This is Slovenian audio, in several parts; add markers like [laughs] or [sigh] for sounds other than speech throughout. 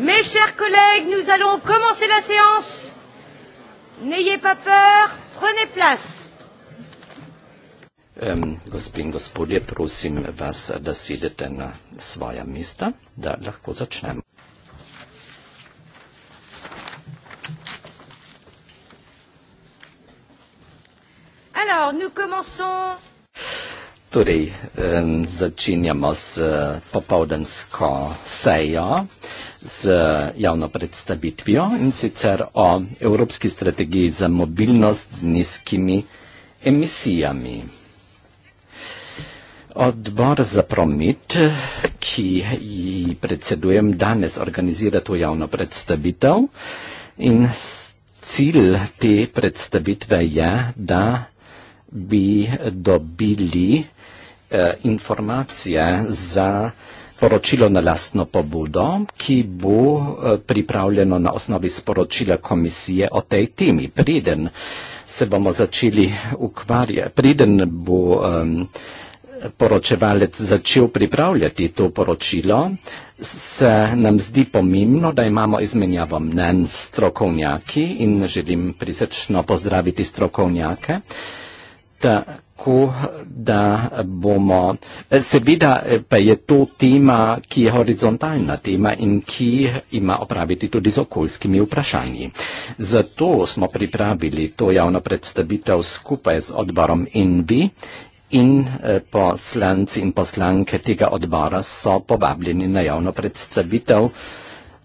Mes chers collègues, nous allons commencer la séance. N'ayez pas peur, prenez place. Um, gospin, gospodje, prosim vas, da sedete na svoja mesta, da lahko začnemo. Alors, nous commençons. Torej, um, začenjamo s uh, eh, popoldansko sejo z javno predstavitvijo in sicer o Evropski strategiji za mobilnost z nizkimi emisijami. Odbor za promet, ki ji predsedujem, danes organizira to javno predstavitev in cilj te predstavitve je, da bi dobili eh, informacije za eh, sporočilo na lastno pobudo, ki bo eh, pripravljeno na osnovi sporočila komisije o tej temi. Priden se bomo začeli ukvarjati, priden bo um, poročevalec začel pripravljati to poročilo, se nam zdi pomembno, da imamo izmenjavo mnen s strokovnjaki in želim prisrčno pozdraviti strokovnjake. Da, tako, da bomo. Seveda eh, pa je to tema, ki je horizontalna tema in ki ima opraviti tudi z okoljskimi vprašanji. Zato smo pripravili to javno predstavitev skupaj z odborom Envi in eh, poslanci in poslanke tega odbora so povabljeni na javno predstavitev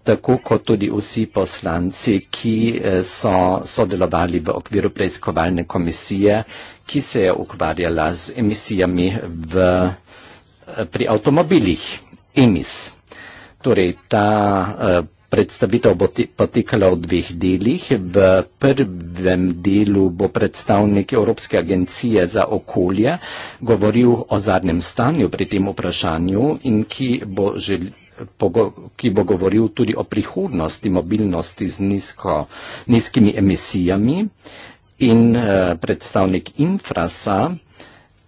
tako kot tudi vsi poslanci, ki eh, so sodelovali v okviru preiskovalne komisije, ki se je ukvarjala z emisijami v, eh, pri avtomobilih EMIS. Torej, ta eh, predstavitev bo potekala v dveh delih. V prvem delu bo predstavnik Evropske agencije za okolje govoril o zadnjem stanju pri tem vprašanju in ki bo želel ki bo govoril tudi o prihodnosti mobilnosti z nizko, nizkimi emisijami. In eh, predstavnik Infrasa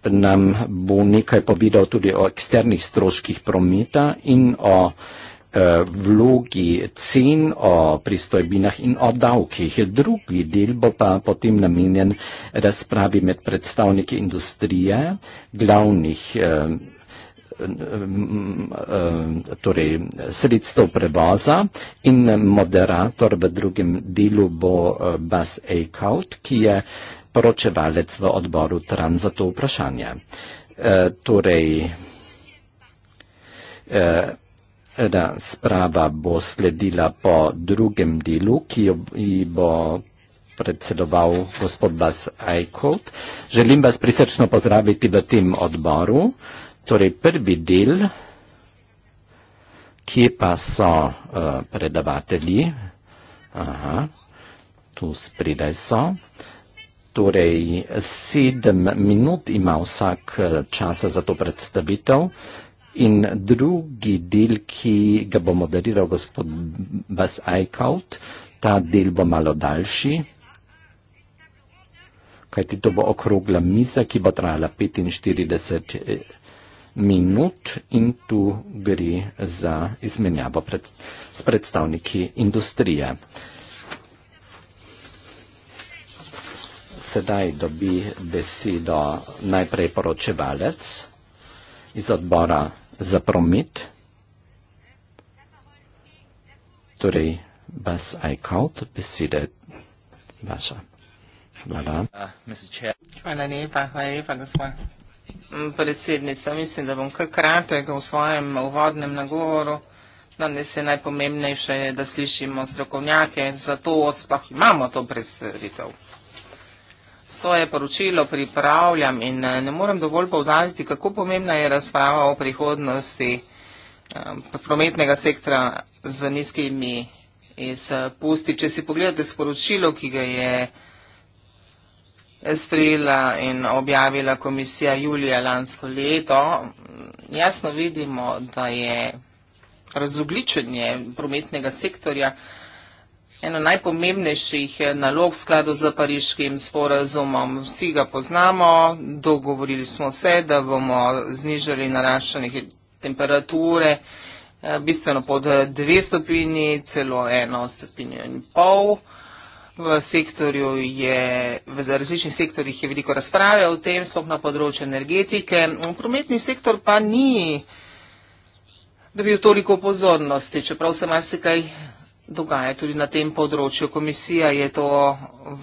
nam bo nekaj povedal tudi o eksternih stroških prometa in o eh, vlogi cen, o pristojbinah in o davkih. Drugi del bo pa potem namenjen razpravi med predstavniki industrije, glavnih eh, torej sredstev prevoza in moderator v drugem delu bo eh, Bas Eikaut, ki je poročevalec v odboru Tran za to vprašanje. Eh, torej, eh, sprava bo sledila po drugem delu, ki jo bo predsedoval gospod Bas Eikaut. Želim vas prisrčno pozdraviti v tem odboru. Torej, prvi del, kje pa so uh, predavatelji, Aha, tu spredaj so, torej sedem minut ima vsak eh, časa za to predstavitev in drugi del, ki ga bo moderiral gospod Bas Eichhout, ta del bo malo daljši, kajti to bo okrogla miza, ki bo trajala 45 minut minut in tu gre za izmenjavo pred, s predstavniki industrije. Sedaj dobi besedo najprej poročevalec iz odbora za promit, torej Bas Eichhout, besede vaša. Hvala. Hvala lepa, hvala lepa, gospod. Predsednica, mislim, da bom kar kratek v svojem uvodnem nagovoru. Danes je najpomembnejše, da slišimo strokovnjake, zato sploh imamo to predstavitev. Svoje poročilo pripravljam in eh, ne morem dovolj povdariti, kako pomembna je razprava o prihodnosti eh, prometnega sektora z nizkimi izpusti. Če si pogledate sporočilo, ki ga je sprejela in objavila komisija julija lansko leto, jasno vidimo, da je razogličenje prometnega sektorja eno najpomembnejših nalog v skladu z pariškim sporazumom. Vsi ga poznamo, dogovorili smo se, da bomo znižali naraščanje temperature eh, bistveno pod dve stopini, celo eno stopinjo in pol v sektorju je, v različnih sektorjih je veliko razprave o tem, sploh na področju energetike. Prometni sektor pa ni dobil toliko pozornosti, čeprav se marsikaj dogaja tudi na tem področju. Komisija je to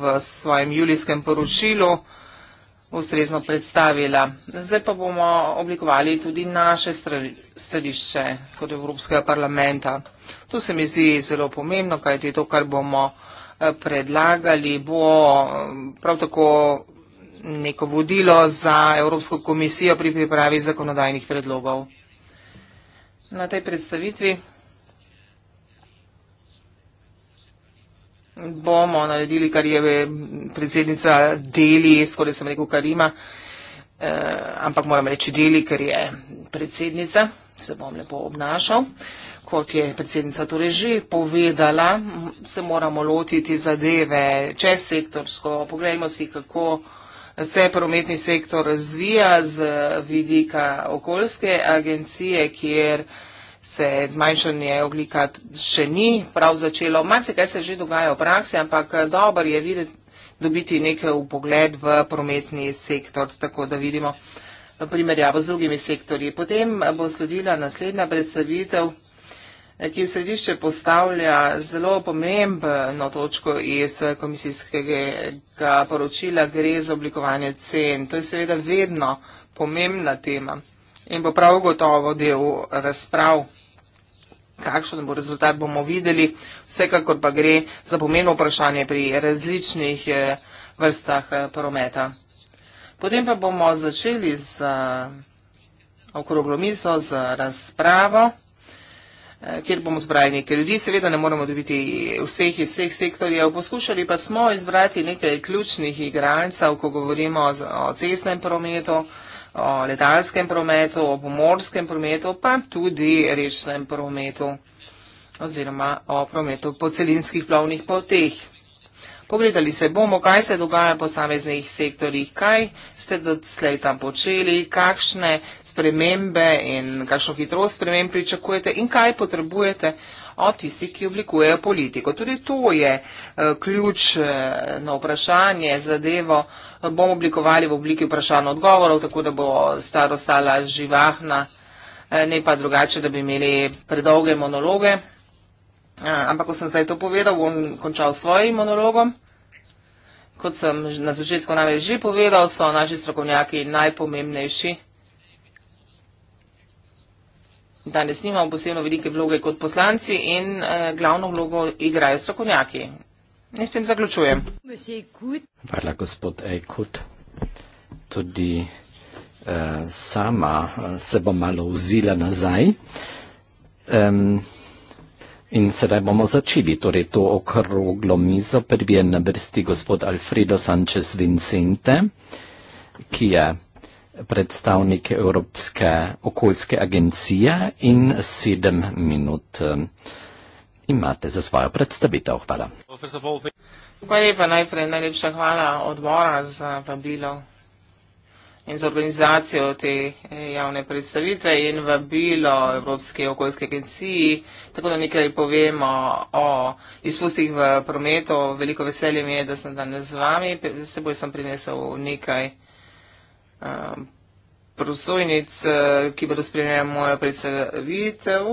v svojem julijskem poročilu ustrezno predstavila. Zdaj pa bomo oblikovali tudi naše stališče kot Evropskega parlamenta. To se mi zdi zelo pomembno, kajti to, kar bomo predlagali, bo um, prav tako neko vodilo za Evropsko komisijo pri pripravi zakonodajnih predlogov. Na tej predstavitvi bomo naredili, kar je predsednica deli, skoraj sem rekel, kar ima, eh, ampak moram reči deli, ker je predsednica, se bom lepo obnašal kot je predsednica torej že povedala, se moramo lotiti zadeve čez sektorsko. Poglejmo si, kako se prometni sektor razvija z vidika okoljske agencije, kjer se zmanjšanje oglika še ni prav začelo. Masi, kaj se že dogaja v praksi, ampak dober je videti, dobiti nekaj v pogled v prometni sektor, tako da vidimo primerjavo z drugimi sektorji. Potem bo sledila naslednja predstavitev ki v središče postavlja zelo pomembno točko iz komisijskega poročila, gre za oblikovanje cen. To je seveda vedno pomembna tema in bo prav gotovo del razprav. Kakšen bo rezultat, bomo videli. Vsekakor pa gre za pomembno vprašanje pri različnih eh, vrstah eh, prometa. Potem pa bomo začeli z eh, okroglo mizo, z razpravo. Eh, kjer bomo zbrali nekaj ljudi. Seveda ne moramo dobiti vseh iz vseh sektorjev. Poskušali pa smo izbrati nekaj ključnih igralcev, ko govorimo o cestnem prometu, o letalskem prometu, o pomorskem prometu, pa tudi rečnem prometu oziroma o prometu po celinskih plovnih poteh. Pogledali se bomo, kaj se dogaja v posameznih sektorjih, kaj ste doslej tam počeli, kakšne spremembe in kakšno hitrost sprememb pričakujete in kaj potrebujete od tistih, ki oblikujejo politiko. Tudi to je eh, ključ na vprašanje, zadevo eh, bomo oblikovali v obliki vprašanj odgovorov, tako da bo star ostala živahna, eh, ne pa drugače, da bi imeli predolge monologe. Eh, ampak ko sem zdaj to povedal, bom končal s svojim monologom. Kot sem na začetku namreč že povedal, so naši strokovnjaki najpomembnejši. Danes nimamo posebno velike vloge kot poslanci in eh, glavno vlogo igrajo strokovnjaki. In s tem zaključujem. Hvala, gospod Ejkut. Tudi eh, sama eh, se bom malo vzila nazaj. Um, In sedaj bomo začeli, torej to okroglo mizo. Prvi je na vrsti gospod Alfredo Sanchez Vincente, ki je predstavnik Evropske okoljske agencije in sedem minut eh, imate za svojo predstavitev. Hvala. Hvala lepa najprej, najlepša hvala odbora za vabilo in z organizacijo te eh, javne predstavitve in vabilo Evropske okoljske agenciji, tako da nekaj povemo o izpustih v prometu. Veliko veselje mi je, da sem danes z vami. Seboj sem prinesel nekaj eh, prosojnic, eh, ki bodo spremljali mojo predstavitev.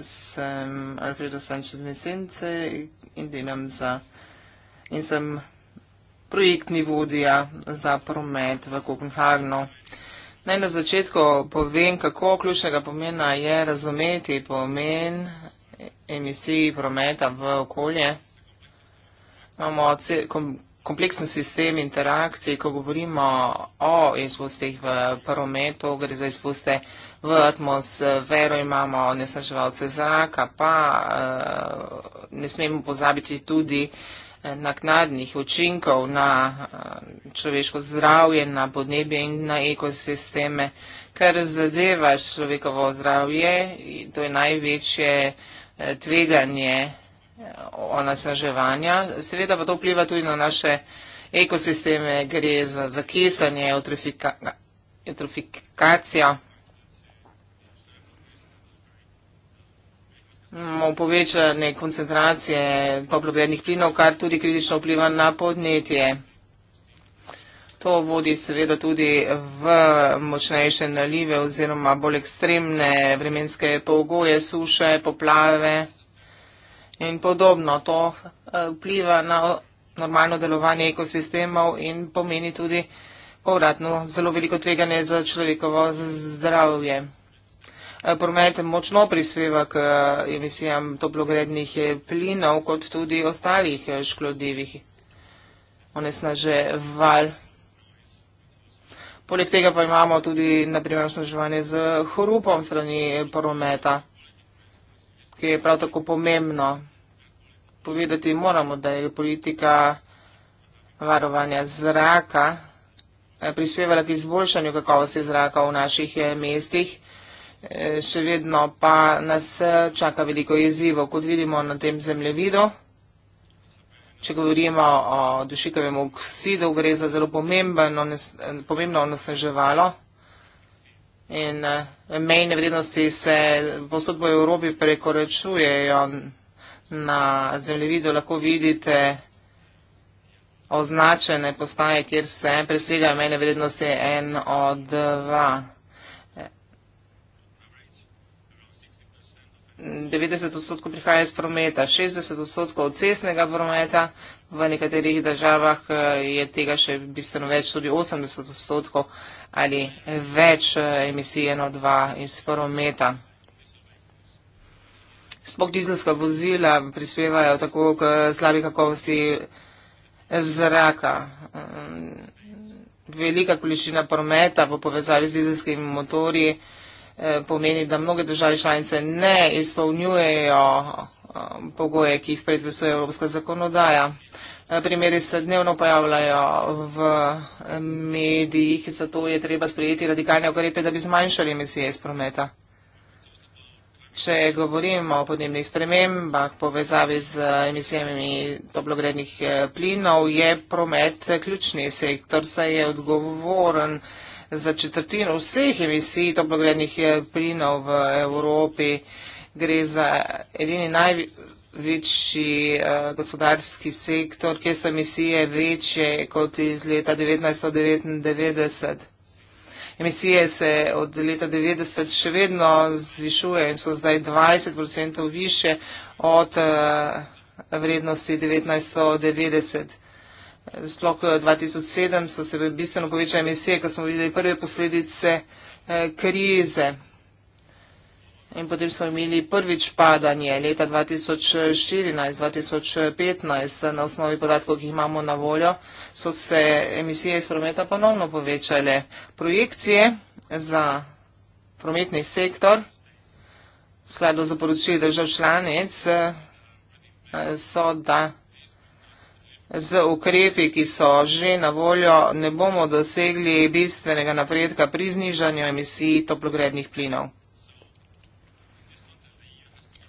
Sem Alfredo Sanchez Mesence in delam za in sem projektni vodja za promet v Kopenhagnu. Naj na začetku povem, kako ključnega pomena je razumeti pomen emisij prometa v okolje. Imamo kompleksen sistem interakcij, ko govorimo o izpustih v prometu, gre za izpuste v atmosfero, imamo onesnaževalce zraka, pa eh, ne smemo pozabiti tudi naknadnih učinkov na eh, človeško zdravje, na podnebje in na ekosisteme. Kar zadeva človekovo zdravje, to je največje eh, tveganje eh, onasnaževanja. Seveda pa to vpliva tudi na naše ekosisteme, gre za zakesanje, eutrofikacijo. Eutrofika povečane koncentracije toplogrednih plinov, kar tudi kritično vpliva na podnetje. To vodi seveda tudi v močnejše nalive oziroma bolj ekstremne vremenske pogoje, suše, poplave in podobno. To eh, vpliva na normalno delovanje ekosistemov in pomeni tudi povratno zelo veliko tveganje za človekovo zdravje. Eh, promet močno prispeva k eh, emisijam toplogrednih eh, plinov, kot tudi ostalih škodljivih onesnaževal. Poleg tega pa imamo tudi, naprimer, onesnaževanje z hrupom strani prometa, ki je prav tako pomembno. Povedati moramo, da je politika varovanja zraka prispevala k izboljšanju kakovosti zraka v naših mestih. E, še vedno pa nas čaka veliko jezivo, kot vidimo na tem zemljevidu. Če govorimo o dušikovem oksidu, gre za zelo pomembno onesnaževalo. In e, mejne vrednosti se posod po Evropi prekoračujejo. Na zemljevidu lahko vidite označene postaje, kjer se presegajo mejne vrednosti NO2. 90 odstotkov prihaja iz prometa, 60 odstotkov od cestnega prometa, v nekaterih državah eh, je tega še bistveno več, tudi 80 odstotkov ali več eh, emisij NO2 iz prometa. Spok dizelska vozila prispevajo tako k slabi kakovosti zraka. Mm, velika količina prometa v povezavi z dizelskimi motorji je Eh, pomeni, da mnoge države članice ne izpolnjujejo eh, pogoje, ki jih predpisuje evropska zakonodaja. Eh, primeri se dnevno pojavljajo v medijih, zato je treba sprejeti radikalne ukrepe, da bi zmanjšali emisije iz prometa. Če govorimo o podnebnih spremembah povezavi z emisijami toplogrednih plinov, je promet ključni sektor, saj je odgovoren za četrtino vseh emisij toplogrednih eh, plinov v Evropi. Gre za edini največji eh, gospodarski sektor, kjer so emisije večje kot iz leta 1999. Emisije se od leta 90 še vedno zvišuje in so zdaj 20% više od eh, vrednosti 1990 sploh 2007 eh, so se bistveno povečale emisije, ko smo videli prve posledice eh, krize. In potem smo imeli prvič padanje leta 2014-2015. Na osnovi podatkov, ki jih imamo na voljo, so se emisije iz prometa ponovno povečale. Projekcije za prometni sektor, skladno za poročili držav članic, eh, so da z ukrepi, ki so že na voljo, ne bomo dosegli bistvenega napredka pri znižanju emisij toplogrednih plinov.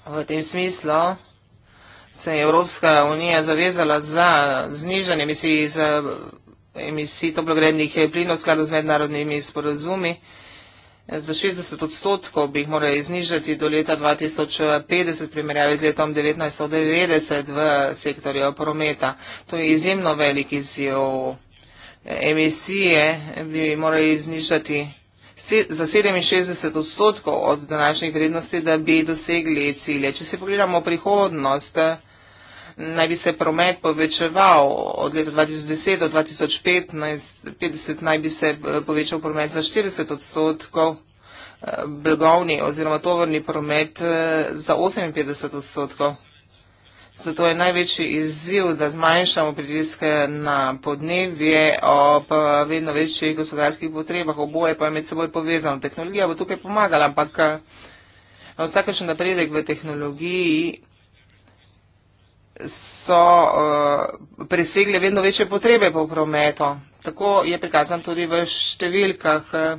V tem smislu se je Evropska unija zavezala za znižanje emisij, emisij toplogrednih plinov skladu z mednarodnimi sporozumi za 60 odstotkov bi jih morali znižati do leta 2050, primerjavi z letom 1990 v sektorju prometa. To je izjemno velik izjiv. Emisije bi morali znižati za 67 odstotkov od današnjih vrednosti, da bi dosegli cilje. Če si pogledamo prihodnost, naj bi se promet povečeval od leta 2010 do 2015, naj bi se eh, povečal promet za 40 odstotkov, eh, blagovni oziroma tovorni promet eh, za 58 odstotkov. Zato je največji izziv, da zmanjšamo pritiske na podnebje ob vedno večjih gospodarskih potrebah, oboje pa je med seboj povezano. Tehnologija bo tukaj pomagala, ampak vsakešen napredek v tehnologiji so uh, presegle vedno večje potrebe po prometu. Tako je prikazan tudi v številkah. Eh,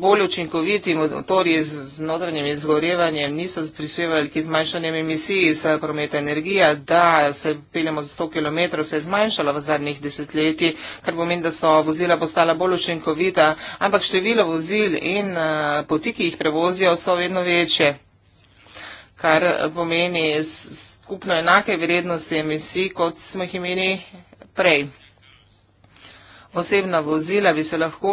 bolj učinkoviti motori z notranjim izgorevanjem niso prispevali k zmanjšanjem emisij iz eh, prometa energija, da se peljemo za 100 km, se je zmanjšala v zadnjih desetletjih, kar pomeni, da so vozila postala bolj učinkovita, ampak število vozil in poti, ki jih prevozijo, so vedno večje kar pomeni skupno enake vrednosti emisij, kot smo jih imeli prej. Osebna vozila bi se lahko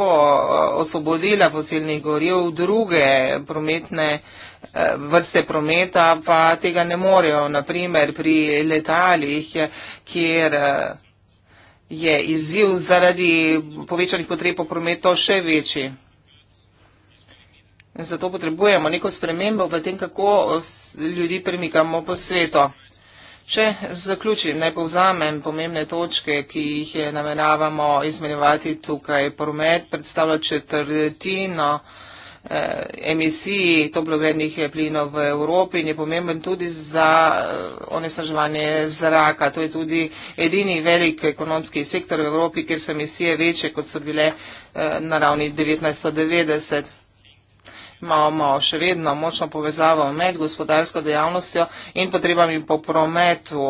osvobodila fosilnih goriv, druge prometne eh, vrste prometa pa tega ne morejo. Naprimer pri letalih, kjer eh, je izziv zaradi povečanih potreb po prometu še večji. In zato potrebujemo neko spremembo v tem, kako ljudi premikamo po svetu. Če zaključim, naj povzamem pomembne točke, ki jih je nameravamo izmenjevati tukaj. Promet predstavlja četrtino eh, emisiji toplogrednih plinov v Evropi in je pomemben tudi za eh, onesnaževanje zraka. To je tudi edini velik ekonomski sektor v Evropi, kjer so emisije večje, kot so bile eh, na ravni 1990 imamo še vedno močno povezavo med gospodarsko dejavnostjo in potrebami po prometu.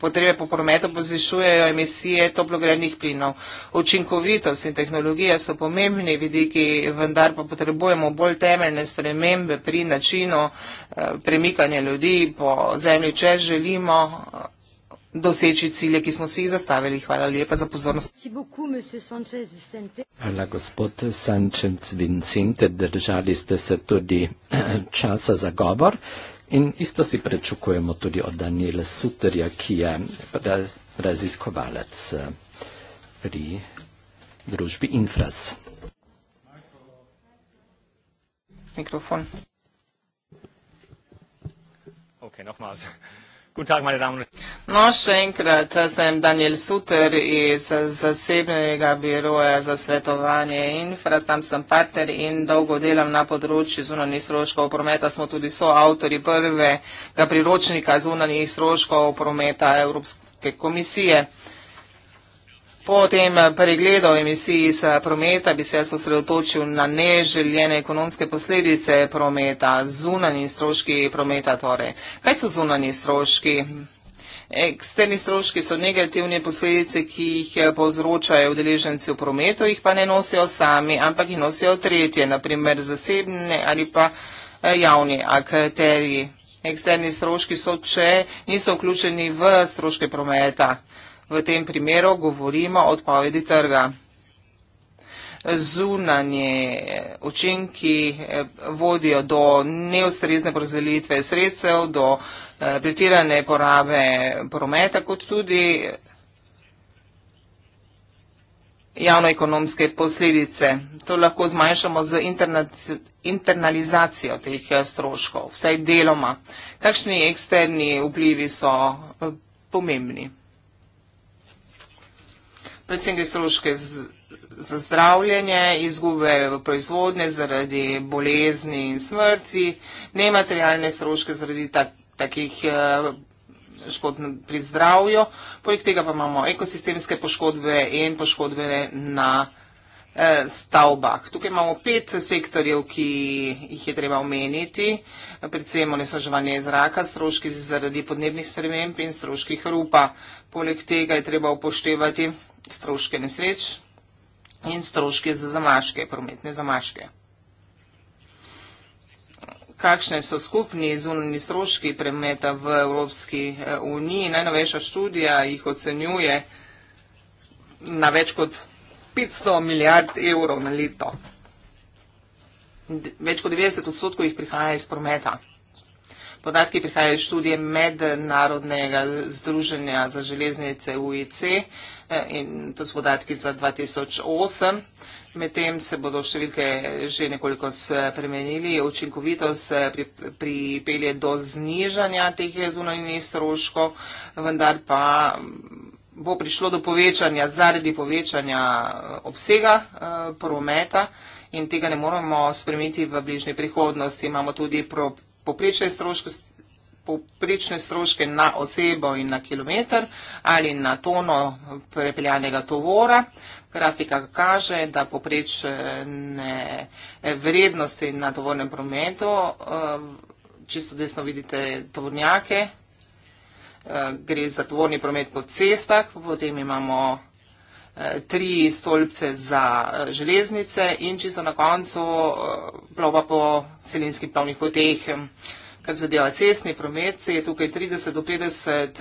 Potrebe po prometu pozvišujejo emisije toplogrednih plinov. Učinkovitost in tehnologija so pomembni vidiki, vendar pa potrebujemo bolj temeljne spremembe pri načinu eh, premikanja ljudi po zemlji, če želimo doseči cilje, ki smo si jih zastavili. Hvala lepa za pozornost. Hvala, gospod Sančec Vincente. Držali ste se tudi [clears throat] časa za govor in isto si prečukujemo tudi od Daniela Suterja, ki je raziskovalec pri družbi Infras. Mikrofon. Okay, nochmals. Guten Tag, meine Damen und Herren. No, še enkrat sem Daniel Suter iz zasebnega biroja za svetovanje infra, tam sem partner in dolgo delam na področju zunanjih stroškov prometa. Smo tudi soavtori prvega priročnika zunanjih stroškov prometa Evropske komisije. Po tem pregledu emisij iz eh, prometa bi se jaz osredotočil na neželjene ekonomske posledice prometa, zunani stroški prometa torej. Kaj so zunani stroški? Eksterni stroški so negativne posledice, ki jih eh, povzročajo udeleženci v prometu, jih pa ne nosijo sami, ampak jih nosijo tretje, naprimer zasebne ali pa eh, javni akterji. Eksterni stroški so, če niso vključeni v stroške prometa. V tem primeru govorimo o odpovedi trga. Zunanje učinki eh, vodijo do neustrezne porazdelitve sredstev, do eh, pretirane porabe prometa, kot tudi javnoekonomske posledice. To lahko zmanjšamo z internalizacijo teh eh, stroškov, vsaj deloma. Kakšni eksterni vplivi so pomembni? predvsem gre stroške za zdravljenje, izgube v proizvodnje zaradi bolezni in smrti, nematerialne stroške zaradi tak, takih eh, škod pri zdravju. Poleg tega pa imamo ekosistemske poškodbe in poškodbe na eh, stavbah. Tukaj imamo pet sektorjev, ki jih je treba omeniti, predvsem onesnaževanje zraka, stroški zaradi podnebnih sprememb in stroških rupa. Poleg tega je treba upoštevati stroške nesreč in stroške za zamaške, prometne zamaške. Kakšne so skupni zunani stroški premeta v Evropski eh, uniji? Najnovejša študija jih ocenjuje na več kot 500 milijard evrov na leto. Več kot 90 odstotkov jih prihaja iz prometa. Podatki prihajajo iz študije Mednarodnega združenja za železnice UIC eh, in to so podatki za 2008. Medtem se bodo številke že nekoliko spremenili. Učinkovitost pripelje do znižanja teh zunanjih stroškov, vendar pa bo prišlo do povečanja zaradi povečanja eh, obsega eh, prometa. In tega ne moremo spremeniti v bližnji prihodnosti. Imamo tudi poprečne stroške, poprečne stroške na osebo in na kilometr ali na tono prepeljanega tovora. Grafika kaže, da poprečne vrednosti na tovornem prometu, eh, čisto desno vidite tovornjake, eh, gre za tovorni promet po cestah, potem imamo Eh, tri stolpce za eh, železnice in čisto na koncu plova eh, po celinskih plovnih poteh. Kar zadeva cestni promet, je tukaj 30 do 50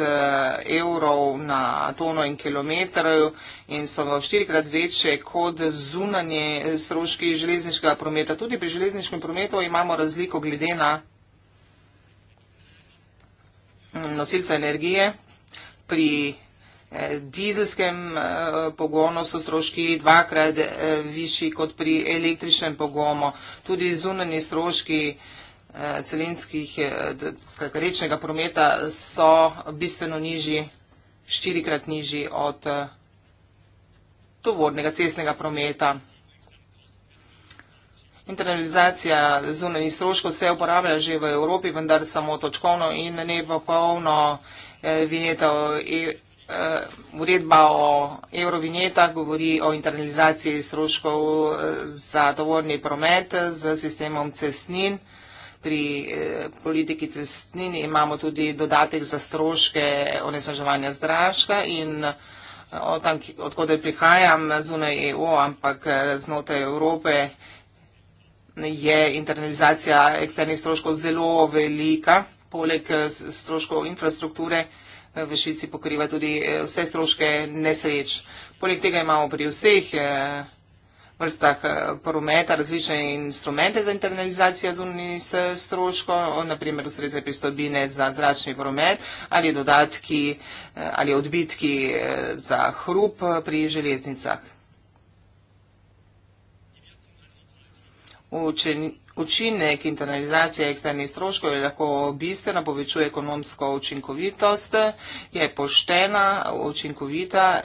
evrov na tono in kilometr in so štirikrat večje kot zunanje stroški železniškega prometa. Tudi pri železniškem prometu imamo razliko glede na mm, nosilca energije. Pri dizelskem eh, pogonu so stroški dvakrat eh, višji kot pri električnem pogonu. Tudi zunanji stroški eh, celinskih, skratka rečnega prometa, so bistveno nižji, štirikrat nižji od tovornega cestnega prometa. Internalizacija zunanjih stroškov se uporablja že v Evropi, vendar samo točkovno in ne popolno vineto e- uh, uredba o eurovinjetah govori o internalizaciji stroškov uh, za tovorni promet z sistemom cestnin. Pri eh, politiki cestnin imamo tudi dodatek za stroške onesnaževanja zdraška in eh, od tam, odkud prihajam, zunaj EU, ampak znotraj Evrope je internalizacija eksternih stroškov zelo velika, poleg stroškov infrastrukture eh, v Švici pokriva tudi eh, vse stroške nesreč. Poleg tega imamo pri vseh eh, vrstah eh, prometa različne instrumente za internalizacijo zunanjih stroškov, naprimer ustrezne pristojbine za zračni promet ali dodatki ali odbitki za hrup pri železnicah. Učenje. Učinek internalizacije eksternih stroškov je lahko bistveno povečuje ekonomsko učinkovitost, je poštena, učinkovita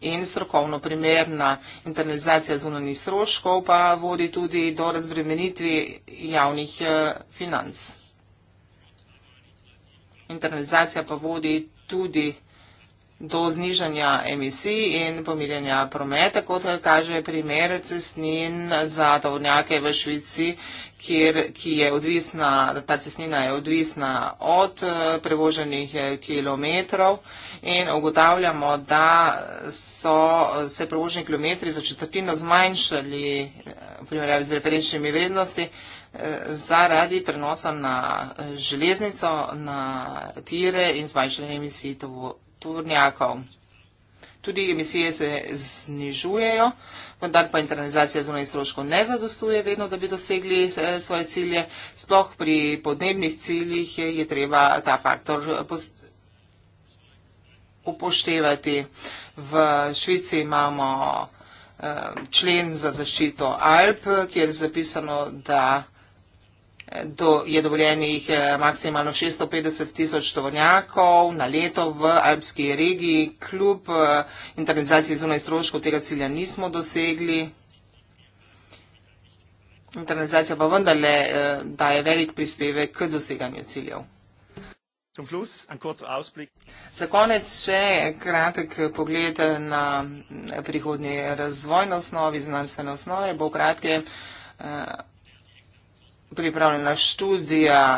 in strokovno primerna. Internalizacija zunanih stroškov pa vodi tudi do razbremenitvi javnih eh, financ. Internalizacija pa vodi tudi do znižanja emisij in pomiljanja prometa, kot kaže primer cestnin za tovornjake v Švici, kjer, ki je odvisna, ta cestnina je odvisna od eh, prevoženih eh, kilometrov in ugotavljamo, da so eh, se prevoženi kilometri za četrtino zmanjšali v primerjavi z referenčnimi vrednosti zaradi prenosa na železnico, na tire in zmanjšanje emisij tovornjakov tovornjakov. Tudi emisije se znižujejo, vendar pa internalizacija zunanjih stroškov ne zadostuje vedno, da bi dosegli eh, svoje cilje. Sploh pri podnebnih ciljih je, je treba ta faktor eh, upoštevati. V Švici imamo eh, člen za zaščito Alp, kjer je zapisano, da do, je dovoljenih eh, maksimalno 650 tisoč tovornjakov na leto v alpski regiji. Kljub eh, internalizaciji zunaj stroškov tega cilja nismo dosegli. Internalizacija pa vendarle eh, daje velik prispevek k doseganju ciljev. Za konec še kratek pogled na prihodnje razvojne osnovi, znanstvene osnove. Bo kratke. Uh, pripravljena študija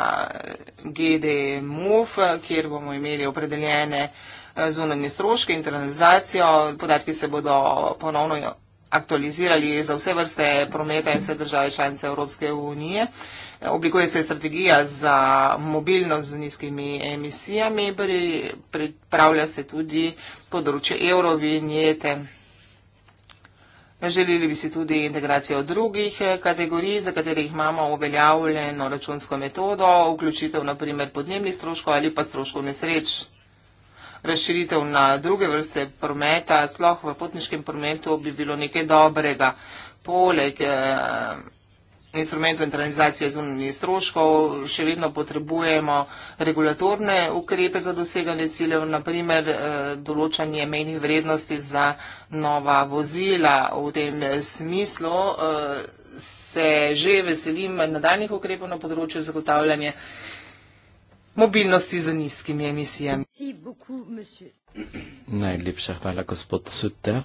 GD MUF, kjer bomo imeli opredeljene eh, zunanje stroške, internalizacijo, podatki se bodo ponovno aktualizirali za vse vrste prometa in vse države članice Evropske unije. Oblikuje se strategija za mobilnost z nizkimi emisijami, pripravlja se tudi področje evrovinjete. Želeli bi si tudi integracijo drugih eh, kategorij, za katerih imamo uveljavljeno računsko metodo, vključitev naprimer podnebnih stroškov ali pa stroškov nesreč. Razširitev na druge vrste prometa, sploh v potniškem prometu, bi bilo nekaj dobrega. Poleg eh, Instrument ventralizacije zunanjih stroškov, še vedno potrebujemo regulatorne ukrepe za doseganje ciljev, naprimer eh, določanje menjih vrednosti za nova vozila. V tem smislu eh, se že veselim nadaljnih ukrepov na področju zagotavljanja mobilnosti za nizkimi emisijami. Najlepša hvala, gospod Suter,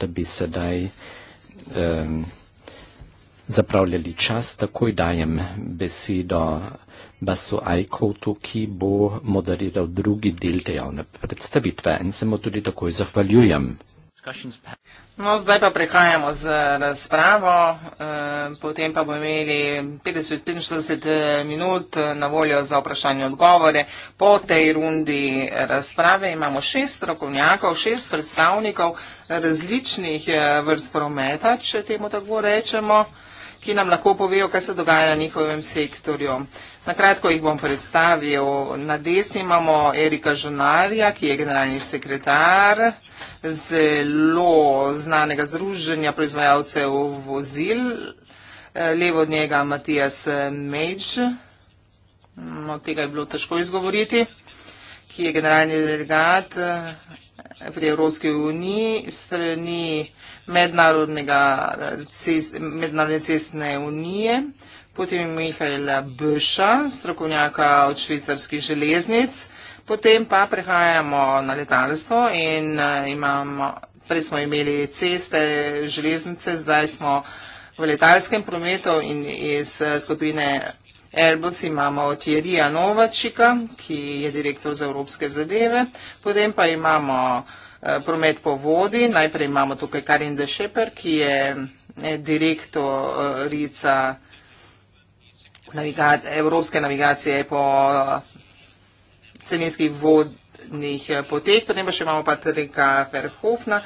da bi sedaj. Um, zapravljali čas, takoj dajem besedo Basu Ajkotu, ki bo moderiral drugi del te javne predstavitve in se mu tudi takoj zahvaljujem. No, zdaj pa prehajamo z razpravo, eh, potem pa bomo imeli 50-45 eh, minut eh, na voljo za vprašanje odgovore. Po tej rundi razprave imamo šest strokovnjakov, šest predstavnikov različnih vrst prometa, če temu tako rečemo ki nam lahko povejo, kaj se dogaja na njihovem sektorju. Na kratko jih bom predstavil. Na desni imamo Erika Žonarja, ki je generalni sekretar zelo znanega združenja proizvajalcev vozil. Levo od njega Matijas Mejč, no, tega je bilo težko izgovoriti, ki je generalni delegat v Evropski uniji strani Mednarodne cestne unije, potem Mihajla Bša, strokovnjaka od švicarskih železnic, potem pa prehajamo na letalstvo in eh, imamo, prej smo imeli ceste, železnice, zdaj smo v letalskem prometu in iz eh, skupine Airbus imamo Thierryja Novačika, ki je direktor za evropske zadeve, potem pa imamo eh, promet po vodi, najprej imamo tukaj Karin de Šeper, ki je eh, direktorica eh, evropske navigacije po celinskih vodnih poteh, potem pa še imamo Patrika Ferhofna,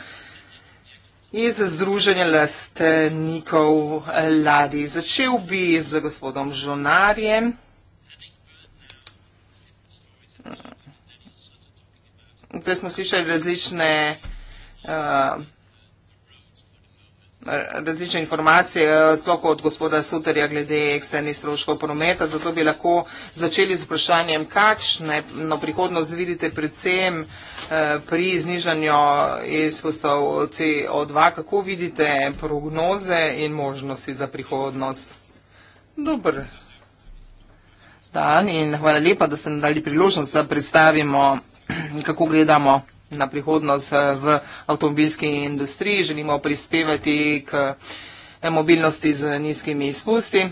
iz Združenja lastnikov Ladi. Začel bi z gospodom Žonarjem. Zdaj smo slišali različne uh, različne informacije, eh, sploh od gospoda Suterja glede eksternih stroškov prometa, zato bi lahko začeli z vprašanjem, kakšno no, prihodnost vidite predvsem eh, pri znižanju izpustov CO2, kako vidite prognoze in možnosti za prihodnost? Dobro. Dan in hvala lepa, da ste nam dali priložnost, da predstavimo, [clears throat] kako gledamo na prihodnost eh, v avtomobilski industriji, želimo prispevati k eh, mobilnosti z nizkimi izpusti.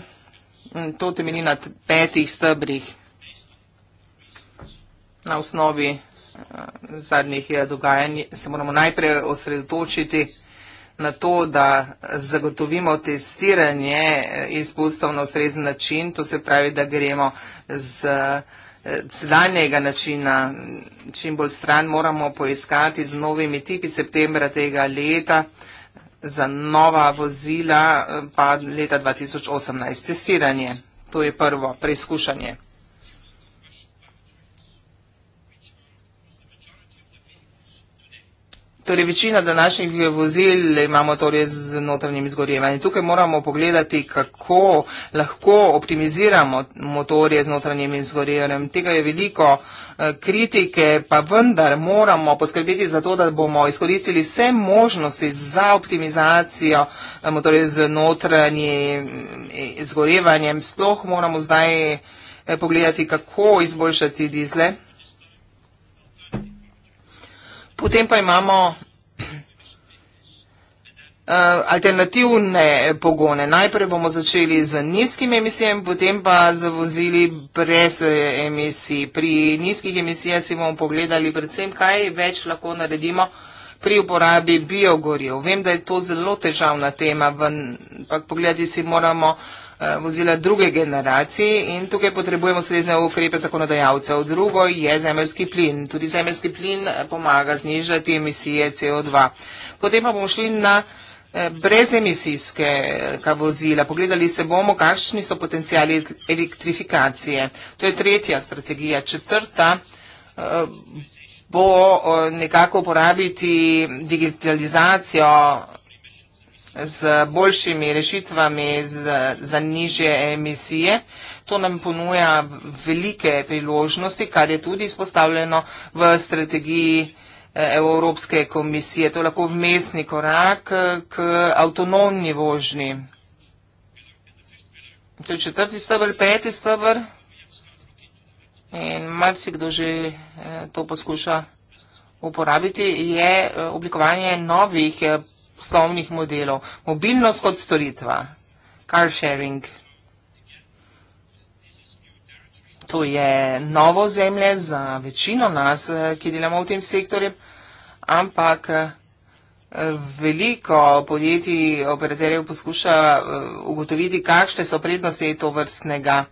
Mm, to temeli na petih stebrih na osnovi eh, zadnjih dogajanj. Se moramo najprej osredotočiti na to, da zagotovimo testiranje izpustov na ustrezen način, to se pravi, da gremo z izpustov Eh, sedanjega načina čim bolj stran moramo poiskati z novimi tipi septembra tega leta za nova vozila eh, pa leta 2018. Testiranje, to je prvo preizkušanje. Torej, večina današnjih vozil imamo torej z notranjim izgorevanjem. Tukaj moramo pogledati, kako lahko optimiziramo motorje z notranjim izgorevanjem. Tega je veliko eh, kritike, pa vendar moramo poskrbeti za to, da bomo izkoristili vse možnosti za optimizacijo eh, motorje z notranjim eh, izgorevanjem. Sploh moramo zdaj pogledati, kako izboljšati dizle. Potem pa imamo eh, alternativne pogone. Najprej bomo začeli z nizkimi emisijami, potem pa z vozili brez eh, emisij. Pri nizkih emisijah si bomo pogledali predvsem, kaj več lahko naredimo pri uporabi biogorjev. Vem, da je to zelo težavna tema, ampak pogledati si moramo. Eh, vozila druge generacije in tukaj potrebujemo srezne ukrepe zakonodajalcev. Drugo je zemljski plin. Tudi zemljski plin eh, pomaga znižati emisije CO2. Potem pa bomo šli na eh, brezemisijske vozila. Pogledali se bomo, kakšni so potencijali elektrifikacije. To je tretja strategija. Četrta bo nekako uporabiti digitalizacijo z boljšimi rešitvami za, za niže emisije. To nam ponuja velike priložnosti, kar je tudi izpostavljeno v strategiji eh, Evropske komisije. To je lahko vmesni korak eh, k avtonomni vožnji. To je četrti stebr, peti stebr in marsikdo že eh, to poskuša uporabiti, je oblikovanje novih poslovnih modelov, mobilnost kot storitva, car sharing. To je novo zemlje za večino nas, eh, ki delamo v tem sektorju, ampak eh, veliko podjetij, operaterjev poskuša eh, ugotoviti, kakšne so prednosti to vrstnega,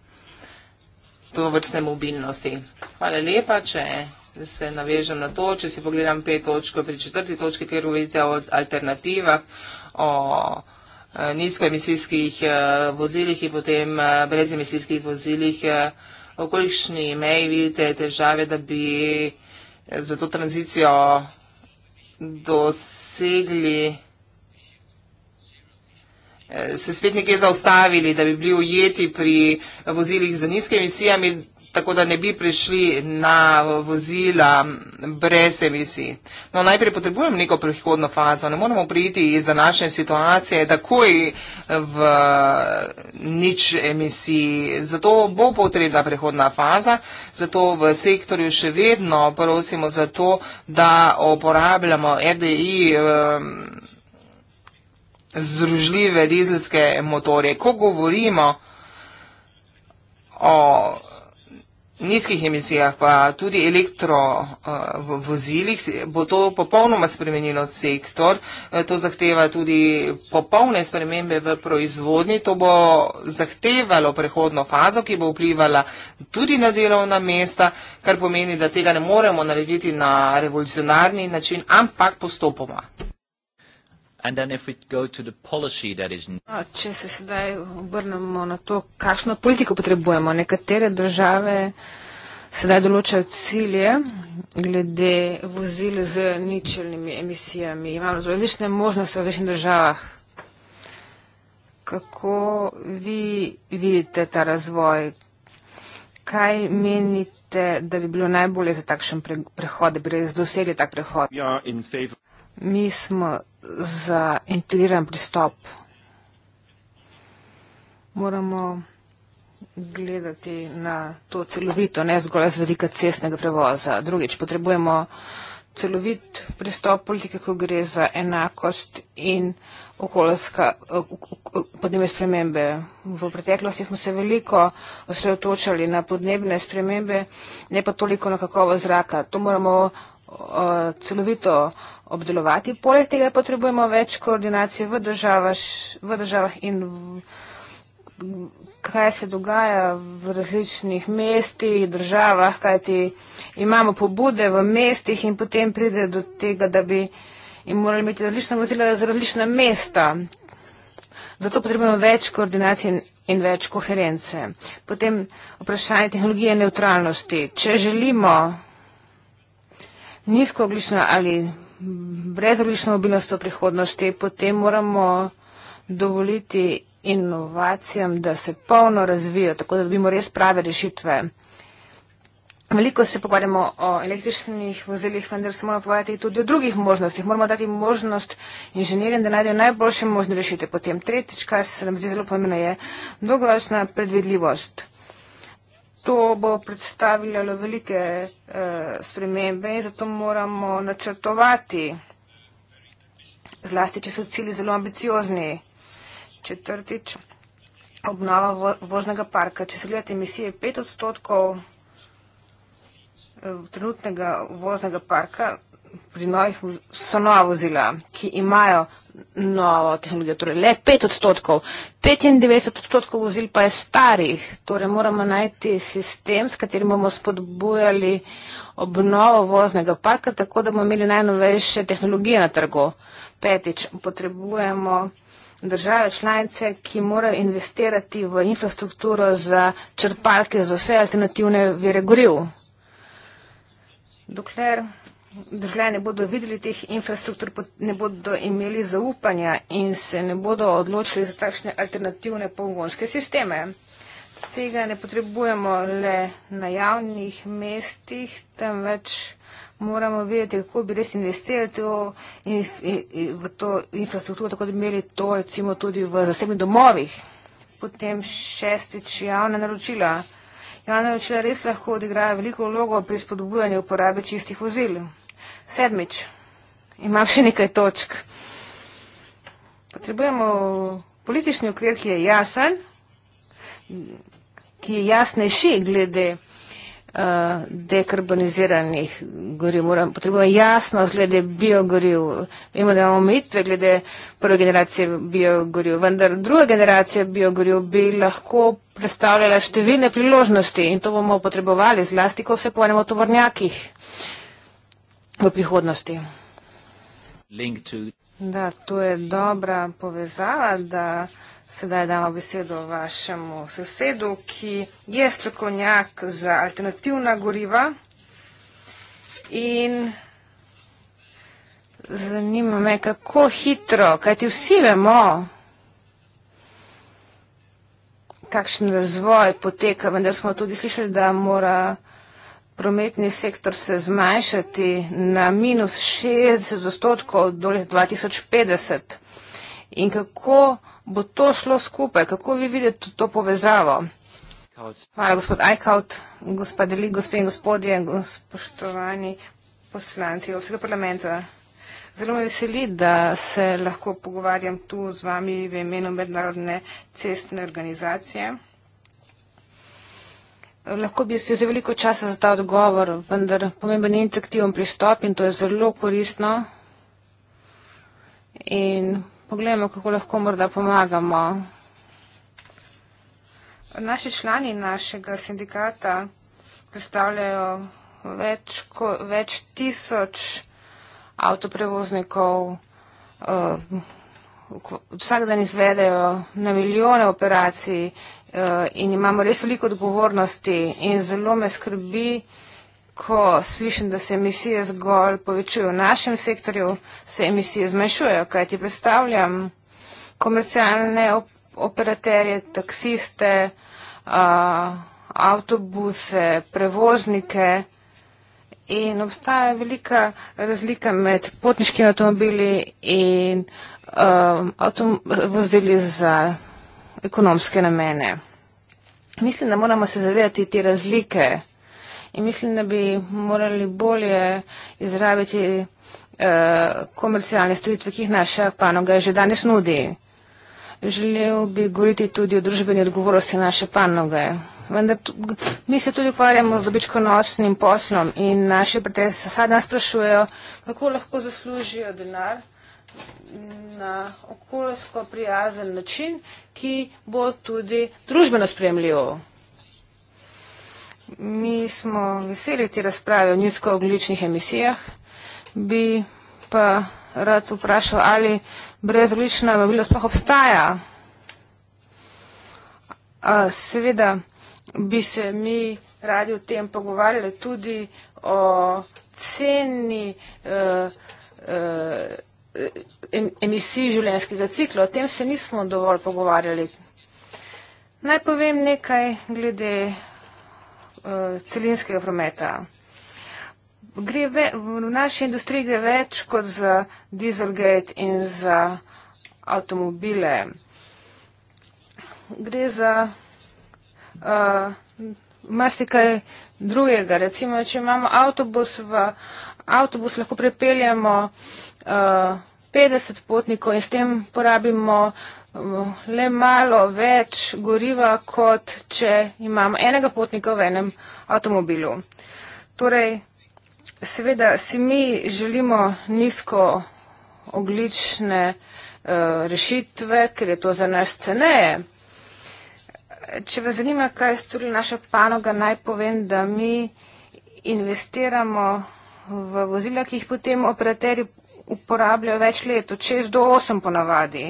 to vrstne mobilnosti. Hvala lepa, če je da se navežem na to, če si pogledam pet točk pri četrti točki, kjer govorite o alternativah, o eh, nizkoemisijskih eh, vozilih in potem eh, brezemisijskih vozilih, v kolikšni meji vidite težave, da bi za to tranzicijo dosegli, se spet nekje zaustavili, da bi bili ujeti pri vozilih z nizkoemisijami tako da ne bi prišli na vozila brez emisij. No, najprej potrebujemo neko prihodno fazo, ne moramo priti iz današnje situacije takoj v nič emisij. Zato bo potrebna prihodna faza, zato v sektorju še vedno prosimo za to, da uporabljamo RDI združljive dizelske motorje. Ko govorimo o nizkih emisijah, pa tudi elektrovozilih, eh, bo to popolnoma spremenilo sektor. Eh, to zahteva tudi popolne spremembe v proizvodnji. To bo zahtevalo prehodno fazo, ki bo vplivala tudi na delovna mesta, kar pomeni, da tega ne moremo narediti na revolucionarni način, ampak postopoma. Če se sedaj obrnemo na to, kakšno politiko potrebujemo, nekatere države sedaj določajo cilje glede vozil z ničelnimi emisijami. Imamo zelo različne možnosti v različnih državah. Kako vi vidite ta razvoj? Kaj menite, da bi bilo najbolje za takšen prehod, da bi dosegli tak prehod? Ja, Mi smo za integriran pristop. Moramo gledati na to celovito, ne zgolj z vedika cestnega prevoza. Drugič, potrebujemo celovit pristop politike, ko gre za enakost in okoljska podnebne spremembe. V preteklosti smo se veliko osredotočali na podnebne spremembe, ne pa toliko na kakovo zraka. To moramo uh, celovito obdelovati. Poleg tega potrebujemo več koordinacije v, državaš, v državah in v, kaj se dogaja v različnih mestih, državah, kajti imamo pobude v mestih in potem pride do tega, da bi in morali imeti različna vozila za različna mesta. Zato potrebujemo več koordinacije in več koherence. Potem vprašanje tehnologije neutralnosti. Če želimo nizkooglično ali brezoglično mobilnost v prihodnosti, potem moramo dovoliti inovacijam, da se polno razvijo, tako da dobimo res prave rešitve. Veliko se pogovarjamo o električnih vozilih, vendar se moramo pogovarjati tudi o drugih možnostih. Moramo dati možnost inženirjem, da najdejo najboljše možne rešitve. Potem tretjič, kar se nam zdi zelo pomembno, je dolgoročna predvidljivost. To bo predstavljalo velike eh, spremembe in zato moramo načrtovati, zlasti, če so cilji zelo ambiciozni. Četrtič, obnova vo voznega parka. Če se gledate emisije, 5 odstotkov eh, trenutnega voznega parka pri novih so nova vozila, ki imajo novo tehnologijo, torej le 5 odstotkov, 95 odstotkov vozil pa je starih, torej moramo najti sistem, s katerim bomo spodbujali obnovo voznega parka, tako da bomo imeli najnovejše tehnologije na trgu. Petič, potrebujemo države članice, ki morajo investirati v infrastrukturo za črpalke za vse alternativne vire goriv. Dokler dokler ne bodo videli teh infrastruktur, ne bodo imeli zaupanja in se ne bodo odločili za takšne alternativne pogonske sisteme. Tega ne potrebujemo le na javnih mestih, temveč moramo vedeti, kako bi res investirali to, in, in, v to infrastrukturo, tako da bi imeli to recimo tudi v zasebnih domovih. Potem šestič javna naročila. Javne večere res lahko odigrajo veliko vlogo pri spodbujanju uporabe čistih vozil. Sedmič. Imam še nekaj točk. Potrebujemo politični ukrep, ki je jasen, ki je jasnejši glede Eh, dekarboniziranih goriv. Potrebujemo jasno zglede biogoriv. Imamo da omitve glede prve generacije biogoriv, vendar druga generacija biogoriv bi lahko predstavljala številne priložnosti in to bomo potrebovali, zlasti, ko se pojemo o tovornjakih v prihodnosti. Da, to je dobra povezava, da. Sedaj dajmo besedo vašemu sosedu, ki je strokovnjak za alternativna goriva. In zanima me, kako hitro, kajti vsi vemo, kakšen razvoj poteka, vendar smo tudi slišali, da mora prometni sektor se zmanjšati na minus 60 odstotkov do leta 2050. In kako bo to šlo skupaj? Kako vi vidite to povezavo? Hvala, gospod Eichhout, gospod Deli, gospe in gospodje, spoštovani poslanci Evropskega parlamenta. Zelo me veseli, da se lahko pogovarjam tu z vami v imenu mednarodne cestne organizacije. Lahko bi se že veliko časa za ta odgovor, vendar pomemben je interaktiven pristop in to je zelo koristno. In Poglejmo, kako lahko morda pomagamo. Naši člani našega sindikata predstavljajo več, ko, več tisoč avtoprevoznikov. Uh, eh, vsak dan izvedejo na milijone operacij uh, in imamo res veliko odgovornosti in zelo me skrbi, uh, ko slišim, da se emisije zgolj povečujejo v našem sektorju, se emisije zmanjšujejo, kaj ti predstavljam komercialne op operaterje, taksiste, uh, avtobuse, prevoznike in obstaja velika razlika med potniškimi avtomobili in uh, avtom vozili za ekonomske namene. Mislim, da moramo se zavedati te razlike in mislim, da bi morali bolje izrabiti eh, komercialne storitve, ki jih naša panoga že danes nudi. Želel bi govoriti tudi o družbeni odgovorosti naše panoge. Vendar mi se tudi ukvarjamo z dobičkonosnim poslom in naše pretese sad nas sprašujejo, kako lahko zaslužijo denar na okoljsko prijazen način, ki bo tudi družbeno spremljivo. Mi smo veseli te razprave o nizkoogljičnih emisijah. Bi pa rad vprašal, ali brezoglična vabila sploh obstaja. A, seveda bi se mi radi o tem pogovarjali tudi o ceni eh, eh, emisij življenjskega cikla. O tem se nismo dovolj pogovarjali. Naj povem nekaj glede uh, celinskega prometa. Ve, v naši industriji gre več kot za dieselgate in za avtomobile. Gre za uh, marsikaj drugega. Recimo, če imamo avtobus, v avtobus lahko prepeljamo uh, eh, 50 potnikov in s tem porabimo uh, le malo več goriva, kot če imamo enega potnika v enem avtomobilu. Torej, seveda si mi želimo nizko oglične uh, rešitve, ker je to za nas ceneje. Če vas zanima, kaj je storila naša panoga, naj povem, da mi investiramo v vozila, ki jih potem operaterji uporabljajo več let, od 6 do 8 ponavadi.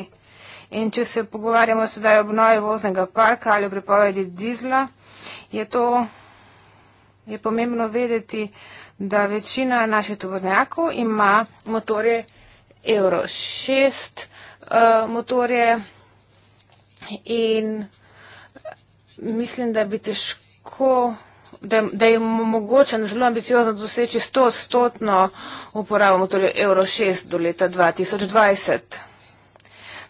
In če se pogovarjamo sedaj o obnovi voznega parka ali o prepovedi dizla, je to je pomembno vedeti, da večina naših tovornjakov ima motorje Euro 6 uh, eh, motorje in eh, mislim, da bi težko da, da je mogoče in zelo ambiciozno doseči 100-stotno uporabo motorjev Euro 6 do leta 2020.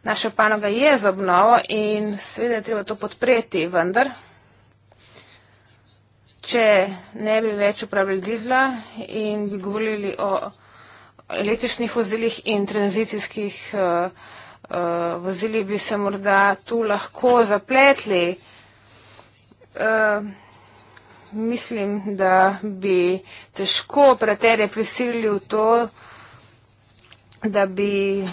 Naša panoga je z obnovo in seveda je treba to podpreti, vendar, če ne bi več upravljali dizla in bi govorili o električnih vozilih in tranzicijskih uh, uh, vozilih, bi se morda tu lahko zapletli. Uh, mislim, da bi težko pretere prisilili v to, da bi,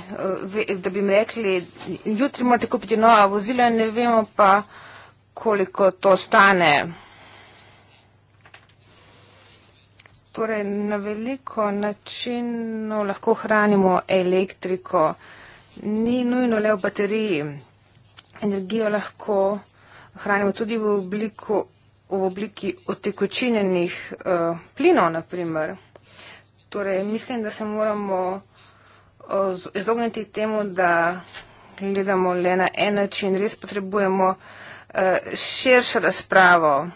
da bi jim rekli, jutri morate kupiti nova vozila, ne vemo pa, koliko to stane. Torej, na veliko načinov lahko hranimo elektriko. Ni nujno le v bateriji. Energijo lahko hranimo tudi v obliku v obliki otekočinjenih uh, eh, plinov, naprimer. Torej, mislim, da se moramo uh, izogniti temu, da gledamo le na en način. Res potrebujemo uh, širšo razpravo.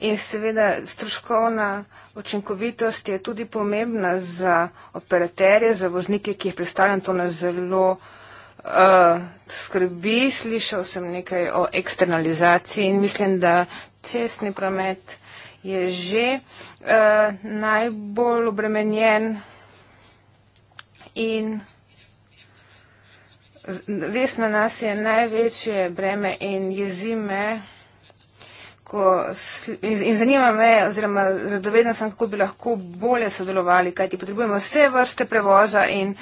In seveda stroškovna učinkovitost je tudi pomembna za operaterje, za voznike, ki jih predstavljam to na zelo uh, Eh, skrbi. Slišal sem nekaj o eksternalizaciji in mislim, da cestni promet je že uh, najbolj obremenjen in res na nas je največje breme in jezime. In zanima me, oziroma radovedna sem, kako bi lahko bolje sodelovali, kajti potrebujemo vse vrste prevoza in uh,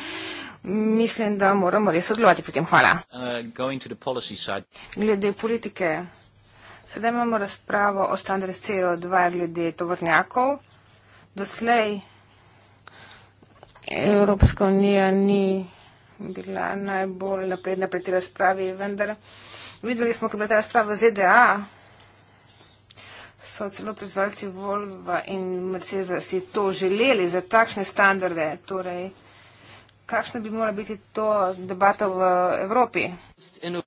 mislim, da moramo res odlovati pri tem. Hvala. Uh, glede politike. Sedaj imamo razpravo o standard CO2 glede tovornjakov. Doslej Evropska unija ni bila najbolj napredna pri tej razpravi, vendar videli smo, ko je bila ta razprava ZDA, so celo prizvalci Volva in Mercedes si to želeli za takšne standarde, torej kakšna bi morala biti to debata v Evropi.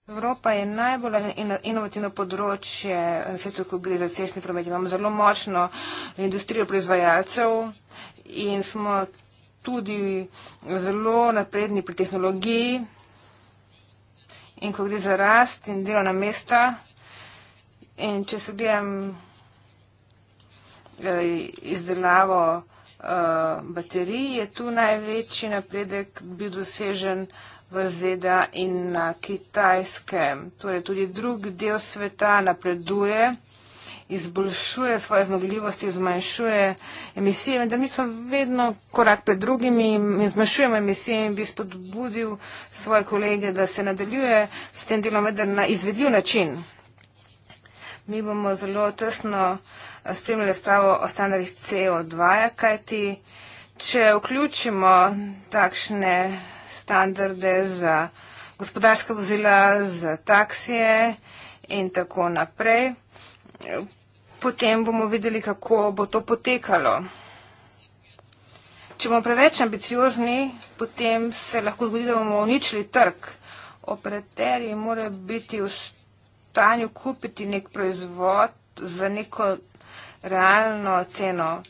Evropa je najbolj inovativno področje na svetu, ko gre za cestni promet. Imamo zelo močno industrijo proizvajalcev in smo tudi zelo napredni pri tehnologiji. In ko gre za rast in delovna mesta, in če se gledam eh, izdelavo Eh, baterij, je tu največji napredek bil dosežen v ZDA in na kitajskem. Torej tudi drug del sveta napreduje, izboljšuje svoje zmogljivosti, zmanjšuje emisije, vendar mi smo vedno korak pred drugimi in zmanjšujemo emisije in bi spodbudil svoje kolege, da se nadaljuje s tem delom, vendar na izvedljiv način. Mi bomo zelo tesno eh, spremljali spravo o standardih CO2, kajti če vključimo takšne standarde za gospodarska vozila, za taksije in tako naprej, potem bomo videli, kako bo to potekalo. Če bomo preveč ambiciozni, potem se lahko zgodi, da bomo uničili trg. Operaterji morajo biti ustavljeni stanju kupiti nek proizvod za neko realno ceno.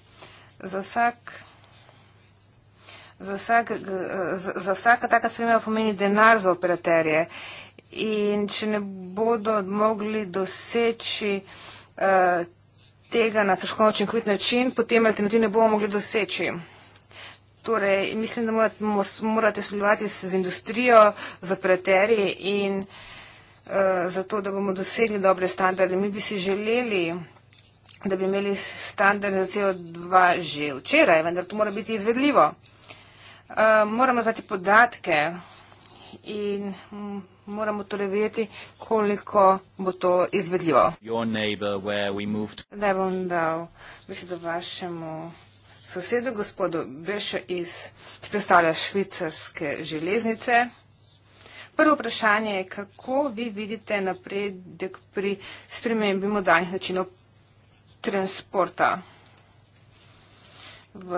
Za vsak, za vsak, za vsaka taka sprememba pomeni denar za operaterje. In če ne bodo mogli doseči uh, tega na stroškovno učinkovit način, potem alternativ ne bomo mogli doseči. Torej, mislim, da morate, morate sodelovati z industrijo, z operaterji in uh, Eh, za to, da bomo dosegli dobre standarde. Mi bi si želeli, da bi imeli standard za CO2 že včeraj, vendar to mora biti izvedljivo. Eh, moramo zvati podatke in moramo torej vedeti, koliko bo to izvedljivo. Zdaj bom dal besedo vašemu sosedu, gospodu Beš, ki predstavlja švicarske železnice. Prvo vprašanje je, kako vi vidite napredek pri spremembi modalnih načinov transporta? V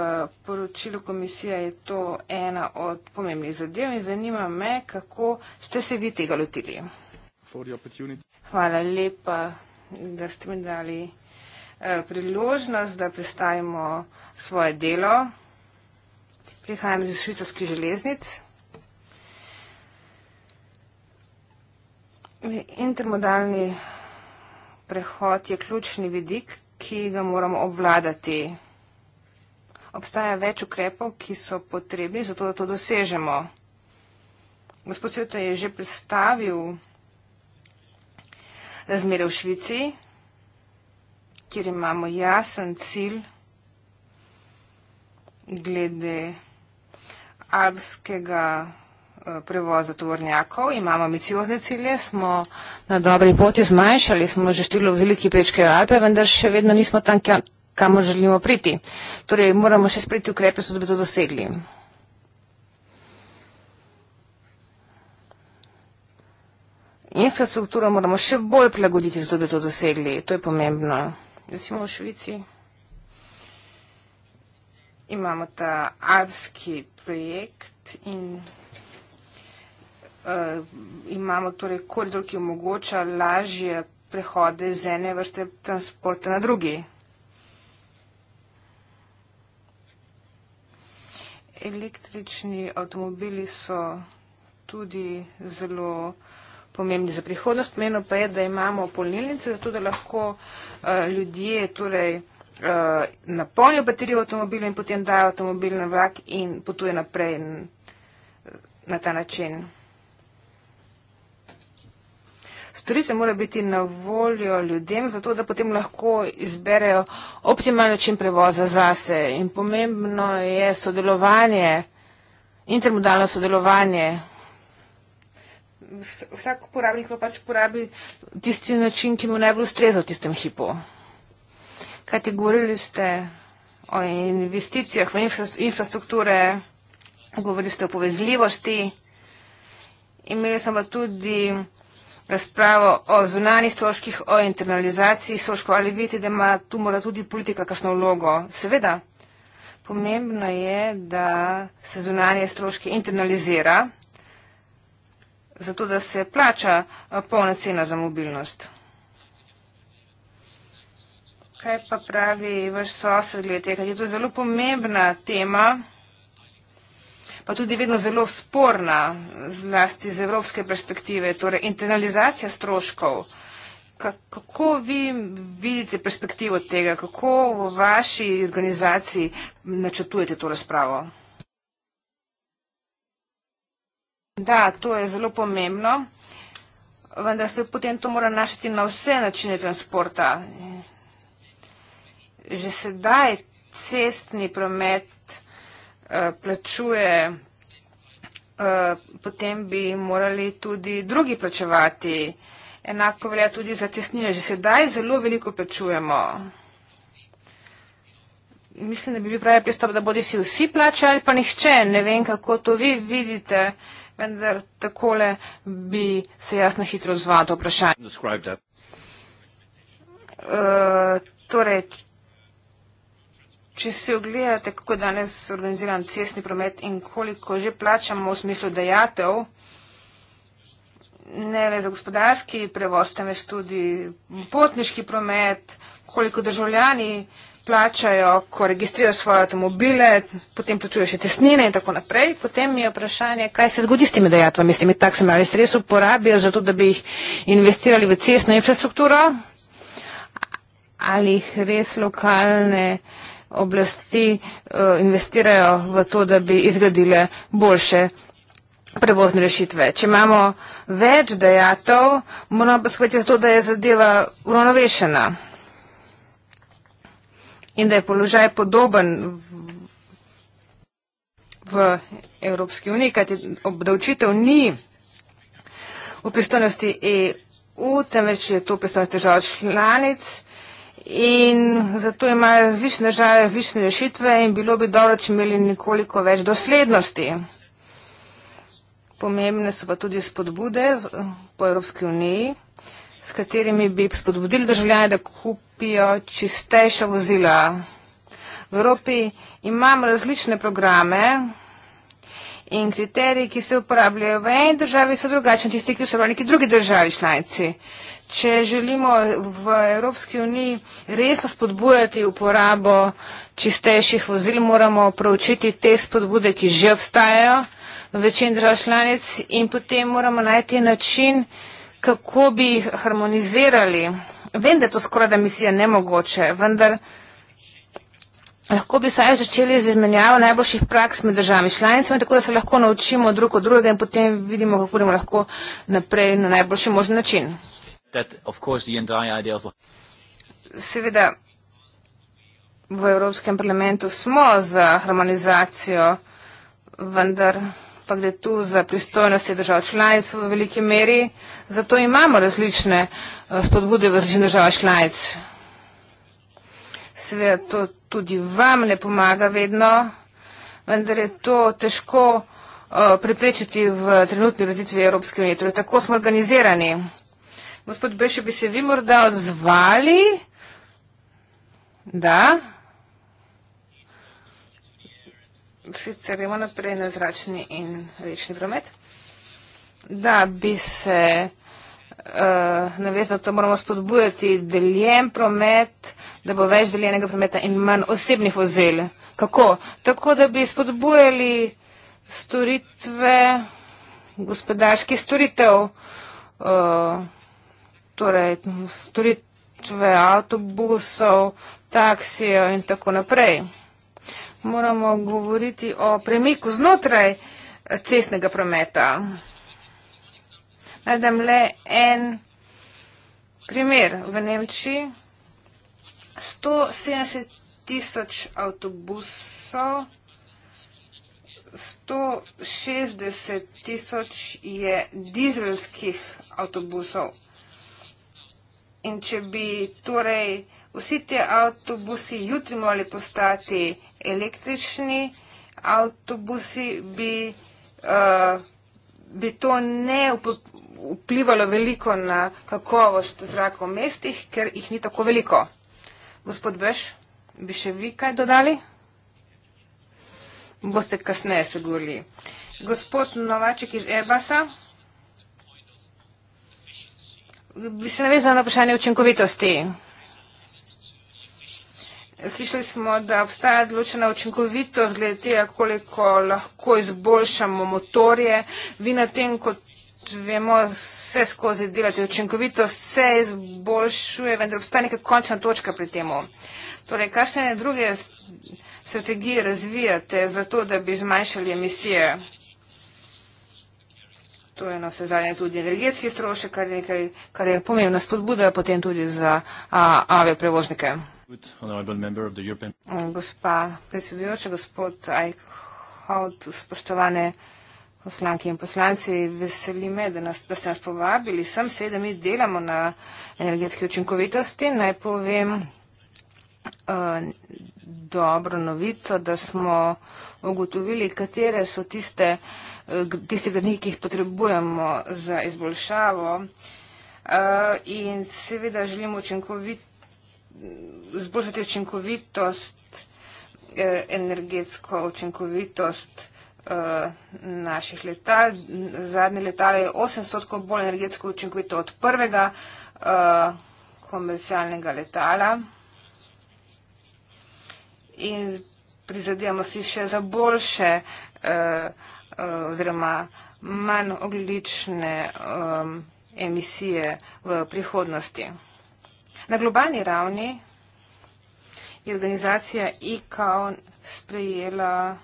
poročilu komisije je to ena od pomembnih zadev in zanima me, kako ste se vi tega lotili. Hvala lepa, da ste mi dali eh, priložnost, da predstavimo svoje delo. Prihajam iz švicarskih železnic. Intermodalni prehod je ključni vidik, ki ga moramo obvladati. Obstaja več ukrepov, ki so potrebni za to, da to dosežemo. Gospod Sveto je že predstavil razmere v Švici, kjer imamo jasen cilj glede alpskega Eh, prevoza tovornjakov, imamo ambiciozne cilje, smo na dobri poti, zmanjšali smo že število vozilih, ki prečkajo Alpe, vendar še vedno nismo tam, kamor želimo priti. Torej, moramo še spriti ukrepe, da bi to dosegli. Infrastrukturo moramo še bolj prilagoditi, da bi to dosegli. To je pomembno. Recimo v Švici imamo ta alpski projekt in Eh, imamo torej koridor, ki omogoča lažje prehode z ene vrste transporta na drugi. Električni avtomobili so tudi zelo pomembni za prihodnost. Pomembno pa je, da imamo polnilnice, zato da lahko uh, ljudje torej, uh, napolnijo baterijo avtomobila in potem dajo avtomobil na vlak in potuje naprej na ta način. Storitve mora biti na voljo ljudem, zato da potem lahko izberejo optimalen način prevoza zase. In pomembno je sodelovanje, intermodalno sodelovanje. Vsak uporabnik pa pač uporabi tisti način, ki mu najbolj ustreza v tistem hipu. Kaj ti govorili ste o investicijah v infrastrukture, govorili ste o povezljivosti. Imeli smo pa tudi razpravo o zunanih stroških, o internalizaciji stroškov, ali vidite, da ima tu mora tudi politika kakšno vlogo? Seveda, pomembno je, da se zunanje stroške internalizira, zato da se plača eh, polna cena za mobilnost. Kaj pa pravi vaš sosed glede tega? Je to zelo pomembna tema pa tudi vedno zelo sporna, zlasti z evropske perspektive, torej internalizacija stroškov. Kako vi vidite perspektivo tega, kako v vaši organizaciji načrtujete to razpravo? Da, to je zelo pomembno, vendar se potem to mora našiti na vse načine transporta. Že sedaj cestni promet Eh, plačuje, eh, potem bi morali tudi drugi plačevati. Enako velja tudi za cestnine. Že sedaj zelo veliko plačujemo. Mislim, da bi bil pravi pristop, da bodi si vsi plačali ali pa nihče. Ne vem, kako to vi vidite, vendar takole bi se jaz na hitro zval to vprašanje. Uh, torej, Če se ogledate, kako je danes organiziran cestni promet in koliko že plačamo v smislu dejatev, ne le za gospodarski prevoz, temveč tudi potniški promet, koliko državljani plačajo, ko registrirajo svoje avtomobile, potem plačujejo še cestnine in tako naprej, potem je vprašanje, kaj se zgodi s temi dejatvami, s temi taksami, ali se res uporabijo za to, da bi jih investirali v cestno infrastrukturo, ali jih res lokalne oblasti eh, investirajo v to, da bi izgradile boljše prevozne rešitve. Če imamo več dejatov, moramo poskrbeti za to, da je zadeva uravnovešena in da je položaj podoben v Evropski uniji, kajti obdavčitev ni v pristojnosti EU, temveč je to pristojnost držav članic in zato imajo različne države različne rešitve in bilo bi dobro, če imeli nekoliko več doslednosti. Pomembne so pa tudi spodbude po Evropski uniji, s katerimi bi spodbudili državljane, da kupijo čistejša vozila. V Evropi imamo različne programe in kriteriji, ki se uporabljajo v eni državi, so drugačni od tistih, ki so v neki drugi državi članici če želimo v Evropski uniji res spodbujati uporabo čistejših vozil, moramo proučiti te spodbude, ki že obstajajo v večini držav članic in potem moramo najti način, kako bi jih harmonizirali. Vem, da je to skoraj da misija nemogoče, vendar lahko bi saj začeli z izmenjavo najboljših praks med državami članicami, tako da se lahko naučimo drug od drugega in potem vidimo, kako bomo lahko naprej na najboljši možen način. Seveda, v Evropskem parlamentu smo za harmonizacijo, vendar pa gre tu za pristojnosti držav članic v veliki meri, zato imamo različne eh, spodbude v različnih držav članic. Seveda, to tudi vam ne pomaga vedno, vendar je to težko uh, preprečiti v trenutni roditvi Evropske unije. Torej, tako smo organizirani. Gospod Beše, bi se vi morda odzvali? Da? Sicer imamo naprej na zračni in rečni promet. Da, bi se uh, eh, navezno to moramo spodbujati deljen promet, da bo več deljenega prometa in manj osebnih vozel. Kako? Tako, da bi spodbujali storitve, gospodarskih storitev. Uh, torej, storitve avtobusov, taksijev in tako naprej. Moramo govoriti o premiku znotraj cestnega prometa. Najdem le en primer. V Nemčiji 170 tisoč avtobusov, 160 tisoč je dizelskih avtobusov In če bi torej vsi ti avtobusi jutri morali postati električni avtobusi, bi, uh, bi to ne vplivalo veliko na kakovost zraka v mestih, ker jih ni tako veliko. Gospod Beš, bi še vi kaj dodali? Boste kasneje spregovorili. Gospod Novaček iz Airbusa bi se navezala na vprašanje učinkovitosti. Slišali smo, da obstaja določena učinkovitost glede tega, koliko lahko izboljšamo motorje. Vi na tem, kot vemo, vse skozi delate učinkovitost, vse izboljšuje, vendar obstaja neka končna točka pri tem. Torej, kakšne druge strategije razvijate za to, da bi zmanjšali emisije? To je na vse zadnje tudi energetski strošek, kar, nekaj, kar je pomembna spodbuda potem tudi za AVE prevožnike. Gospa predsedujoča, gospod Eichhout, spoštovane poslanke in poslanci, veseli me, da, nas, da ste nas povabili sem se, da mi delamo na energetski učinkovitosti. Naj povem uh, dobro novico, da smo ugotovili, katere so tiste. Uh, Eh, tisti gradniki, ki jih potrebujemo za izboljšavo eh, in seveda želimo izboljšati učinkovitost, eh, energetsko učinkovitost naših letal. Zadnje letalo je 800-tko bolj energetsko učinkovito od prvega komercialnega letala in prizadijamo si še za boljše učinkovitost Eh, oziroma manj oglične emisije v prihodnosti. Na globalni ravni je organizacija ICAO sprejela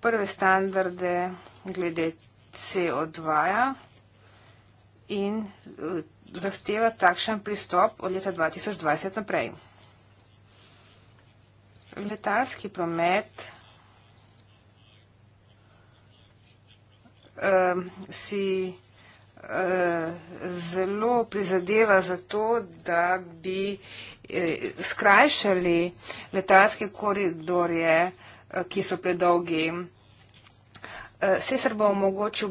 prve standarde glede CO2 in eh, zahteva takšen pristop od leta 2020 naprej. Letalski promet um, si eh, zelo prizadeva za to, da bi eh, skrajšali letalske koridorje, eh, ki so predolgi. Sesar bo omogočil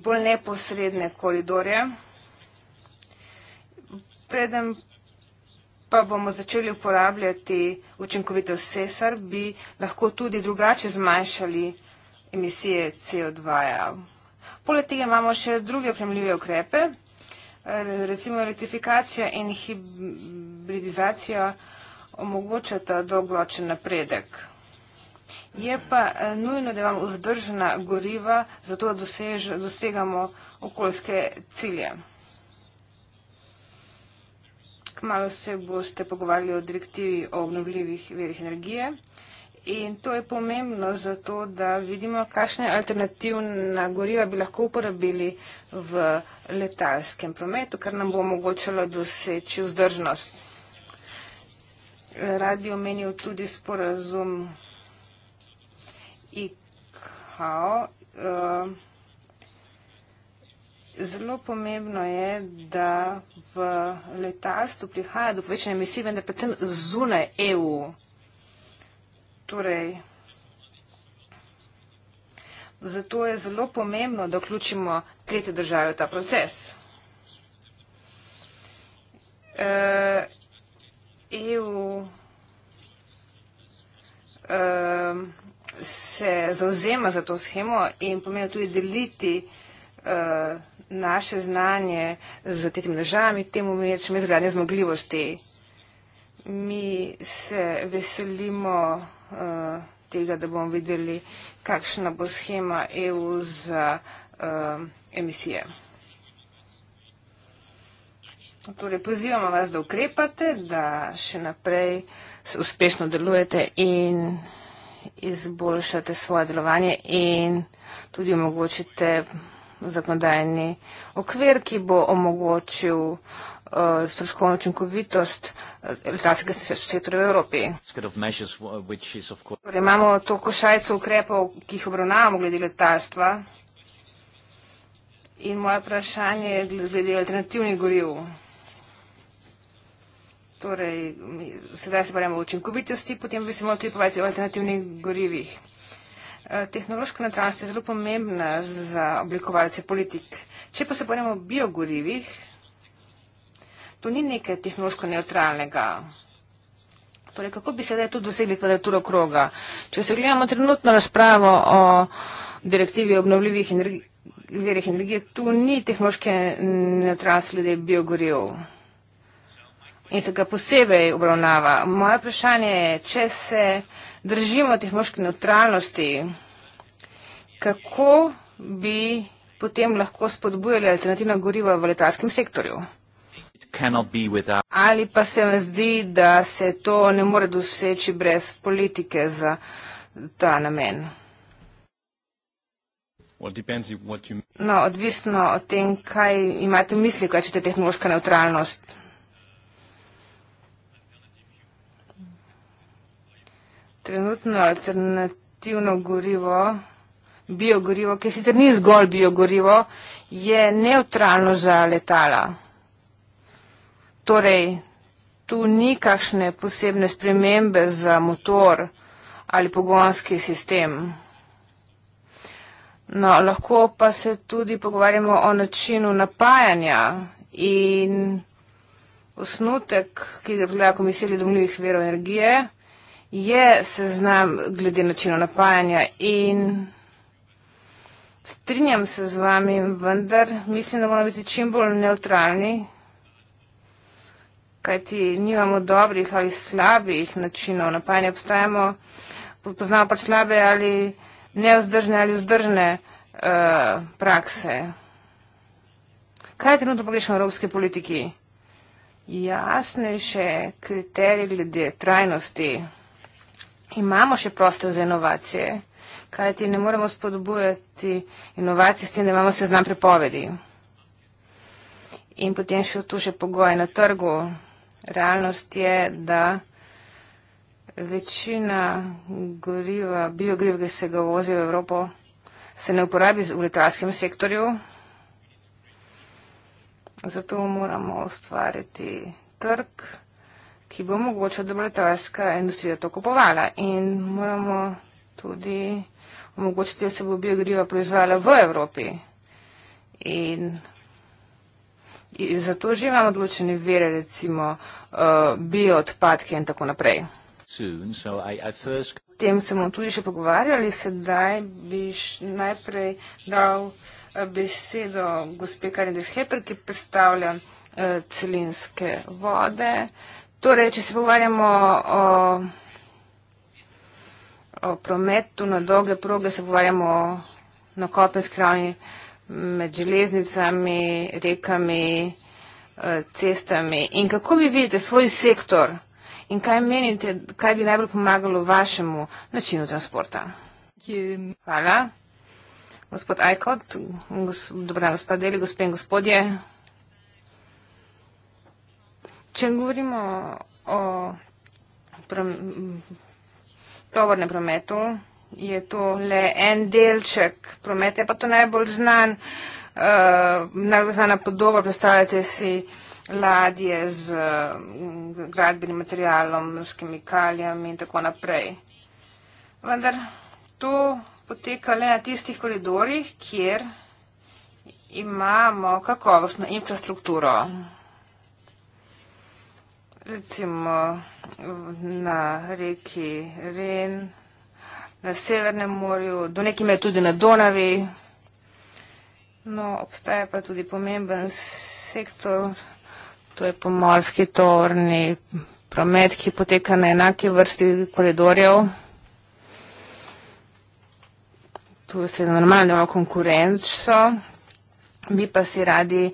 bolj neposredne koridorje. Predem pa bomo začeli uporabljati učinkovitost sesar, bi lahko tudi drugače zmanjšali emisije CO2. -ja. Poleg tega imamo še druge opremljive ukrepe, recimo elektrifikacija in hibridizacija omogočata dolgoročen napredek. Je pa e, nujno, da imamo vzdržena goriva, zato da dosež, dosegamo okoljske cilje. Kmalo se boste pogovarjali o direktivi o obnovljivih verih energije. In to je pomembno zato, da vidimo, kakšne alternativna goriva bi lahko uporabili v letalskem prometu, kar nam bo omogočalo doseči vzdržnost. Rad bi omenil tudi sporazum IKAO. Eh, zelo pomembno je, da v letalstvu prihaja do povečanja emisij, vendar predvsem zunaj EU. Torej, zato je zelo pomembno, da vključimo tretje države v ta proces. E, EU e, se zauzema za to schemo in pomeni tudi deliti e, naše znanje z tretjimi državami, temu mi rečemo izgradnje zmogljivosti. Mi se veselimo Eh, tega, da bomo videli, kakšna bo schema EU za eh, emisije. Torej, pozivamo vas, da ukrepate, da še naprej uspešno delujete in izboljšate svoje delovanje in tudi omogočite zakonodajni okvir, ki bo omogočil uh, Eh, stroškovno učinkovitost eh, letalskega sektorja v Evropi. Uh, torej, imamo to košajco ukrepov, ki jih obravnavamo glede letalstva. In moje vprašanje je glede alternativnih goriv. Torej, sedaj se pravimo o učinkovitosti, potem bi se morali tudi povedati o alternativnih gorivih. Eh, tehnološka neutralnost je zelo pomembna za oblikovalce politik. Če pa se pravimo o biogorivih, To ni nekaj tehnološko neutralnega. Torej, kako bi sedaj tu dosegli kvadraturo kroga? Če se gledamo trenutno razpravo o direktivi obnovljivih energi verih energije, tu ni tehnološke neutralnosti glede biogoriv in se ga posebej obravnava. Moje vprašanje je, če se držimo tehnološke neutralnosti, kako bi potem lahko spodbujali alternativna goriva v letalskem sektorju? Ali pa se vam zdi, da se to ne more doseči brez politike za ta namen? No, odvisno od tem, kaj imate v misli, kaj čete tehnološka neutralnost. Trenutno alternativno gorivo, biogorivo, ki sicer ni zgolj biogorivo, je neutralno za letala. Torej, tu ni kakšne posebne spremembe za motor ali pogonski sistem. No, lahko pa se tudi pogovarjamo o načinu napajanja in osnutek, ki ga pogleda komisija domljivih verov energije, je seznam glede načina napajanja in strinjam se z vami, vendar mislim, da moramo biti čim bolj neutralni, kajti nimamo dobrih ali slabih načinov napajanja, postajamo, poznamo pač slabe ali neozdržne ali vzdržne uh, prakse. Kaj je trenutno pogrešno v evropski politiki? Jasnejše kriterije glede trajnosti. Imamo še prostor za inovacije, kajti ne moremo spodbujati inovacij s tem, da imamo seznam prepovedi. In potem še tu še pogoje na trgu, realnost je, da večina goriva, biogriv, ki se ga vozi v Evropo, se ne uporabi v letalskem sektorju. Zato moramo ustvariti trg, ki bo omogočal, da bo letalska industrija to kupovala. In moramo tudi omogočiti, da se bo biogriva proizvajala v Evropi. In zato že imamo odločene vere, recimo uh, eh, bio odpadke in tako naprej. O first... tem se bomo tudi še pogovarjali, sedaj bi najprej dal eh, besedo gospe Karindes Heper, ki predstavlja uh, celinske vode. Torej, če se pogovarjamo o, o prometu na dolge proge, se pogovarjamo o, na kopenski ravni. Uh, med železnicami, rekami, eh, cestami in kako vi vidite svoj sektor in kaj menite, kaj bi najbolj pomagalo vašemu načinu transporta? Hvala. Gospod Ajkot, dobro dan, gospod Deli, gospe in gospodje. Če govorimo o tovornem prometu, je to le en delček. Promet je pa to najbolj znan, uh, eh, najbolj znana podoba. Predstavljate si ladje z uh, gradbenim materialom, s kemikalijami in tako naprej. Vendar to poteka le na tistih koridorih, kjer imamo kakovostno infrastrukturo. Recimo na reki Ren, na Severnem morju, do neke mere tudi na Donavi. No, obstaja pa tudi pomemben sektor, to je pomorski tovorni promet, ki poteka na enaki vrsti koridorjev. Tu se normalno imamo konkurenčo, mi pa si radi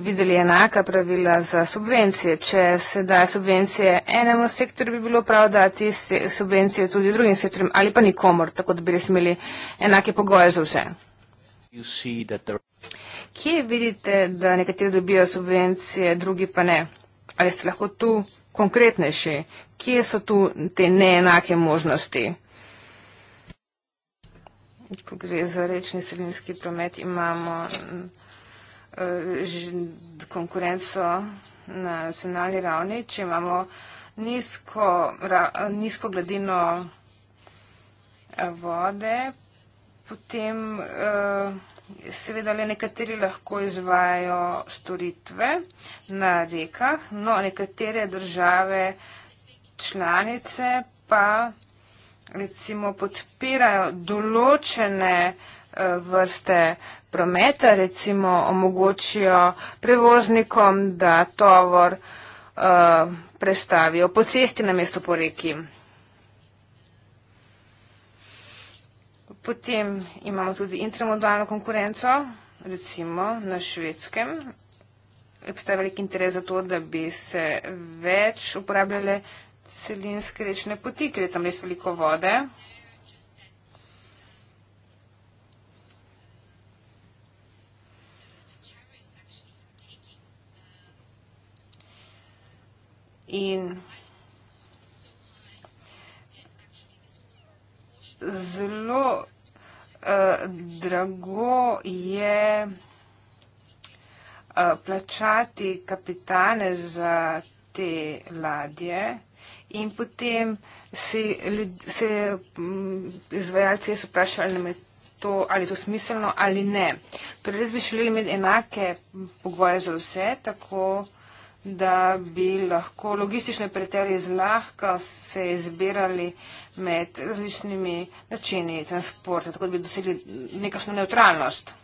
videli enaka pravila za subvencije. Če se daje subvencije enemu sektorju, bi bilo prav dati subvencije tudi drugim sektorjem ali pa nikomor, tako da bi res imeli enake pogoje za vse. Kje vidite, da nekateri dobijo subvencije, drugi pa ne? Ali ste lahko tu konkretnejši? Kje so tu te neenake možnosti? Ko gre za rečni selinski promet, imamo Eh, konkurenco na nacionalni ravni, če imamo nizko, ra, nizko gladino eh, vode, potem eh, seveda le nekateri lahko izvajajo storitve na rekah, no nekatere države članice pa recimo podpirajo določene uh, Eh, vrste prometa, recimo omogočijo prevoznikom, da tovor uh, prestavijo po cesti na mesto po reki. Potem imamo tudi intermodalno konkurenco, recimo na švedskem. Obstaja velik interes za to, da bi se več uporabljale celinske rečne poti, ker je tam res veliko vode. In zelo uh, drago je uh, plačati kapitane za te ladje in potem se mm, izvajalci res vprašali, ali, to, ali je to smiselno ali ne. Torej, res bi želeli imeti enake pogoje za vse, tako da bi lahko logistične preterje zlahka se izbirali med različnimi načini transporta, tako da bi dosegli nekakšno neutralnost.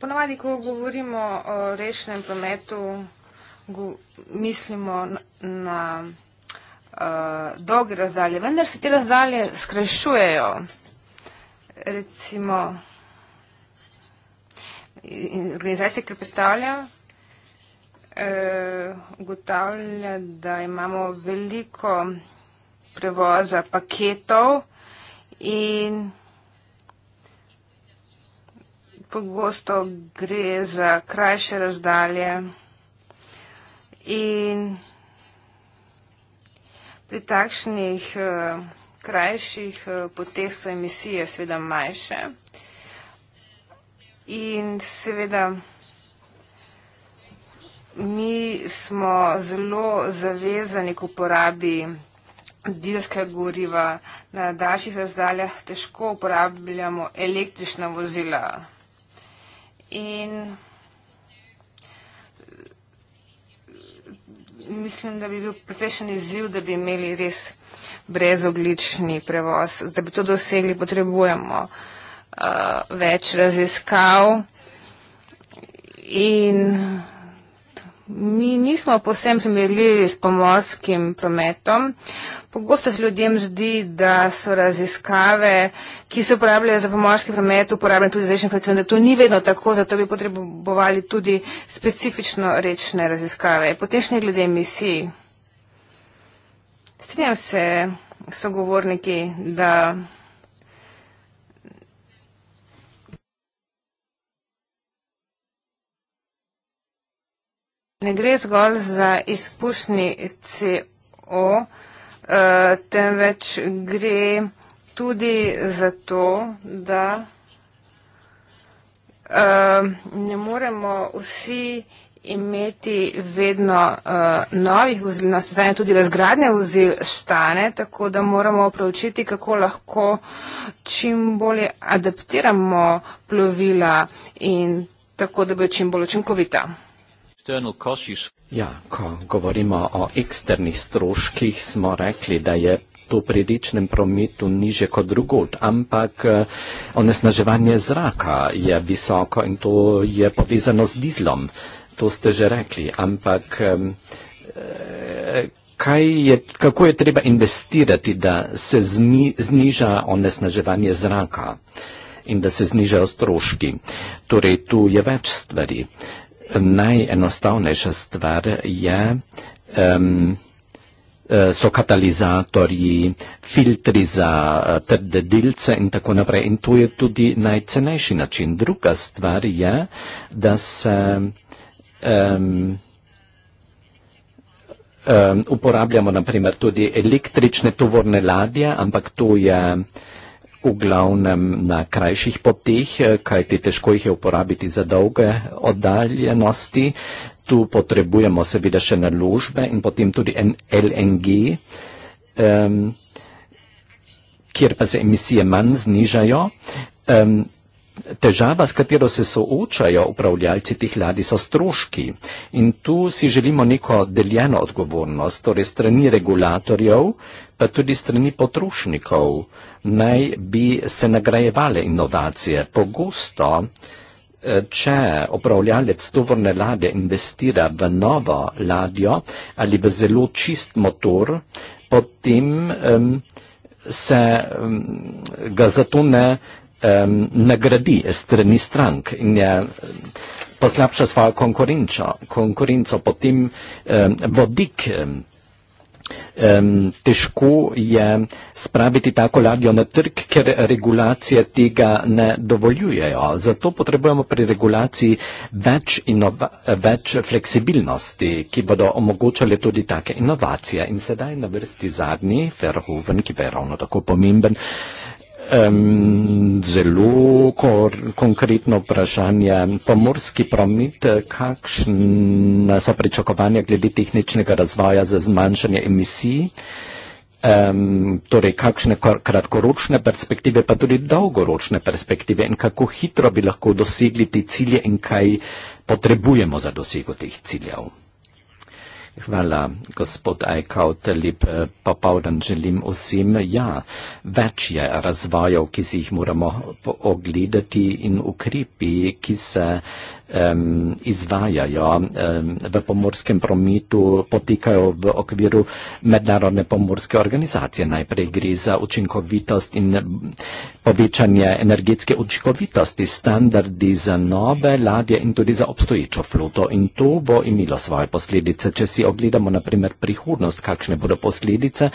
Ponovadi, ko govorimo o rešnem prometu, mislimo na eh, dolge razdalje, vendar se te razdalje skrajšujejo. Recimo, organizacija, ki predstavlja, eh, ugotavlja, da imamo veliko prevoza paketov in pogosto gre za krajše razdalje. In pri takšnih eh, krajših eh, poteh so emisije sveda manjše. In seveda mi smo zelo zavezani k uporabi dizelskega goriva na daljših razdaljah, težko uporabljamo električna vozila. In mislim, da bi bil precejšen izziv, da bi imeli res brezoglični prevoz. Da bi to dosegli, potrebujemo uh, uh, več raziskav in mi nismo posem primerljivi s pomorskim prometom. Pogosto se ljudem zdi, da so raziskave, ki se uporabljajo za pomorski promet, uporabljene tudi za rečne promete, da to ni vedno tako, zato bi potrebovali tudi specifično rečne raziskave. Potešnje glede emisij. Strinjam se sogovorniki, da Ne gre zgolj za izpušni CO, eh, temveč gre tudi za to, da eh, ne moremo vsi imeti vedno uh, novih vozil, na no, vse zanje tudi razgradnje vozil stane, tako da moramo preučiti, kako lahko čim bolje adaptiramo plovila in tako, da bo čim bolj učinkovita. Ja, ko govorimo o eksternih stroških, smo rekli, da je to pri ričnem prometu niže kot drugod, ampak eh, onesnaževanje zraka je visoko in to je povezano z dizlom. To ste že rekli, ampak eh, je, kako je treba investirati, da se zmi, zniža onesnaževanje zraka in da se znižajo stroški? Torej, tu je več stvari najenostavnejša stvar je, um, so katalizatorji, filtri za eh, trde delce in tako naprej. In to je tudi najcenejši način. Druga stvar je, da se um, um, uporabljamo naprimer tudi električne tovorne ladje, ampak to je v glavnem na krajših poteh, eh, kajti težko jih je uporabiti za dolge oddaljenosti. Tu potrebujemo seveda še naložbe in potem tudi LNG, um, kjer pa se emisije manj znižajo. Um, Težava, s katero se soočajo upravljalci teh ladij, so stroški in tu si želimo neko deljeno odgovornost, torej strani regulatorjev, pa tudi strani potrošnikov, naj bi se nagrajevale inovacije. Pogosto, eh, če upravljalec tovorne ladje investira v novo ladjo ali v zelo čist motor, potem um, se um, ga zato ne um, nagradi strani strank in je poslabša svojo konkurenco, konkurenco potem um, vodik. Um, težko je spraviti tako ladjo na trg, ker regulacije tega ne dovoljujejo. Zato potrebujemo pri regulaciji več, več fleksibilnosti, ki bodo omogočale tudi take inovacije. In sedaj na vrsti zadnji, Verhoven, ki je ravno tako pomemben, Um, zelo kor, konkretno vprašanje. Pomorski promet, kakšna so pričakovanja glede tehničnega razvoja za zmanjšanje emisij? Um, torej, kakšne kratkoročne perspektive, pa tudi dolgoročne perspektive in kako hitro bi lahko dosegli te cilje in kaj potrebujemo za dosego teh ciljev? Hvala, gospod Eikaut. Lep eh, popoldan želim vsem. Ja, več je razvojev, ki si jih moramo ogledati in ukrepi, ki se um, izvajajo um, v pomorskem prometu, potekajo v okviru mednarodne pomorske organizacije. Najprej gre za učinkovitost in povečanje energetske učinkovitosti, standardi za nove ladje in tudi za obstoječo floto. In to bo imelo svoje posledice, če si ogledamo naprimer prihodnost, kakšne bodo posledice,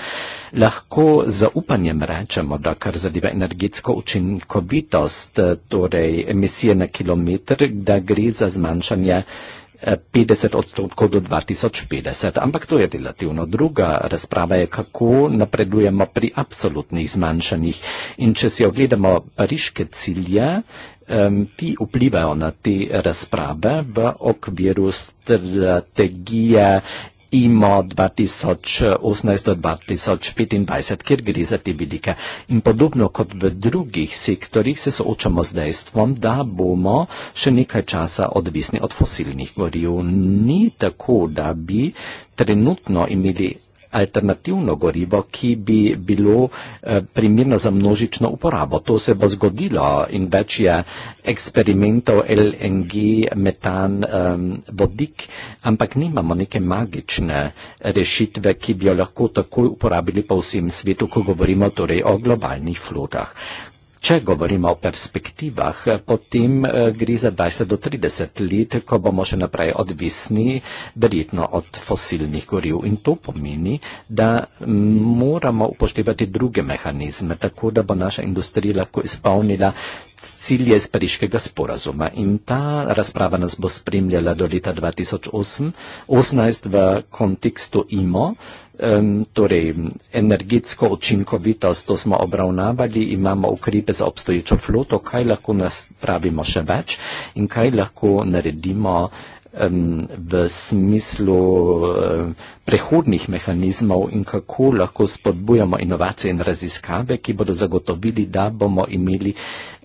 lahko z upanjem rečemo, da kar zadeva energetsko učinkovitost, eh, torej emisije na kilometr, da gre za zmanjšanje. 50 eh, odstotkov do 2050, ampak to je relativno. Druga razprava je, kako napredujemo pri absolutnih zmanjšanjih. In če si ogledamo pariške cilje, ki vplivajo na te razprave v okviru strategije IMO 2018-2025, kjer gre za te vidike. In podobno kot v drugih sektorjih se soočamo z dejstvom, da bomo še nekaj časa odvisni od fosilnih goriv. Ni tako, da bi trenutno imeli alternativno gorivo, ki bi bilo eh, primirno za množično uporabo. To se bo zgodilo in več je eksperimentov LNG, metan, vodik, ampak nimamo neke magične rešitve, ki bi jo lahko takoj uporabili po vsem svetu, ko govorimo torej o globalnih flotah. Če govorimo o perspektivah, eh, potem eh, gre za 20 do 30 let, ko bomo še naprej odvisni verjetno od fosilnih goriv. In to pomeni, da moramo upoštevati druge mehanizme, tako da bo naša industrija lahko izpolnila cilje iz Pariškega sporazuma. In ta razprava nas bo spremljala do leta 2018 v kontekstu IMO, um, torej energetsko učinkovitost, to smo obravnavali, imamo ukrepe za obstoječo floto, kaj lahko nas pravimo še več in kaj lahko naredimo um, v smislu um, prehodnih mehanizmov in kako lahko spodbujamo inovacije in raziskave, ki bodo zagotovili, da bomo imeli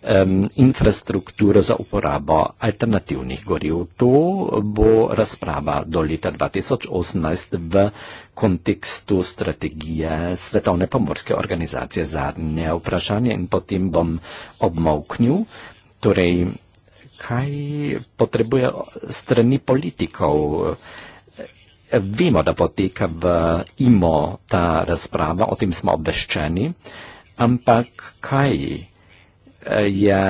um, infrastrukturo za uporabo alternativnih goriv. To bo razprava do leta 2018 v kontekstu strategije Svetovne pomorske organizacije. Zadnje vprašanje in potem bom obmoknil. Torej, kaj potrebuje strani politikov. Vemo, da poteka v IMO ta razprava, o tem smo obveščeni, ampak kaj je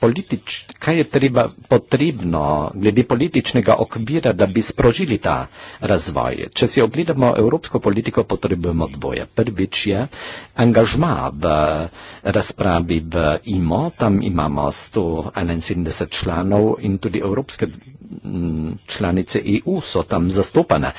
politič, kaj je treba, potrebno glede političnega okvira, da bi sprožili ta razvoj. Če si ogledamo evropsko politiko, potrebujemo dvoje. Prvič je angažma v razpravi v IMO, tam imamo 171 članov in tudi evropske članice EU so tam zastopane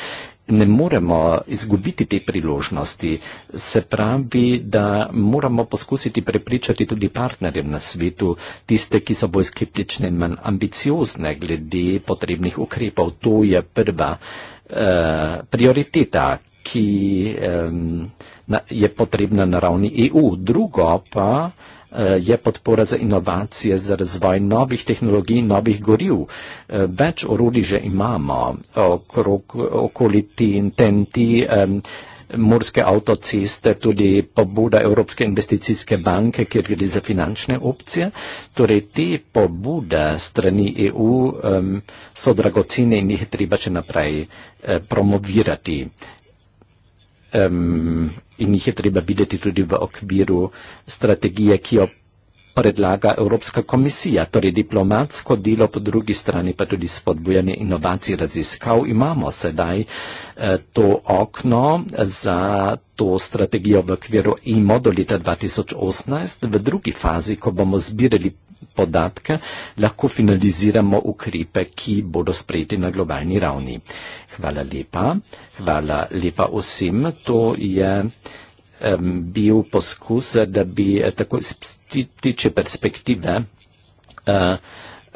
ne moremo izgubiti te priložnosti. Se pravi, da moramo poskusiti prepričati tudi partnerjem na svetu, tiste, ki so bolj skeptične in manj ambiciozne glede potrebnih ukrepov. To je prva uh, prioriteta, ki um, na, je potrebna na ravni EU. Drugo pa. Uh, Eh, je podpora za inovacije, za razvoj novih tehnologij, novih goril. Eh, več orodij že imamo okrog, okoli TNT, morske avtoceste, tudi pobuda Evropske investicijske banke, kjer gre za finančne opcije. Torej, te pobude strani EU so dragocene in jih treba še naprej eh, promovirati um, in jih je treba videti tudi v okviru strategije, ki jo predlaga Evropska komisija. Torej diplomatsko delo po drugi strani pa tudi spodbujanje inovacij raziskav. Imamo sedaj eh, to okno za to strategijo v okviru IMO do leta 2018. V drugi fazi, ko bomo zbirali podatke, lahko finaliziramo ukrepe, ki bodo sprejeti na globalni ravni. Hvala lepa. Hvala lepa vsem. To je um, bil poskus, da bi eh, tako iz tiče perspektive uh,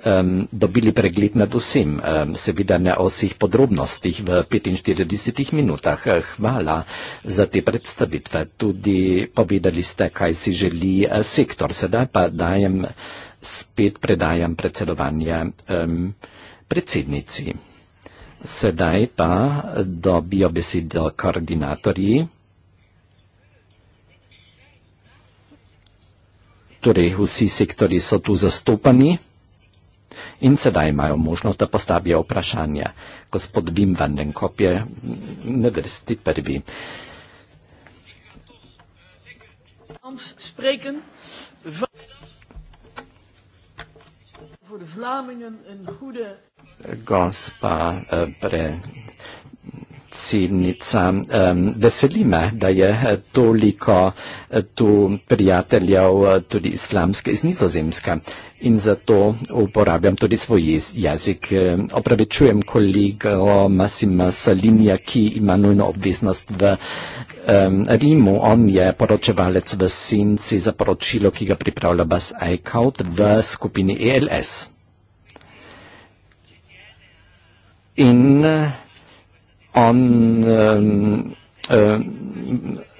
um, dobili pregled nad vsem, um, seveda ne o vseh podrobnostih v 45 minutah. Eh, hvala za te predstavitve. Tudi povedali ste, kaj si želi sektor. Sedaj pa dajem spet predajam predsedovanje um, predsednici. Sedaj pa dobijo besedo koordinatorji. Torej, vsi sektori so tu zastopani in sedaj imajo možnost, da postavijo vprašanja. Gospod Vim Vandenkop je na vrsti prvi. Spreken voor de Vlamingen een goede. Gospa, uh, pre, predsednica. Veseli me, da je eh, toliko eh, tu prijateljev eh, tudi islamske iz nizozemske in zato uporabljam tudi svoj jezik. Opravičujem kolego Masima Salinija, ki ima nujno obveznost v Rimu. On je poročevalec v Sinci za poročilo, ki ga pripravlja Bas Eichhout v skupini ELS. In uh, on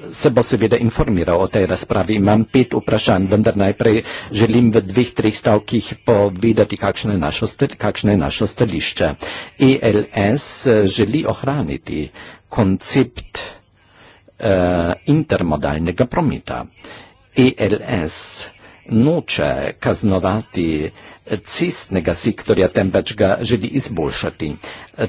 se bo seveda informiral o tej razpravi. Imam pet vprašanj, vendar najprej želim v dveh, treh stavkih povedati, kakšno je našo, kakšno je našo stališče. ELS eh, želi ohraniti koncept eh, intermodalnega prometa. ELS noče kaznovati eh, cestnega sektorja, temveč ga želi izboljšati.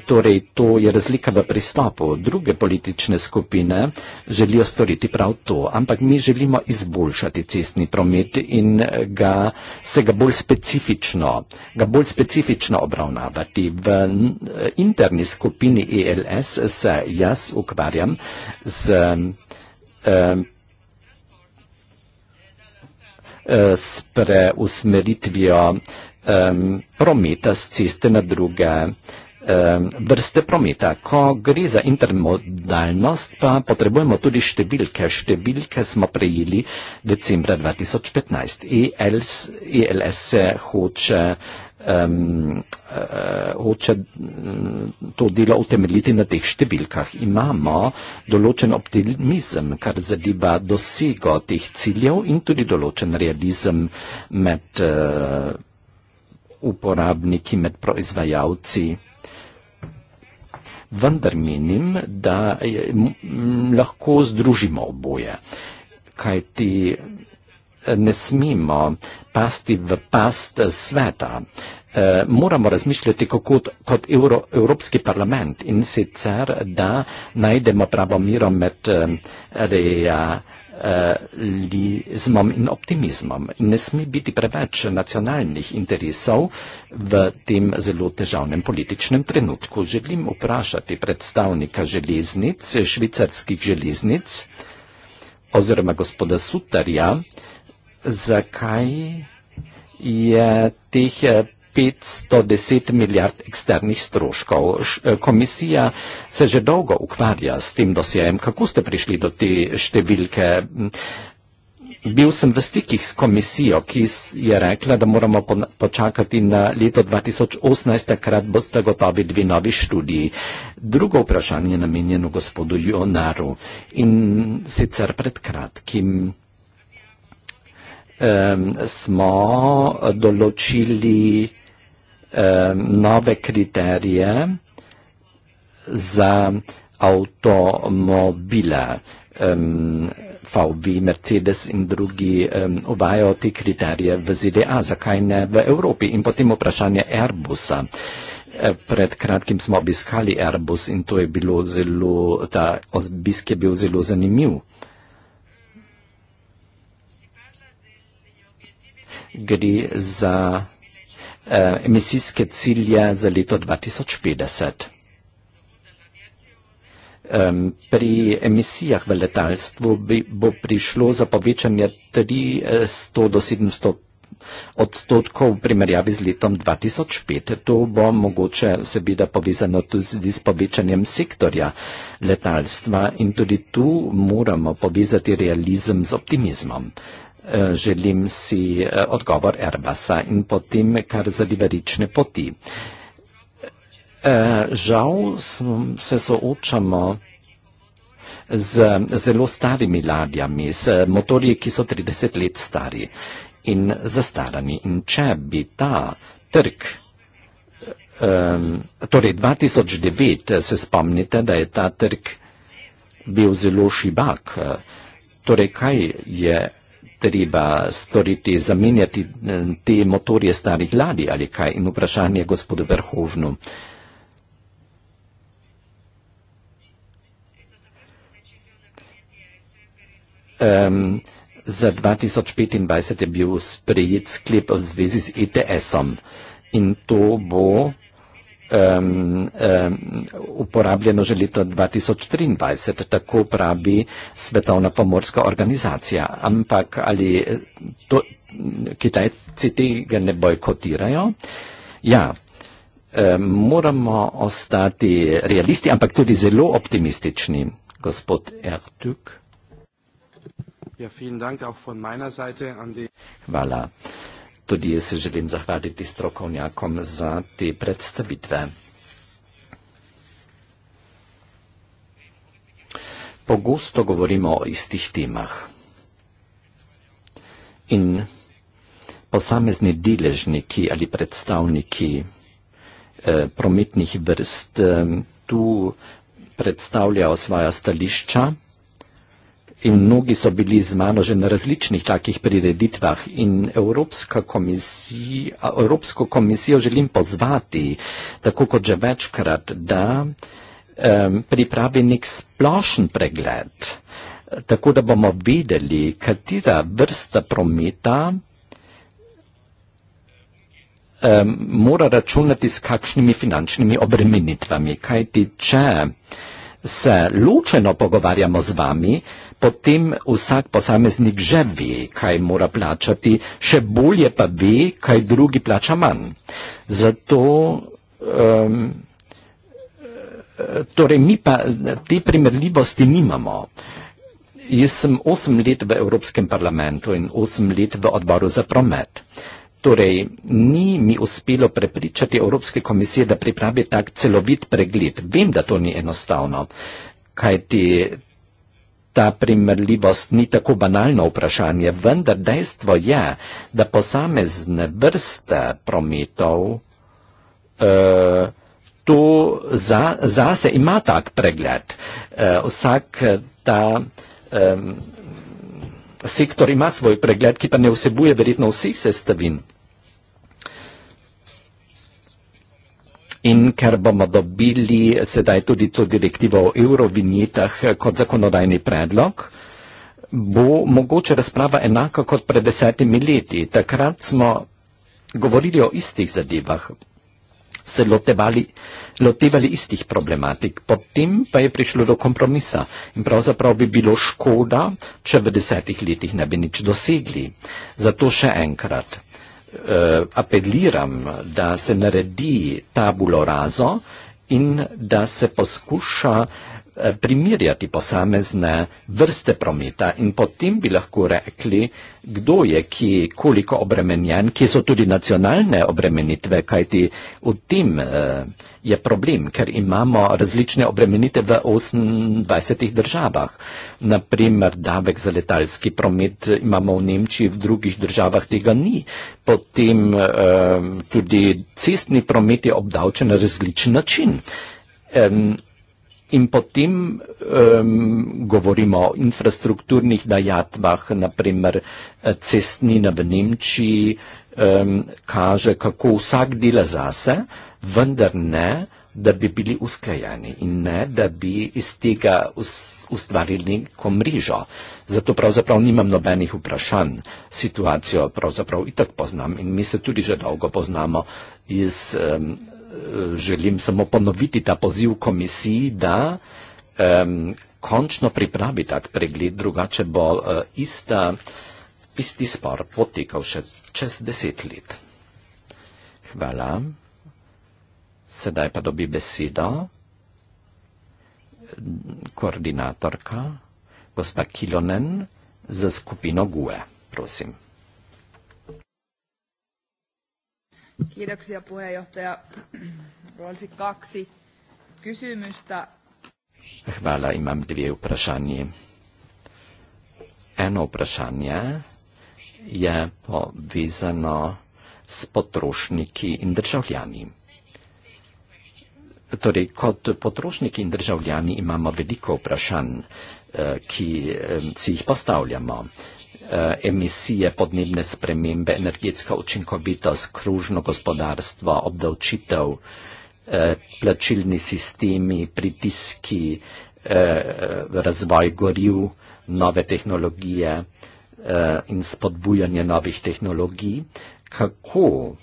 Torej, to je razlika v pristopu. Druge politične skupine želijo storiti prav to, ampak mi želimo izboljšati cestni promet in ga, se ga bolj specifično, ga bolj specifično obravnavati. V eh, interni skupini ELS se jaz ukvarjam z eh, Eh, spre usmeritvijo um, prometa z ceste na druge um, vrste prometa. Ko gre za intermodalnost, pa potrebujemo tudi številke. Številke smo prejeli decembra 2015. ELS, ELS se hoče um, uh, hoče eh, to delo utemeljiti na teh številkah. Imamo določen optimizem, kar zadeva dosego teh ciljev in tudi določen realizem med uh, uporabniki, med proizvajalci. Vendar menim, da je, m, m, lahko združimo oboje. Kaj ti ne smemo pasti v past sveta. Uh, moramo razmišljati kot, kot Euro, Evropski parlament in sicer, da najdemo pravo miro med uh, realizmom in optimizmom. Ne sme biti preveč nacionalnih interesov v tem zelo težavnem političnem trenutku. Želim vprašati predstavnika železnic, švicarskih železnic oziroma gospoda Sutarja, uh, zakaj je teh 510 eh, milijard eksternih stroškov. Eh, komisija se že dolgo ukvarja s tem dosjejem. Kako ste prišli do te številke? Bil sem v stikih s komisijo, ki je rekla, da moramo počakati na leto 2018, takrat boste gotovi dve novi študiji. Drugo vprašanje je namenjeno gospodu Jonaru in sicer pred kratkim. Ehm, smo določili ehm, nove kriterije za avtomobile. Ehm, VW, Mercedes in drugi uvajajo te kriterije v ZDA, zakaj ne v Evropi? In potem vprašanje Airbusa. E, pred kratkim smo obiskali Airbus in to je bilo zelo, ta obisk je bil zelo zanimiv. gre za uh, emisijske cilje za leto 2050. Um, pri emisijah v letalstvu bi, bo prišlo za povečanje 300 do 700 odstotkov v primerjavi z letom 2005. To bo mogoče seveda povezano tudi s povečanjem sektorja letalstva in tudi tu moramo povezati realizem z optimizmom. Uh, Eh, želim si eh, odgovor Airbusa in potem kar za liberične poti. Eh, žal se soočamo z zelo starimi ladjami, z motorji, ki so 30 let stari in zastarani. In če bi ta trg, ehm, torej 2009, se spomnite, da je ta trg bil zelo šibak, torej kaj je treba storiti, zamenjati eh, te motorje starih ladi ali kaj? In vprašanje gospodu Verhovnu. Um, za 2025 je bil sprejet sklep v zvezi z ETS-om in to bo um, um, uporabljeno že leto 2023, tako pravi Svetovna pomorska organizacija. Ampak ali eh, to, Kitajci tega ne bojkotirajo? Ja. Moramo ostati realisti, ampak tudi zelo optimistični, gospod Ertug. Ja, Hvala. Tudi jaz se želim zahvaliti strokovnjakom za te predstavitve. Pogosto govorimo o istih temah in posamezni deležniki ali predstavniki eh, prometnih vrst eh, tu predstavljajo svoja stališča in mnogi so bili z mano že na različnih takih prireditvah in komisij, Evropsko komisijo želim pozvati, tako kot že večkrat, da um, pripravi nek splošen pregled, tako da bomo vedeli, katera vrsta prometa um, mora računati s kakšnimi finančnimi obremenitvami, kajti če se ločeno pogovarjamo z vami, potem vsak posameznik že ve, kaj mora plačati, še bolje pa ve, kaj drugi plača manj. Zato, um, torej mi pa te primerljivosti nimamo. Jaz sem osem let v Evropskem parlamentu in osem let v odboru za promet. Torej, ni mi uspelo prepričati Evropske komisije, da pripravi tak celovit pregled. Vem, da to ni enostavno, kajti Ta primerljivost ni tako banalno vprašanje, vendar dejstvo je, da posamezne vrste prometov uh, za, za se ima tak pregled. Uh, vsak ta um, sektor ima svoj pregled, ki pa ne vsebuje verjetno vseh sestavin In ker bomo dobili sedaj tudi to direktivo o eurovinjetah kot zakonodajni predlog, bo mogoče razprava enaka kot pred desetimi leti. Takrat smo govorili o istih zadevah, se lotevali, lotevali istih problematik. Potem pa je prišlo do kompromisa in pravzaprav bi bilo škoda, če v desetih letih ne bi nič dosegli. Zato še enkrat eh, apeliram, da se naredi tabulo razo in da se poskuša Eh, primerjati posamezne vrste prometa in potem bi lahko rekli, kdo je ki koliko obremenjen, ki so tudi nacionalne obremenitve, kajti v tem eh, je problem, ker imamo različne obremenitve v 28 državah. Naprimer, davek za letalski promet imamo v Nemčiji, v drugih državah tega ni. Potem eh, tudi cestni promet je obdavčen na različen način. In potem um, govorimo o infrastrukturnih dajatvah, naprimer eh, cestnina v Nemčiji um, kaže, kako vsak dela zase, vendar ne, da bi bili usklajeni in ne, da bi iz tega ustvarili neko mrežo. Zato pravzaprav nimam nobenih vprašanj. Situacijo pravzaprav itak poznam in mi se tudi že dolgo poznamo iz. Um, želim samo ponoviti ta poziv komisiji, da um, končno pripravi tak pregled, drugače bo uh, ista, isti spor potekal še čez deset let. Hvala. Sedaj pa dobi besedo koordinatorka gospa Kilonen za skupino GUE. Prosim. Kiitoksia puheenjohtaja. Olisi kaksi kysymystä. Hvala imam dvije uprašanje. Eno uprašanje je povezano s potrošniki in državljani. Torej, kot potrošniki in državljani imamo veliko vprašanj, eh, ki eh, si jih postavljamo. Eh, emisije, podnebne spremembe, energetska učinkovitost, kružno gospodarstvo, obdavčitev, eh, plačilni sistemi, pritiski, eh, razvoj goriv, nove tehnologije in spodbujanje novih tehnologij, kako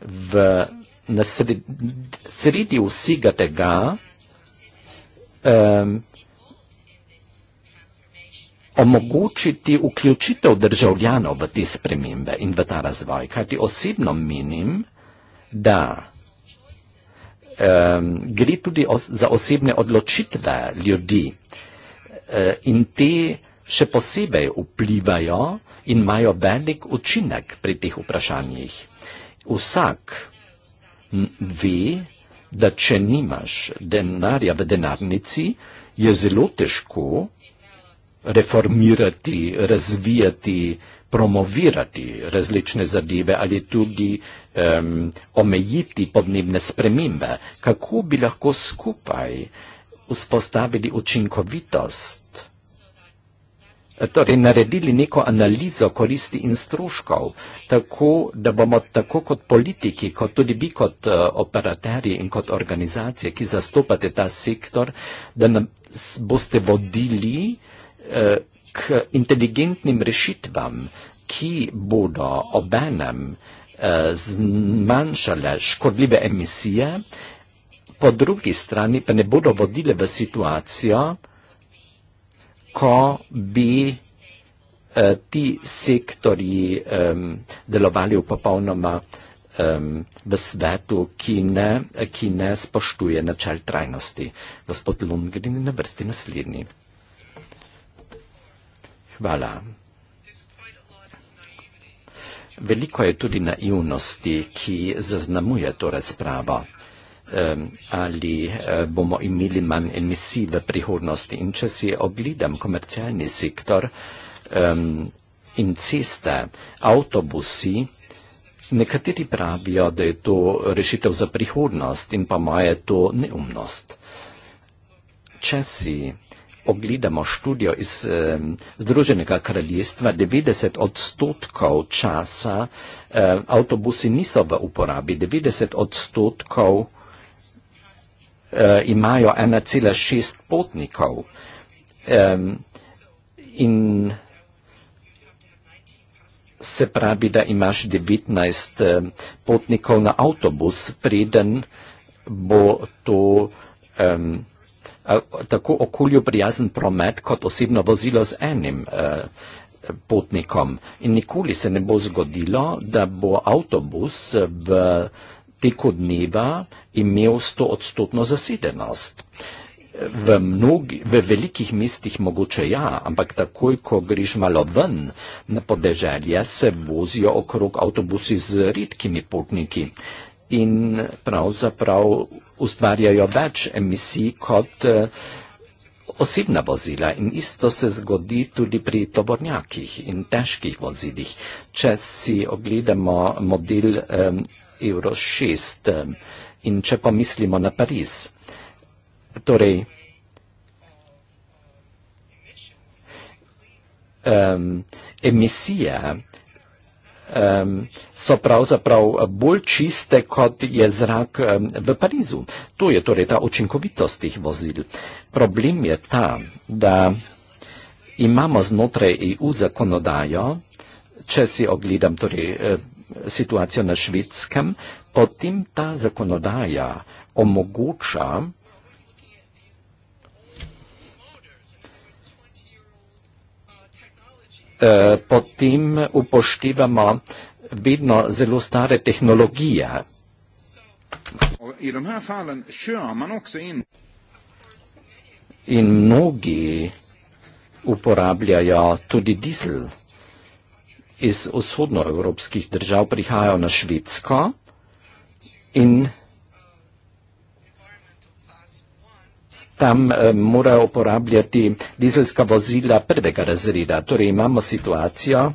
v sredi vsega tega omogočiti vključitev državljanov v te spremembe in v ta razvoj. Kajti osebno menim, da um, gre tudi os za osebne odločitve ljudi uh, in te še posebej vplivajo in imajo velik učinek pri teh vprašanjih. Vsak ve, da če nimaš denarja v denarnici, je zelo težko reformirati, razvijati, promovirati različne zadeve ali tudi um, omejiti podnebne spremembe, kako bi lahko skupaj vzpostavili učinkovitost, torej naredili neko analizo koristi in stroškov, tako da bomo tako kot politiki, kot tudi vi kot uh, operaterji in kot organizacije, ki zastopate ta sektor, da nam boste vodili uh, k inteligentnim rešitvam, ki bodo obenem eh, zmanjšale škodljive emisije, po drugi strani pa ne bodo vodile v situacijo, ko bi eh, ti sektori delovali v popolnoma v svetu, ki ne spoštuje načel trajnosti. Gospod Lundgren je na vrsti naslednji. Hvala. Veliko je tudi naivnosti, ki zaznamuje to razpravo. Um, ali um, bomo imeli manj emisij v prihodnosti? In če si ogledam komercialni sektor um, in ceste, avtobusi, nekateri pravijo, da je to rešitev za prihodnost in pa moja je to neumnost. Če si ogledamo študijo iz eh, Združenega kraljestva, 90 odstotkov časa eh, avtobusi niso v uporabi, 90 odstotkov eh, imajo 1,6 potnikov. Eh, in se pravi, da imaš 19 eh, potnikov na avtobus, preden bo to. Eh, Eh, tako okolju prijazen promet kot osebno vozilo z enim eh, potnikom. In nikoli se ne bo zgodilo, da bo avtobus eh, v teku dneva imel 100-odstotno zasedenost. V, mnogi, v velikih mestih mogoče ja, ampak takoj, ko greš malo ven na podeželje, se vozijo okrog avtobusi z redkimi potniki. In pravzaprav ustvarjajo več emisij kot eh, osebna vozila in isto se zgodi tudi pri tobornjakih in težkih vozilih. Če si ogledamo model eh, Euro 6 eh, in če pomislimo na Pariz, torej emisije, ki um, so pravzaprav eh, bolj čiste, kot je zrak um, v Parizu. To je torej ta učinkovitost teh vozil. Problem je ta, da imamo znotraj EU zakonodajo, če si ogledam torej, eh, situacijo na švedskem, potem ta zakonodaja omogoča, Eh, potem upoštevamo vedno zelo stare tehnologije. In mnogi uporabljajo tudi dizel iz vzhodnoevropskih držav, prihajajo na Švedsko in tam eh, morajo uporabljati dizelska vozila prvega razreda. Torej imamo situacijo,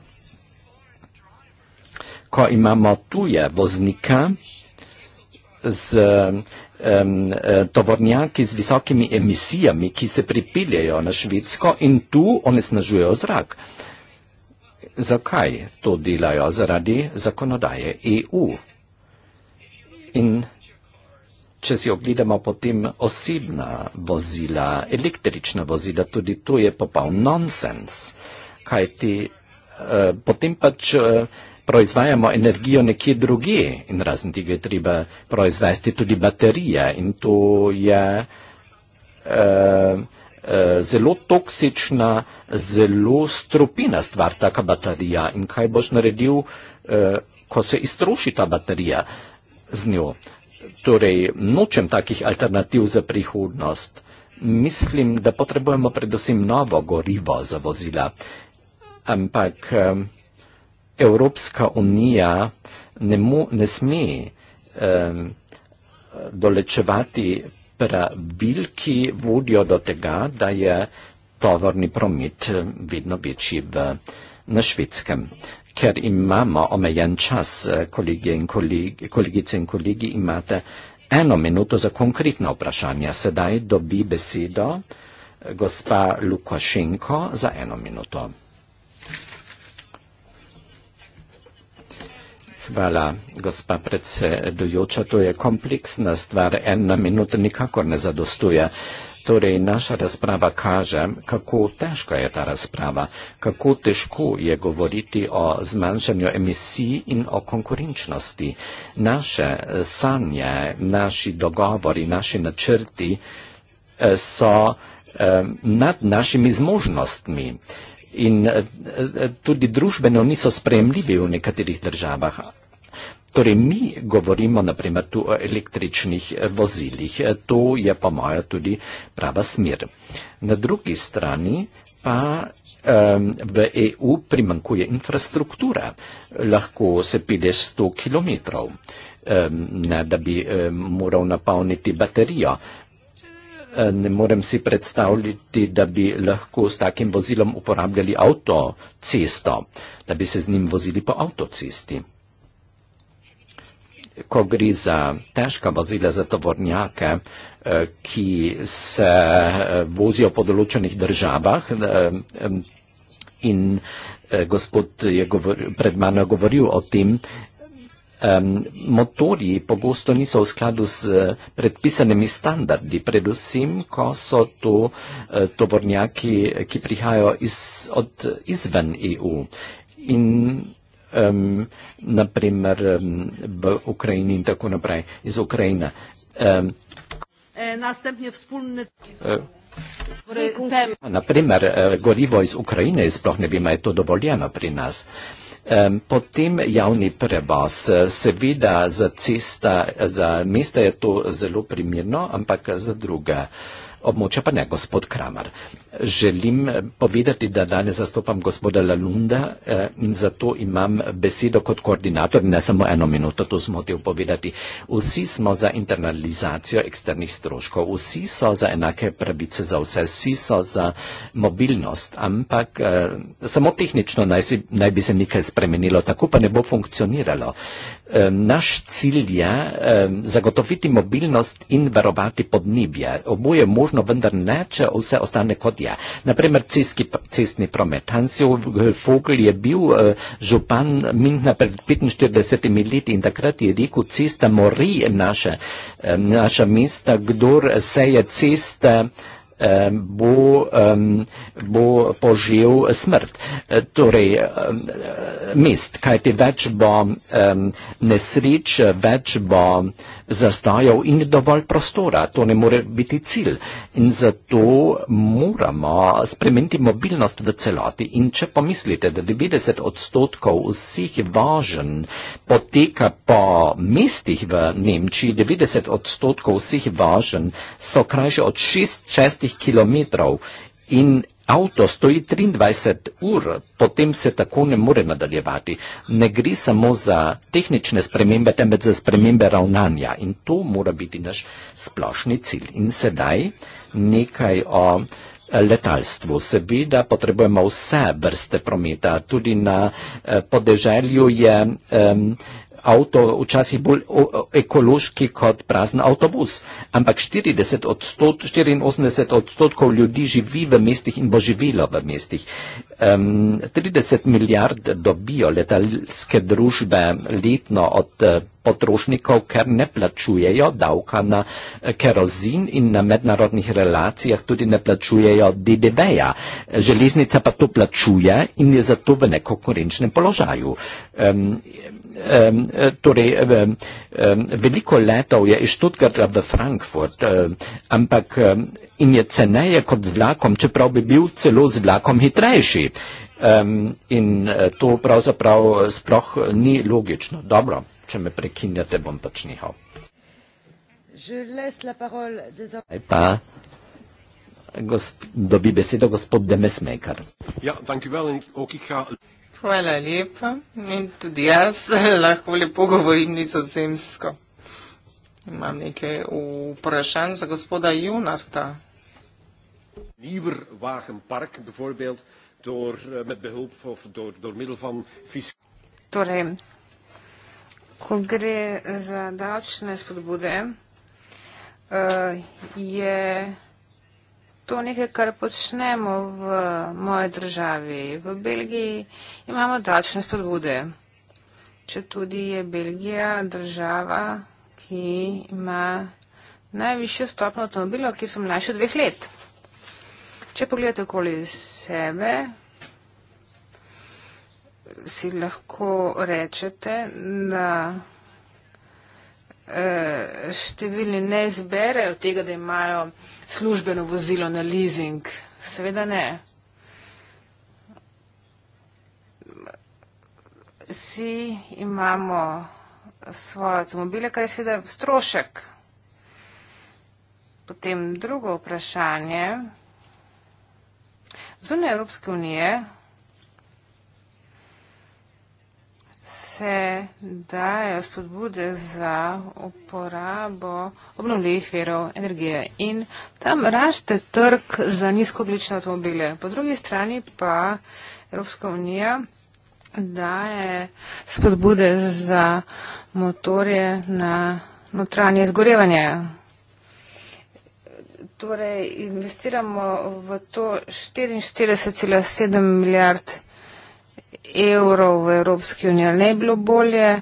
ko imamo tuje voznika z eh, tovornjaki z visokimi emisijami, ki se pripeljajo na Švedsko in tu onesnažujejo zrak. Zakaj to delajo? Zaradi zakonodaje EU. In če si ogledamo potem osebna vozila, električna vozila, tudi to je popoln nonsens, kajti eh, potem pač eh, proizvajamo energijo nekje druge in razen tega je treba proizvesti tudi baterije in to je eh, eh, zelo toksična, zelo stropina stvar, taka baterija in kaj boš naredil, eh, ko se iztroši ta baterija z njo. Torej, nočem takih alternativ za prihodnost. Mislim, da potrebujemo predvsem novo gorivo za vozila. Ampak Evropska unija ne, mu, ne sme eh, dolečevati pravil, ki vodijo do tega, da je tovorni promet vedno večji v, na švedskem ker imamo omejen čas, eh, kolegice in kolegi, imate eno minuto za konkretna vprašanja. Sedaj dobi besedo eh, gospa Lukašenko za eno minuto. Hvala, gospa predsedujoča. To je kompleksna stvar. Ena minuta nikakor ne zadostuje. Uh, Torej, naša razprava kaže, kako težka je ta razprava, kako težko je govoriti o zmanjšanju emisij in o konkurenčnosti. Naše eh, sanje, naši dogovori, naši načrti eh, so eh, nad našimi zmožnostmi in tudi družbeno niso sprejemljivi v nekaterih državah. Torej, mi govorimo naprimer tu o električnih eh, vozilih. Eh, to je po mojo tudi prava smer. Na drugi strani pa um, v EU primankuje infrastruktura. Lahko se pideš 100 km, um, ne, da bi um, moral napolniti baterijo. Eh, ne morem si predstavljati, da bi lahko s takim vozilom uporabljali avtocesto, da bi se z njim vozili po avtocesti ko gre za težka vozila za tovornjake, eh, ki se eh, vozijo po določenih državah. Eh, in gospod je govor, pred mano govoril o tem, motorji pogosto niso v skladu s predpisanimi standardi, predvsem, ko so to tovornjaki, ki prihajajo iz, od, izven EU. In um, naprimer um, v Ukrajini in tako naprej, iz Ukrajine. Um, Następnie wspólny. E, naprimer, e, gorivo iz Ukrajine sploh ne bi imel to dovoljeno pri nas. Potem javni prevoz. Seveda za cesta, za mesta je to zelo primirno, ampak za druge območja, pa ne gospod Kramar. Želim eh, povedati, da danes zastopam gospoda Lalunda eh, in zato imam besedo kot koordinator, ne samo eno minuto, to smo hotel povedati. Vsi smo za internalizacijo eksternih stroškov, vsi so za enake pravice za vse, vsi so za mobilnost, ampak eh, samo tehnično naj, si, naj bi se nekaj spremenilo, tako pa ne bo funkcioniralo. Naš cilj je zagotoviti mobilnost in varovati podnebje. Oboje možnosti možno, vendar ne, če vse ostane kot je. Naprimer, ciski, cestni promet. Hansjo Vogel je bil uh, župan Mintna pred 45 leti in takrat je rekel, cesta mori naše, eh, naša mesta, kdor se je cesta eh, bo, bo požil smrt. Torej, mest, kajti več bo nesreč, več bo zastojev in dovolj prostora. To ne more biti cilj. In zato moramo spremeniti mobilnost v celoti. In če pomislite, da 90 odstotkov vseh važen poteka po mestih v Nemčiji, 90 odstotkov vseh važen so krajše od 6-6 km. In Avto stoji 23 ur, potem se tako ne more nadaljevati. Ne gre samo za tehnične spremembe, temveč za spremembe ravnanja in to mora biti naš splošni cilj. In sedaj nekaj o eh, letalstvu. Seveda potrebujemo vse vrste prometa, tudi na eh, podeželju je. Um, avto včasih bolj ekološki kot prazen avtobus. Ampak 40 od 100, 84 odstotkov ljudi živi v mestih in bo živelo v mestih. Um, 30 milijard dobijo letalske družbe letno od eh, potrošnikov, ker ne plačujejo davka na eh, kerozin in na mednarodnih relacijah tudi ne plačujejo DDV-ja. Železnica pa to plačuje in je zato v nekonkurenčnem položaju. Um, um, torej, um, um, veliko letov je iz Študgarda v Frankfurt, um, ampak um, in je ceneje kot z vlakom, čeprav bi bil celo z vlakom hitrejši. Um, in eh, to pravzaprav sploh ni logično. Dobro, če me prekinjate, bom pač nehal. Zdaj pa dobi besedo gospod Demesmekar. Ja, Hvala lepa. In tudi jaz [laughs] lahko lepo govorim nizozemsko. Imam nekaj vprašanj za gospoda Junarta. Nieuwer wagenpark, bijvoorbeeld, door, eh, met behulp of door, door middel van Torej, ko gre za davčne spodbude, uh, je to nekaj, kar počnemo v moji državi. V Belgiji imamo davčne spodbude. Če tudi je Belgija država, ki ima najvišjo stopno avtomobilov, ki so mlajši od dveh let. Če pogledate okoli sebe, si lahko rečete, da eh, številni ne izberejo tega, da imajo službeno vozilo na leasing? Seveda ne. Vsi imamo svoje avtomobile, kar je seveda strošek. Potem drugo vprašanje. Zunaj Evropske unije se dajo spodbude za uporabo obnovljivih verov energije in tam raste trg za nizkoglične avtomobile. Po drugi strani pa Evropska unija daje spodbude za motorje na notranje zgorevanje. Torej, investiramo v to 44,7 milijard evrov v Evropski uniji, ne bi bilo bolje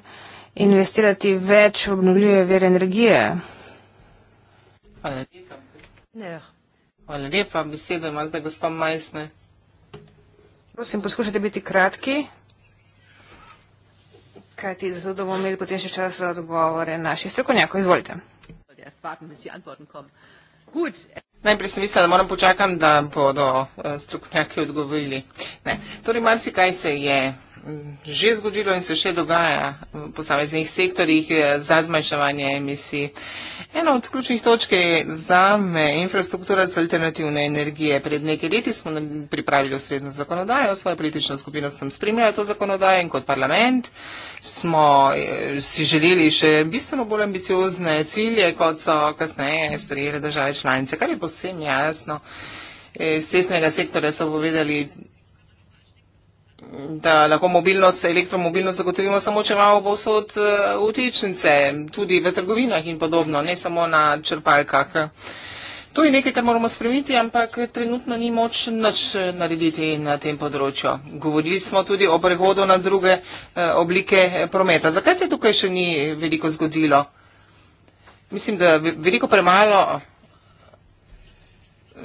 investirati več v obnovljive vere energije? Hvala lepa. Ne. Hvala lepa, besedo ima zdaj gospod Majsne. Prosim, poskušajte biti kratki, kajti zato bomo imeli potem še čas za odgovore naših strokovnjakov. Izvolite. Gut. Najprej sem mislila, da moram počakati, da bodo eh, strokovnjaki odgovorili. Ne. Torej, marsikaj se je že zgodilo in se še dogaja v posameznih sektorjih eh, za zmanjševanje emisij. Ena od ključnih točk je za me infrastruktura z alternativne energije. Pred nekaj leti smo pripravili ustrezno zakonodajo, svojo politično skupino sem spremljala to zakonodajo in kot parlament smo eh, si želeli še bistveno bolj ambiciozne cilje, kot so kasneje sprejeli države članice, kar je posebno jasno. Eh, Sestnega sektora so povedali da lahko mobilnost, elektromobilnost zagotovimo samo, če imamo povsod eh, vtičnice, tudi v trgovinah in podobno, ne samo na črpalkah. To je nekaj, kar moramo spremeniti, ampak trenutno ni moč nič eh, narediti na tem področju. Govorili smo tudi o prehodu na druge eh, oblike prometa. Zakaj se tukaj še ni veliko zgodilo? Mislim, da veliko premalo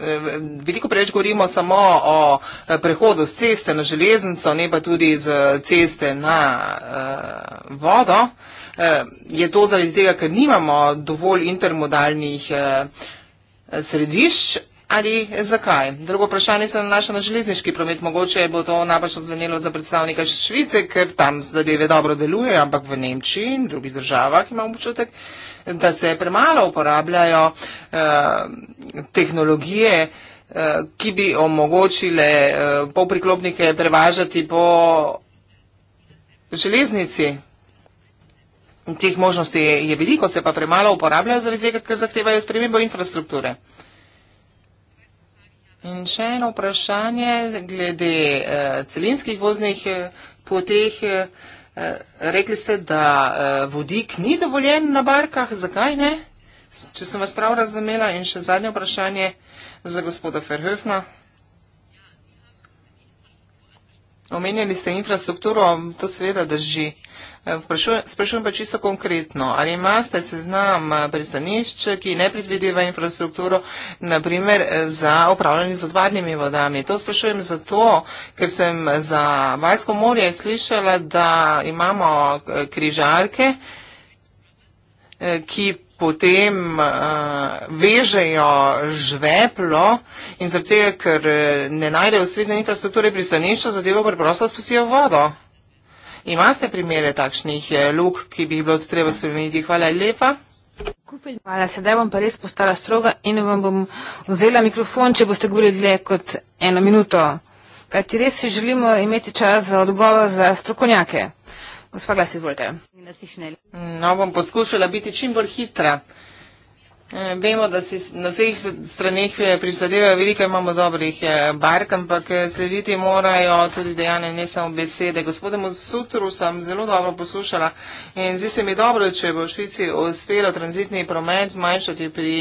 Eh, veliko preveč govorimo samo o eh, prehodu z ceste na železnico, ne pa tudi z ceste na eh, vodo. Je to zaradi tega, ker nimamo dovolj intermodalnih središč ali zakaj? Drugo vprašanje se nanaša na železniški promet. Mogoče bo to napačno zvenelo za predstavnika Švice, ker tam zadeve dobro delujejo, ampak v Nemčiji in drugih državah imamo občutek, da se premalo uporabljajo eh, tehnologije, eh, ki bi omogočile eh, polpriklopnike prevažati po železnici. Teh možnosti je veliko, se pa premalo uporabljajo zaradi tega, ker zahtevajo spremembo infrastrukture. In še eno vprašanje glede eh, celinskih voznih eh, poteh. Eh, Eh, rekli ste, da eh, vodik ni dovoljen na barkah, zakaj ne? Če sem vas prav razumela in še zadnje vprašanje za gospoda Ferhofna. Omenjali ste infrastrukturo, to seveda drži. Eh, vprašujem, sprašujem pa čisto konkretno, ali imate seznam eh, pristanišč, ki ne predvideva infrastrukturo, naprimer eh, za upravljanje z odpadnimi vodami? To sprašujem zato, ker sem za Vajsko morje slišala, da imamo križarke, ki potem uh, vežejo žveplo in zaradi tega, ker eh, ne najdejo ustrezne infrastrukture pristanišča, zadevo preprosto spustijo vodo. Imate primere takšnih eh, luk, ki bi jih bilo treba spremeniti? Hvala lepa. Hvala, sedaj bom pa res postala stroga in vam bom vzela mikrofon, če boste govorili dlje kot eno minuto. Kajti res si želimo imeti čas za odgovor za strokovnjake. Gospa glas, izvolite. No, bom poskušala biti čim bolj hitra. Eh, vemo, da si na vseh straneh eh, prizadevajo, veliko imamo dobrih eh, bark, ampak slediti morajo tudi dejanja, ne samo besede. Gospodemu Sutru sem zelo dobro poslušala in zdi se mi dobro, če bo v Švici uspelo tranzitni promet zmanjšati pri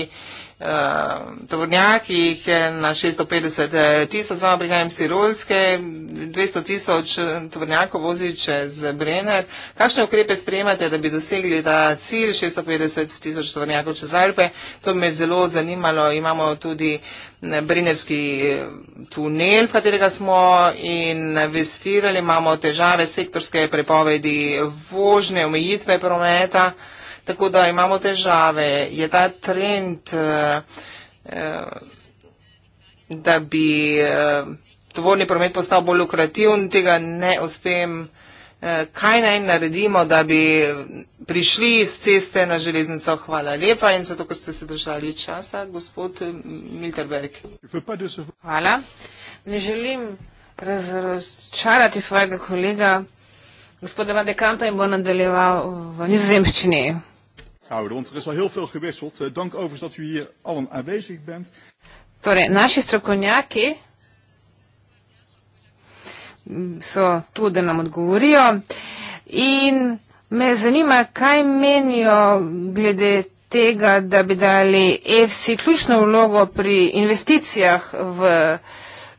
uh, eh, tovornjakih na 650 eh, tisoč, zdaj prihajam iz Tirolske, 200 tisoč eh, tovornjakov vozi čez Brenner. Kakšne ukrepe sprejemate, da bi dosegli ta cilj 650 tisoč tovornjakov čez Alpe? To bi me zelo zanimalo. Imamo tudi Brinerski tunel, v katerega smo investirali, imamo težave sektorske prepovedi, vožne omejitve prometa. Tako da imamo težave. Je ta trend, eh, eh, da bi eh, tovorni promet postal bolj lukrativen, tega ne uspem. Kaj naj naredimo, da bi prišli iz ceste na železnico? Hvala lepa in zato, ker ste se držali časa, gospod Milterberg. Hvala. Ne želim razočarati svojega kolega, gospoda Vadekampa in bo nadaljeval v nizozemščini. Mm houden. Want er is al heel veel gewisseld. Uh, dank overigens dat u hier allen aanwezig bent. Torej, naši strokovnjaki so tu, da nam odgovorijo. In me zanima, kaj menijo glede tega, da bi dali EFSI ključno vlogo pri investicijah v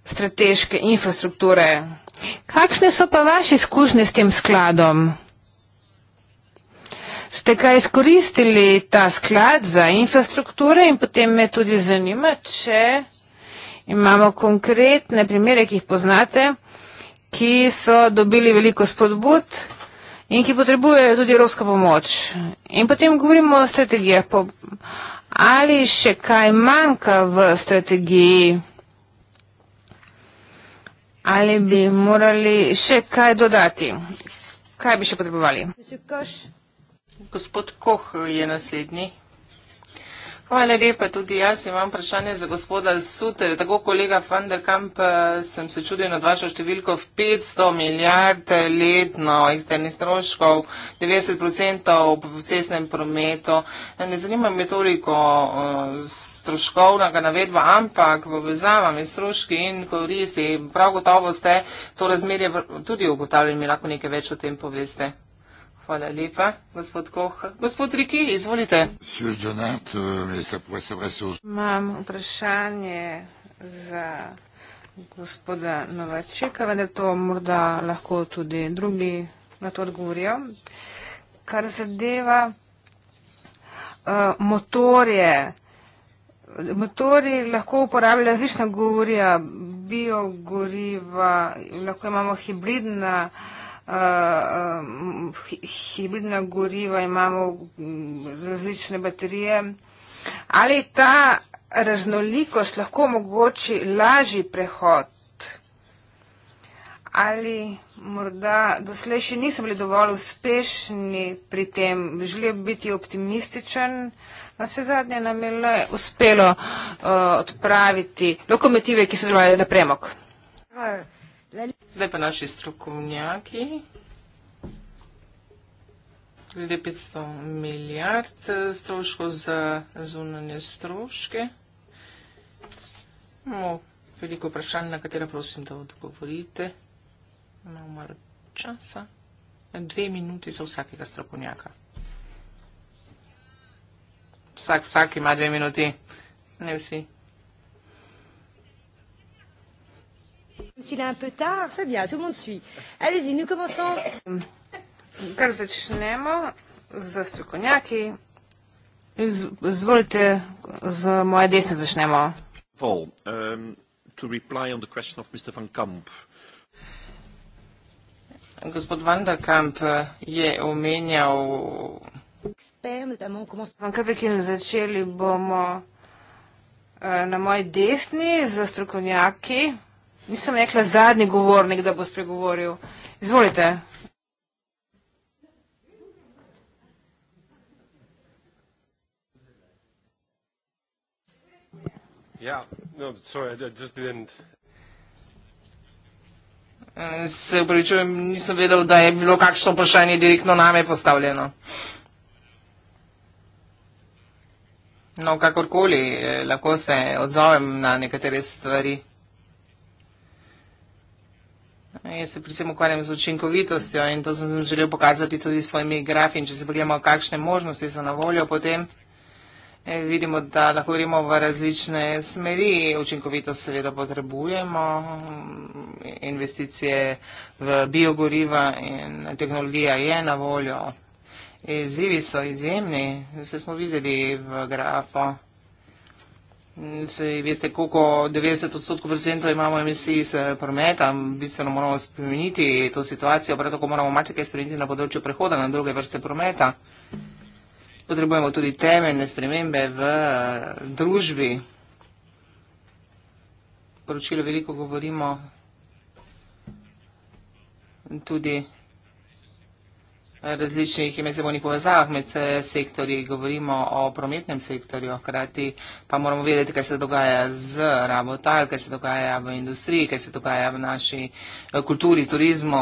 strateške infrastrukture. Kakšne so pa vaše izkušnje s tem skladom? Ste kaj izkoristili ta sklad za infrastrukture in potem me tudi zanima, če imamo konkretne primere, ki jih poznate, ki so dobili veliko spodbud in ki potrebujejo tudi evropsko pomoč. In potem govorimo o strategijah. Ali še kaj manjka v strategiji? Ali bi morali še kaj dodati? Kaj bi še potrebovali? Gospod Koh je naslednji. Hvala lepa, tudi jaz imam vprašanje za gospoda Suter. Tako kolega van der Kamp, eh, sem se čudil nad vašo številko 500 milijard letno izternih stroškov, 90% v cestnem prometu. Ne zanima me toliko eh, stroškovna navedba, ampak povezava med stroški in koristi. Prav gotovo ste to razmerje tudi ugotavljali, mi lahko nekaj več o tem poveste. Hvala lepa, gospod Koh. Gospod Riki, izvolite. Euh, Imam vprašanje za gospoda Novačeka, vendar to morda lahko tudi drugi na to odgovorijo. Kar zadeva uh, motorje, motori lahko uporabljajo različna govorija, biogoriva, lahko imamo hibridna. Uh, hibridna goriva, imamo različne baterije. Ali ta raznolikost lahko omogoči lažji prehod? Ali morda doslej še nismo bili dovolj uspešni pri tem? Želijo biti optimističen? Na vse zadnje nam je le uspelo uh, odpraviti lokomotive, ki so zdravljali na premok. Hvala. Zdaj pa naši strokovnjaki. Glede 500 milijard eh, stroškov za zunanje stroške. Imamo veliko vprašanj, na katera prosim, da odgovorite. Imamo malo časa. Dve minuti za vsakega strokovnjaka. Vsak, vsak ima dve minuti. Ne vsi. S'il est un peu tard, c'est bien, tout le monde suit. Allez-y, nous commençons. Kar začnemo z strokovnjaki. Izvolite, z moje desne začnemo. Paul, um, Van Kamp. Gospod Van der Kamp eh, je omenjal. Začeli bomo uh, na moji desni z strokovnjaki. Nisem rekla zadnji govornik, da bo spregovoril. Izvolite. Ja, no, sorry, I just didn't. Eh, se upravičujem, nisem vedel, da je bilo kakšno vprašanje direktno name postavljeno. No, kakorkoli, eh, lahko se odzovem na nekatere stvari. Jaz se predvsem ukvarjam z učinkovitostjo in to sem želel pokazati tudi s svojimi grafi in če se pogledamo, kakšne možnosti so na voljo, potem eh, vidimo, da lahko gremo v različne smeri. Učinkovitost seveda potrebujemo, investicije v biogoriva in tehnologija je na voljo. Izzivi so izjemni, vse smo videli v grafu. Sej veste, koliko 90 odstotkov procentov imamo emisij iz eh, prometa, bistveno moramo spremeniti to situacijo, prav tako moramo marsikaj spremeniti na področju prehoda na druge vrste prometa. Potrebujemo tudi temeljne spremembe v eh, družbi. Poročilo veliko govorimo tudi različnih medsebojnih povezavah med eh, sektorji, govorimo o prometnem sektorju, hkrati pa moramo vedeti, kaj se dogaja z rabo tal, kaj se dogaja v industriji, kaj se dogaja v naši eh, kulturi, turizmu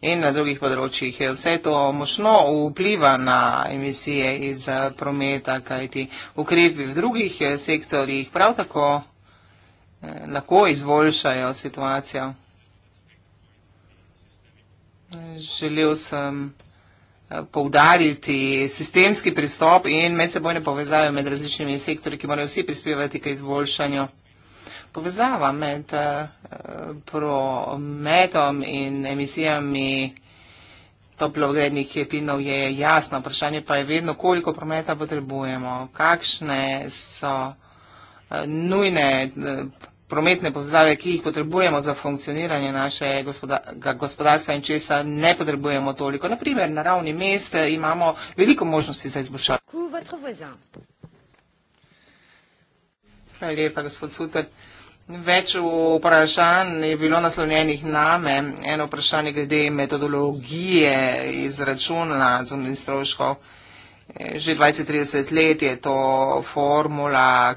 in na drugih področjih. Vse to močno vpliva na emisije iz eh, prometa, kajti ukrepi v drugih sektorjih prav tako lahko izboljšajo situacijo. Želel sem eh, poudariti sistemski pristop in medsebojne povezave med različnimi sektori, ki morajo vsi prispevati k izboljšanju. Povezava med eh, prometom in emisijami toplogrednih kepinov je jasna. Vprašanje pa je vedno, koliko prometa potrebujemo, kakšne so eh, nujne prometne povezave, ki jih potrebujemo za funkcioniranje našega gospodarstva in česa ne potrebujemo toliko. Naprimer, na ravni mest eh, imamo veliko možnosti za izboljšanje. Hvala lepa, gospod Sutar. Več vprašanj je bilo naslovljenih name. Eno vprašanje glede metodologije izračuna zunanjih stroškov. Že 20-30 let je to formula,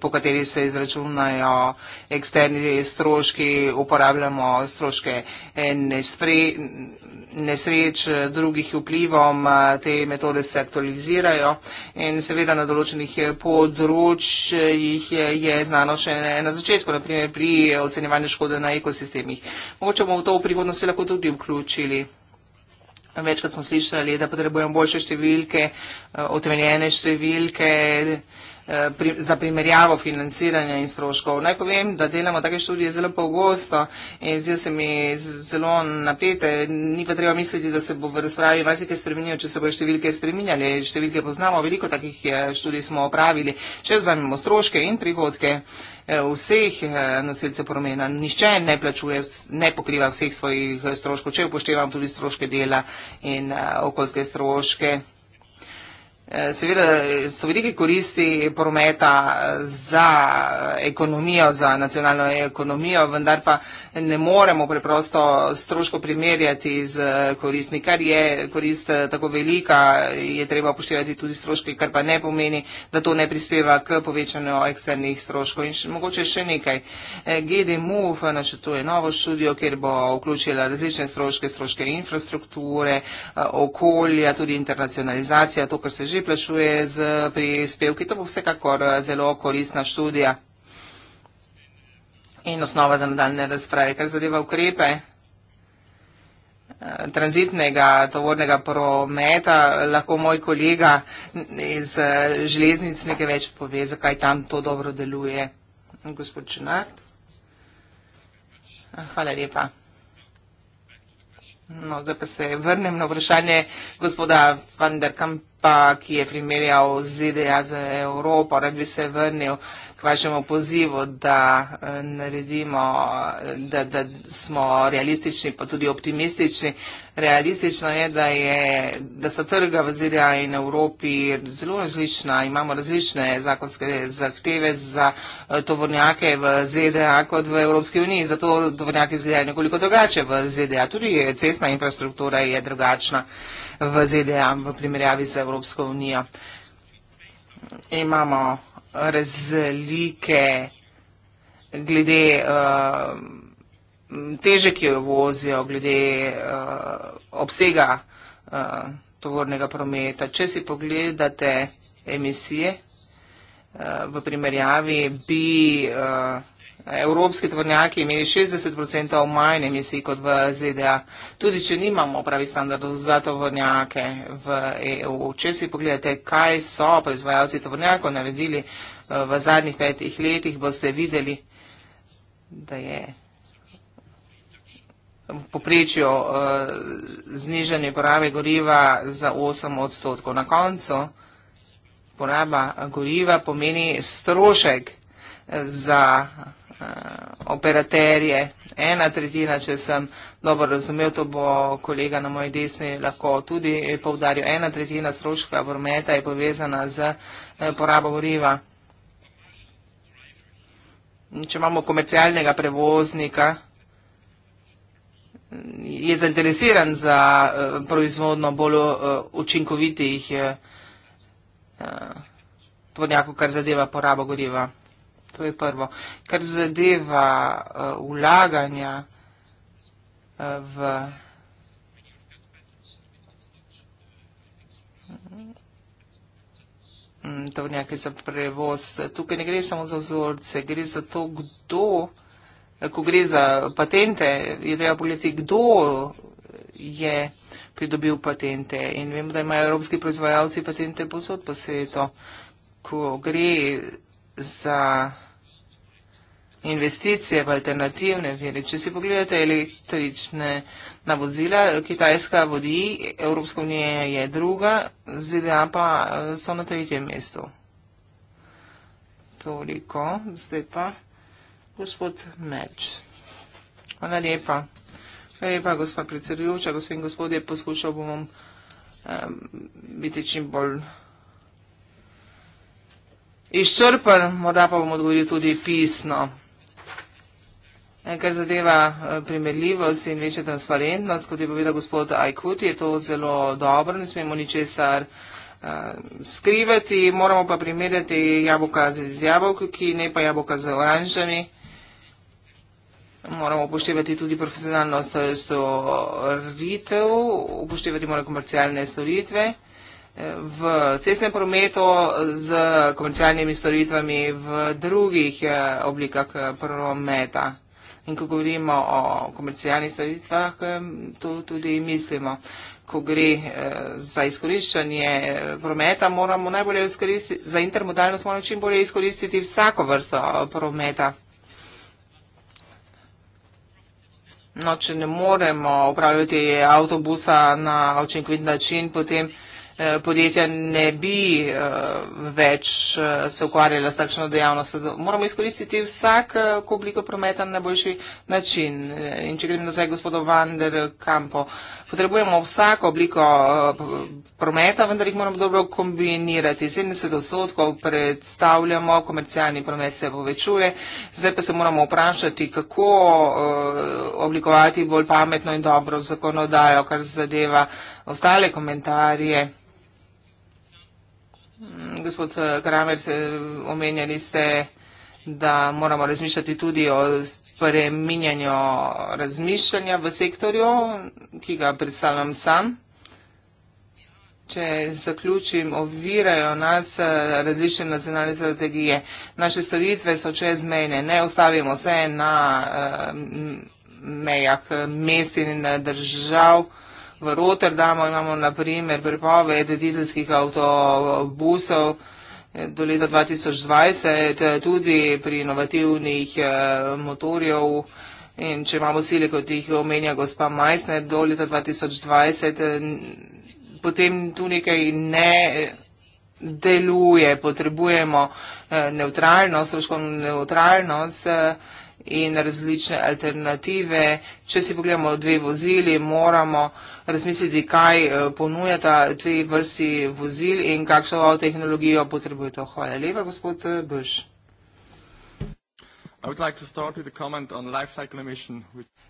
po kateri se izračunajo eksterni stroški, uporabljamo stroške eh, nesreč eh, drugih vplivom, eh, te metode se aktualizirajo in seveda na določenih področjih je znano še na začetku, naprimer pri ocenjevanju škode na ekosistemih. Mogoče bomo to v prihodnosti lahko tudi vključili večkrat smo slišali, da potrebujemo boljše številke, eh, utemeljene številke, Eh, pri, za primerjavo financiranja in stroškov. Naj povem, da delamo take študije zelo pogosto in zdi se mi zelo napete. Ni pa treba misliti, da se bo v razpravi marsikaj spremenil, če se bo številke spreminjali. Številke poznamo, veliko takih eh, študij smo opravili. Če vzamemo stroške in prihodke eh, vseh nosilcev promena, nišče ne plačuje, ne pokriva vseh svojih stroškov, če upoštevam tudi stroške dela in okoljske stroške. Seveda so velike koristi prometa eh, za eh, ekonomijo, za nacionalno ekonomijo, vendar pa ne moremo preprosto stroško primerjati z eh, koristmi. Kar je korist tako velika, je treba upoštevati tudi stroške, kar pa ne pomeni, da to ne prispeva k povečanju eksternih stroškov. In še, mogoče še nekaj. GDMUF načrtuje novo študijo, kjer bo vključila različne stroške, stroške infrastrukture, okolja, tudi internacionalizacija, to, kar se že že plačuje z prispevki. To bo vsekakor zelo koristna študija in osnova za nadaljne razprave, kar zadeva ukrepe eh, tranzitnega tovornega prometa. Lahko moj kolega iz eh, železnic nekaj več pove, zakaj tam to dobro deluje. Gospod Čenart. Hvala lepa. No, zdaj pa se vrnem na vprašanje gospoda Van der Kampa, ki je primerjal ZDA z Evropo, rad bi se vrnil. Uh, k vašemu pozivu, da eh, naredimo, eh, da, da smo realistični, pa tudi optimistični. Realistično je, da, je, da so trga v ZDA in Evropi zelo različna. Imamo različne zakonske zahteve za eh, tovornjake v ZDA kot v Evropski uniji. Zato tovornjaki izgledajo nekoliko drugače v ZDA. Tudi cestna infrastruktura je drugačna v ZDA v primerjavi z Evropsko unijo. Imamo razlike glede uh, teže, ki jo vozijo, glede uh, obsega uh, tovornega prometa. Če si pogledate emisije uh, v primerjavi, bi. Uh, evropski tvornjaki imeli 60% manj emisij kot v ZDA, tudi če nimamo pravi standardov za tovornjake v EU. Če si pogledate, kaj so proizvajalci tovornjakov naredili eh, v zadnjih petih letih, boste videli, da je v poprečju eh, znižanje porabe goriva za 8 odstotkov. Na koncu poraba goriva pomeni strošek eh, za uh, operaterje. Ena tretjina, če sem dobro razumel, to bo kolega na moji desni lahko tudi povdaril, ena tretjina stroška prometa je povezana z eh, porabo goriva. Če imamo komercialnega prevoznika, je zainteresiran za eh, proizvodno bolj učinkovitih tvornjakov, kar zadeva porabo goriva. To je prvo. Kar zadeva uh, vlaganja uh, v. Mm, to je nekaj za prevoz. Tukaj ne gre samo za vzorce, gre za to, kdo, eh, ko gre za patente, je treba pogledati, kdo je pridobil patente. In vem, da imajo evropski proizvajalci patente posod po svetu. Ko gre za investicije v alternativne vire. Če si pogledate električne navozila, Kitajska vodi, Evropska unija je druga, ZDA pa eh, so na tretjem mestu. Toliko, zdaj pa gospod Meč. Hvala lepa. Hvala lepa, gospod predsedujoča, gospod in gospodje, poskušal bom um, biti čim bolj izčrpen, morda pa bom odgovoril tudi pisno. Kaj zadeva eh, primerljivost in večja transparentnost, kot je povedal gospod Ajkut, je to zelo dobro, ne smemo ničesar uh, skrivati, moramo pa primerjati jabolka z, z jabolki, ne pa jabolka z oranžami. Moramo upoštevati tudi profesionalno storitev, upoštevati moramo komercialne storitve v cestnem prometu, z komercialnimi storitvami, v drugih eh, oblikah eh, prometa. In ko govorimo o komercialnih storitvah, eh, to tudi mislimo. Ko gre za izkoriščanje prometa, moramo najbolje izkoristiti, za intermodalnost moramo čim bolje izkoristiti vsako vrsto prometa. No, če ne moremo upravljati avtobusa na učinkovit način, potem eh, Eh, podjetja ne bi eh, več eh, se ukvarjala s takšno dejavnostjo. Moramo izkoristiti vsak obliko prometa na najboljši način. In če grem nazaj, gospod Vander Kampo, potrebujemo vsako obliko prometa, vendar jih moramo dobro kombinirati. 70 odstotkov predstavljamo, komercialni promet se povečuje. Zdaj pa se moramo vprašati, kako oblikovati bolj pametno in dobro zakonodajo, kar zadeva ostale komentarje. Gospod eh, Kramer, eh, omenjali ste, da moramo razmišljati tudi o spreminjanju razmišljanja v sektorju, ki ga predstavljam sam. Če zaključim, ovirajo nas eh, različne nacionalne strategije. Naše storitve so čezmejne, ne ostavimo se na mejah mest in držav v Rotterdamu imamo naprimer prepoved dizelskih avtobusov eh, do leta 2020, eh, tudi pri inovativnih eh, motorjev. In če imamo sile, kot jih omenja gospa Majsne, do leta 2020, potem tu nekaj ne deluje, potrebujemo neutralnost, stroškovno neutralnost. neutralnost in različne alternative. Če si pogledamo dve vozili, moramo razmisliti, kaj eh, ponujata dve vrsti vozil in kakšno tehnologijo potrebujete. Hvala lepa, gospod eh, Brž.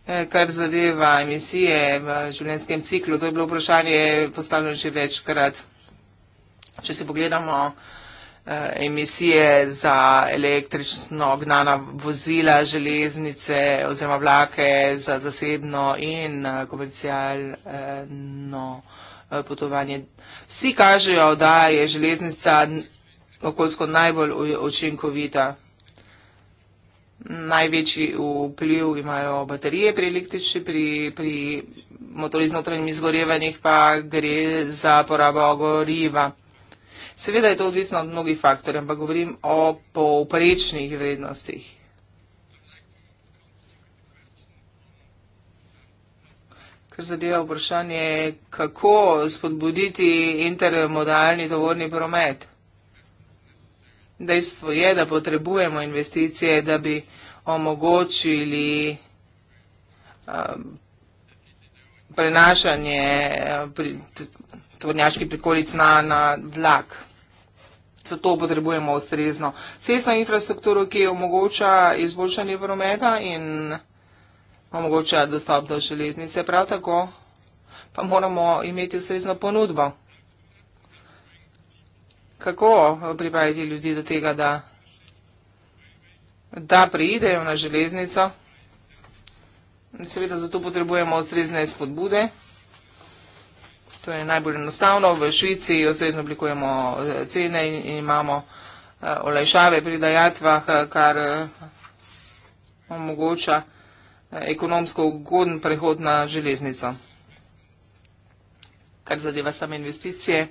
Eh, kar zadeva emisije v življenjskem ciklu, to je bilo vprašanje postavljeno že večkrat. Če si pogledamo uh, Eh, emisije za električno gnana vozila, železnice oziroma vlake za zasebno in eh, komercialno eh, potovanje. Vsi kažejo, da je železnica okoljsko najbolj učinkovita. Največji vpliv imajo baterije pri električni, pri, pri motorih z notranjim izgorevanjih pa gre za porabo goriva. Seveda je to odvisno od mnogih faktorjev, ampak govorim o povprečnih vrednostih. Kar zadeva vprašanje, kako spodbuditi intermodalni tovorni promet. Dejstvo je, da potrebujemo investicije, da bi omogočili um, prenašanje. Um, pri, tovrnjaški prikolic na, na vlak. Zato potrebujemo ustrezno cestno infrastrukturo, ki omogoča izboljšanje prometa in omogoča dostop do železnice. Prav tako pa moramo imeti ustrezno ponudbo. Kako pripraviti ljudi do tega, da, da prijedejo na železnico? Seveda zato potrebujemo ustrezne spodbude. To je najbolj enostavno. V Švici ustrezno oblikujemo eh, cene in imamo eh, olajšave pri dajatvah, eh, kar omogoča ekonomsko ugoden prehod na železnico. Kar zadeva same investicije,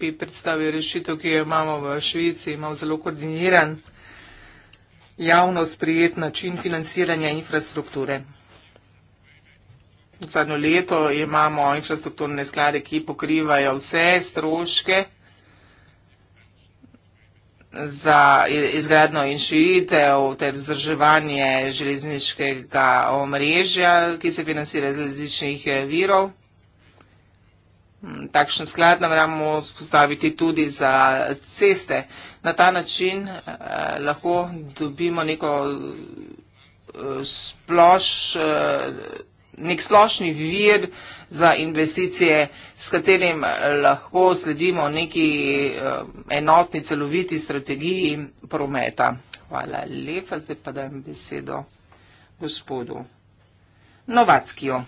bi predstavil rešitev, ki jo imamo v Švici, imamo zelo koordiniran javno sprijet način financiranja infrastrukture. Zadnjo leto imamo infrastrukturne sklade, ki pokrivajo vse stroške za izgradno in širitev ter vzdrževanje železniškega omrežja, ki se financira iz različnih eh, virov. Hm, takšen sklad namramo spostaviti tudi za ceste. Na ta način eh, lahko dobimo neko eh, splošno. Eh, nek splošni vir za investicije, s katerim lahko sledimo neki eh, enotni celoviti strategiji prometa. Hvala lepa, zdaj pa dajem besedo gospodu Novackijo.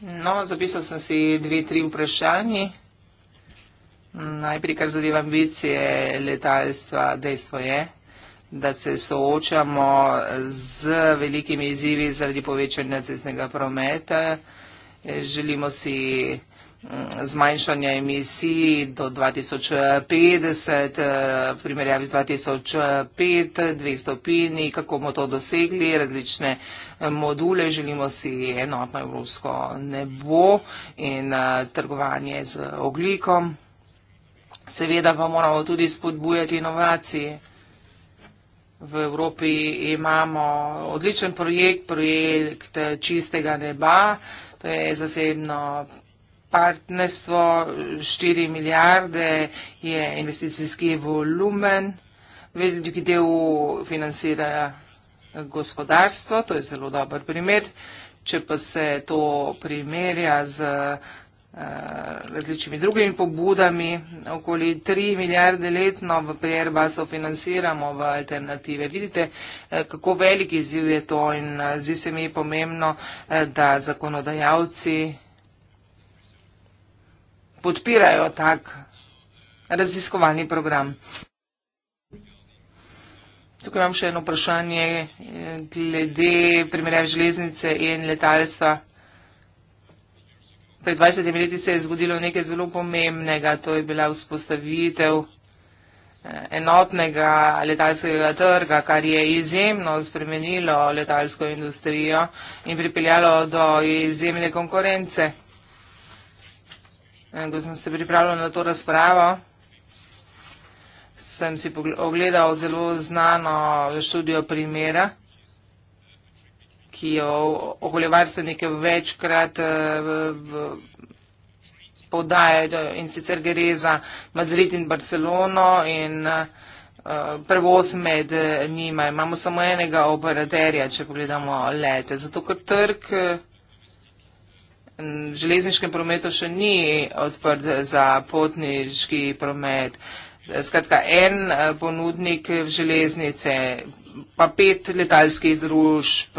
No, zapisal sem si dve, tri vprašanje. Najprej, kar zadeva ambicije letalstva, dejstvo je, da se soočamo z velikimi izzivi zaradi povečanja cestnega prometa. Želimo si mm, zmanjšanja emisij do 2050, eh, primerjavi z 2005, dve stopini, kako bomo to dosegli, različne eh, module, želimo si enotno evropsko nebo in eh, trgovanje z oglikom. Seveda pa moramo tudi spodbujati inovacije v Evropi imamo odličen projekt, projekt eh, čistega neba, to je zasebno partnerstvo, 4 milijarde je investicijski volumen, velik del financira gospodarstvo, to je zelo dober primer, če pa se to primerja z Eh, različnimi drugimi pobudami. Okoli 3 milijarde letno v prijerba sofinanciramo v alternative. Vidite, eh, kako veliki izziv je to in eh, zdi se mi pomembno, da zakonodajalci podpirajo tak raziskovalni program. Tukaj imam še eno vprašanje glede primerjav železnice in letalstva. Pred 20 leti se je zgodilo nekaj zelo pomembnega, to je bila vzpostavitev eh, enotnega letalskega trga, kar je izjemno spremenilo letalsko industrijo in pripeljalo do izjemne konkurence. Eh, ko sem se pripravljal na to razpravo, sem si ogledal zelo znano študijo primera ki jo okoljevarstvenike večkrat eh, podajajo in sicer gre za Madrid in Barcelono in eh, prevoz med eh, njima. Imamo samo enega operaterja, če pogledamo lete. Zato, ker trg železniškem prometu še ni odprt za potniški promet skratka, en eh, ponudnik železnice, pa pet letalskih družb,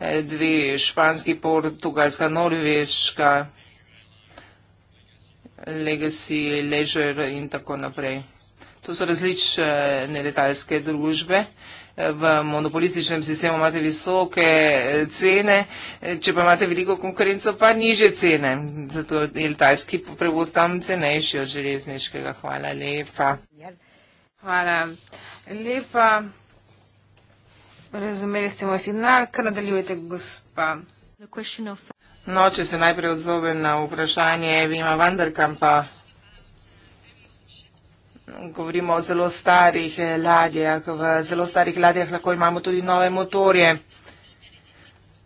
eh, dve španski, portugalska, norveška, Legacy, Leisure in tako naprej. To so različne letalske družbe. Uh, v monopolističnem sistemu imate visoke eh, cene, eh, če pa imate veliko konkurenco, pa niže cene. Zato je letalski prevoz tam cenejši od železniškega. Hvala lepa. Hvala lepa. Razumeli ste moj signal, kar nadaljujete, gospa. No, če se najprej odzovem na vprašanje, vima Vandrkampa govorimo o zelo starih eh, ladjah. V zelo starih ladjah lahko imamo tudi nove motorje.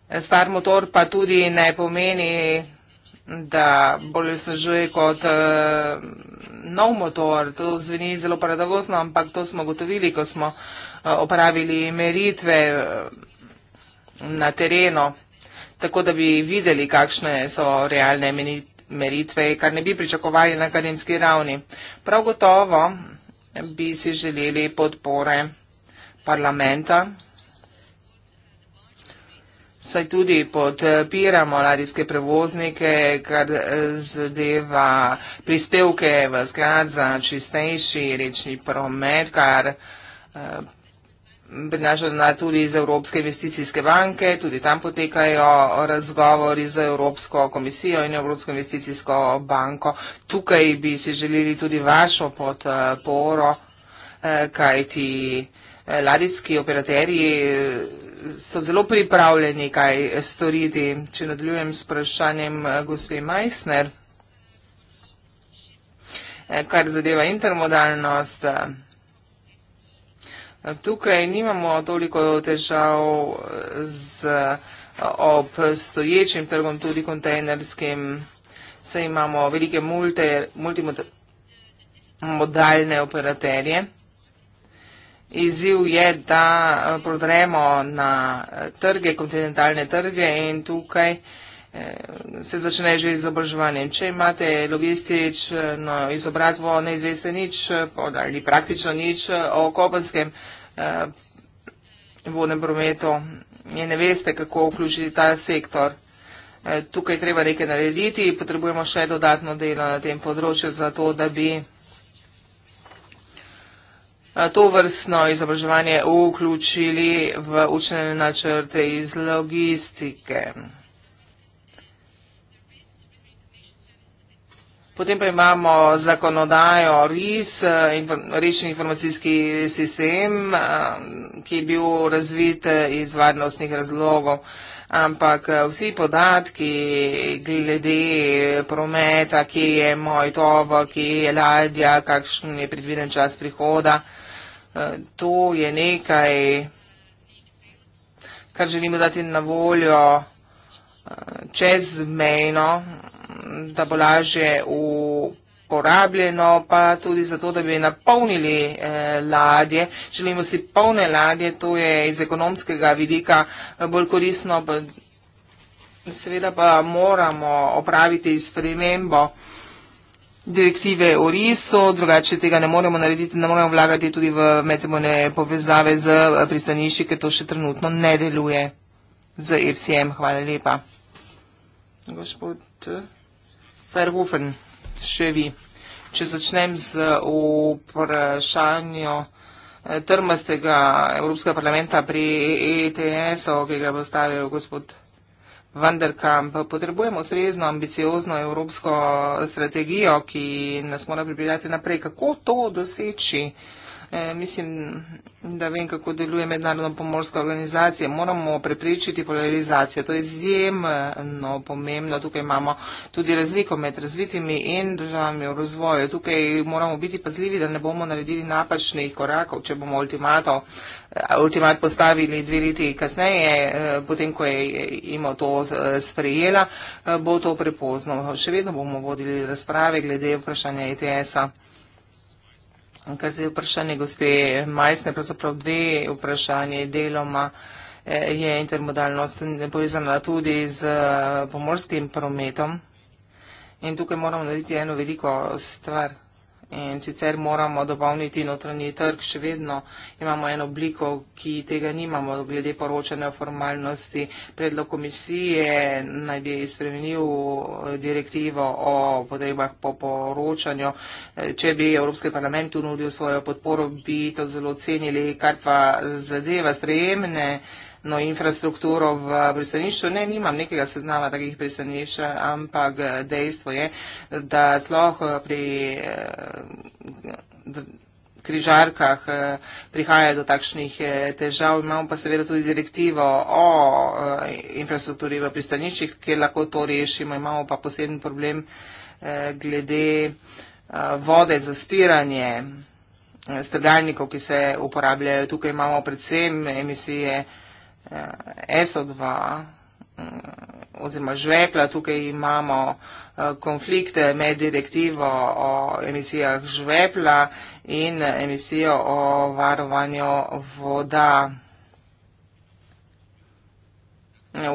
Eh, star motor pa tudi ne pomeni, da bolj služuje kot uh, nov motor. To zveni zelo paradoksno, ampak to smo gotovili, ko smo uh, opravili meritve uh, na terenu, tako da bi videli, kakšne so realne menitve meritve, kar ne bi pričakovali na akademski ravni. Prav gotovo bi si želeli podpore parlamenta, saj tudi podpiramo radijske prevoznike, kar zadeva prispevke v zgrad za čistejši rečni promet, kar eh, prinaša denar tudi iz Evropske investicijske banke, tudi tam potekajo razgovori z Evropsko komisijo in Evropsko investicijsko banko. Tukaj bi si želeli tudi vašo podporo, eh, kaj ti eh, ladijski operaterji eh, so zelo pripravljeni kaj storiti. Če nadaljujem s vprašanjem gospe Meissner, kar zadeva intermodalnost. Tukaj nimamo toliko težav z eh, obstoječim trgom, tudi kontejnerskim, saj imamo velike multimodalne operaterje. Izziv je, da eh, prodremo na eh, trge, kontinentalne trge in tukaj nekaj se začne že izobraževanje. Če imate logistično izobrazbo, ne izveste nič, ali praktično nič o kopenskem eh, vodnem prometu, je ne veste, kako vključiti ta sektor. Eh, tukaj treba nekaj narediti, potrebujemo še dodatno delo na tem področju, zato da bi eh, to vrstno izobraževanje vključili v učene načrte iz logistike. Potem pa imamo zakonodajo RIS, eh, rečni informacijski sistem, eh, ki je bil razvit eh, iz varnostnih razlogov, ampak vsi podatki glede prometa, kje je moj tovo, kje je ladja, kakšen je predviden čas prihoda, to je nekaj, kar želimo dati na voljo čezmejno, da bo lažje uporabljeno, pa tudi zato, da bi napolnili eh, ladje. Želimo si polne ladje, to je iz ekonomskega vidika eh, bolj korisno. Seveda pa moramo opraviti spremembo direktive o RISO, drugače tega ne moremo narediti, ne moremo vlagati tudi v medsebojne povezave z eh, pristanišči, ker to še trenutno ne deluje z RCM. Hvala lepa. Gospod. Ferhofen, še vi. Če začnem z vprašanjem eh, trmastega Evropskega parlamenta pri ETS-u, e ki ga bo stavil gospod Vanderkamp, potrebujemo ustrezno ambiciozno evropsko strategijo, ki nas mora pripeljati naprej. Kako to doseči? Uh, E, mislim, da vem, kako deluje mednarodno pomorska organizacija. Moramo prepričati polarizacijo. To je izjemno pomembno. Tukaj imamo tudi razliko med razvitimi in državami v razvoju. Tukaj moramo biti pazljivi, da ne bomo naredili napačnih korakov, če bomo ultimato. Ultimat postavili dve leti kasneje, e, potem ko je ima to sprejela, e, bo to prepozno. Še vedno bomo vodili razprave glede vprašanja ETS-a. Kar se je vprašanje gospe Majsne, pravzaprav dve vprašanje deloma eh, je intermodalnost povezana tudi z eh, pomorskim prometom in tukaj moramo narediti eno veliko stvar. In sicer moramo dobavniti notranji trg, še vedno imamo eno obliko, ki tega nimamo, glede poročanja o formalnosti. Predlog komisije naj bi spremenil eh, direktivo o potrebah po poročanju. Eh, če bi Evropski parlament unudil svojo podporo, bi to zelo ocenili, kar pa zadeva sprejemne no, infrastrukturo v pristanišču. Ne, nimam nekega seznama takih pristanišč, ampak dejstvo je, da sloh pri eh, križarkah eh, prihaja do takšnih eh, težav. Imamo pa seveda tudi direktivo o infrastrukturi v pristaniščih, kjer lahko to rešimo. Imamo pa poseben problem glede vode za spiranje strdalnikov, ki se uporabljajo. Tukaj imamo predvsem emisije Eh, SO2 mm, oziroma žvepla, tukaj imamo eh, konflikte med direktivo o emisijah žvepla in emisijo o varovanju voda.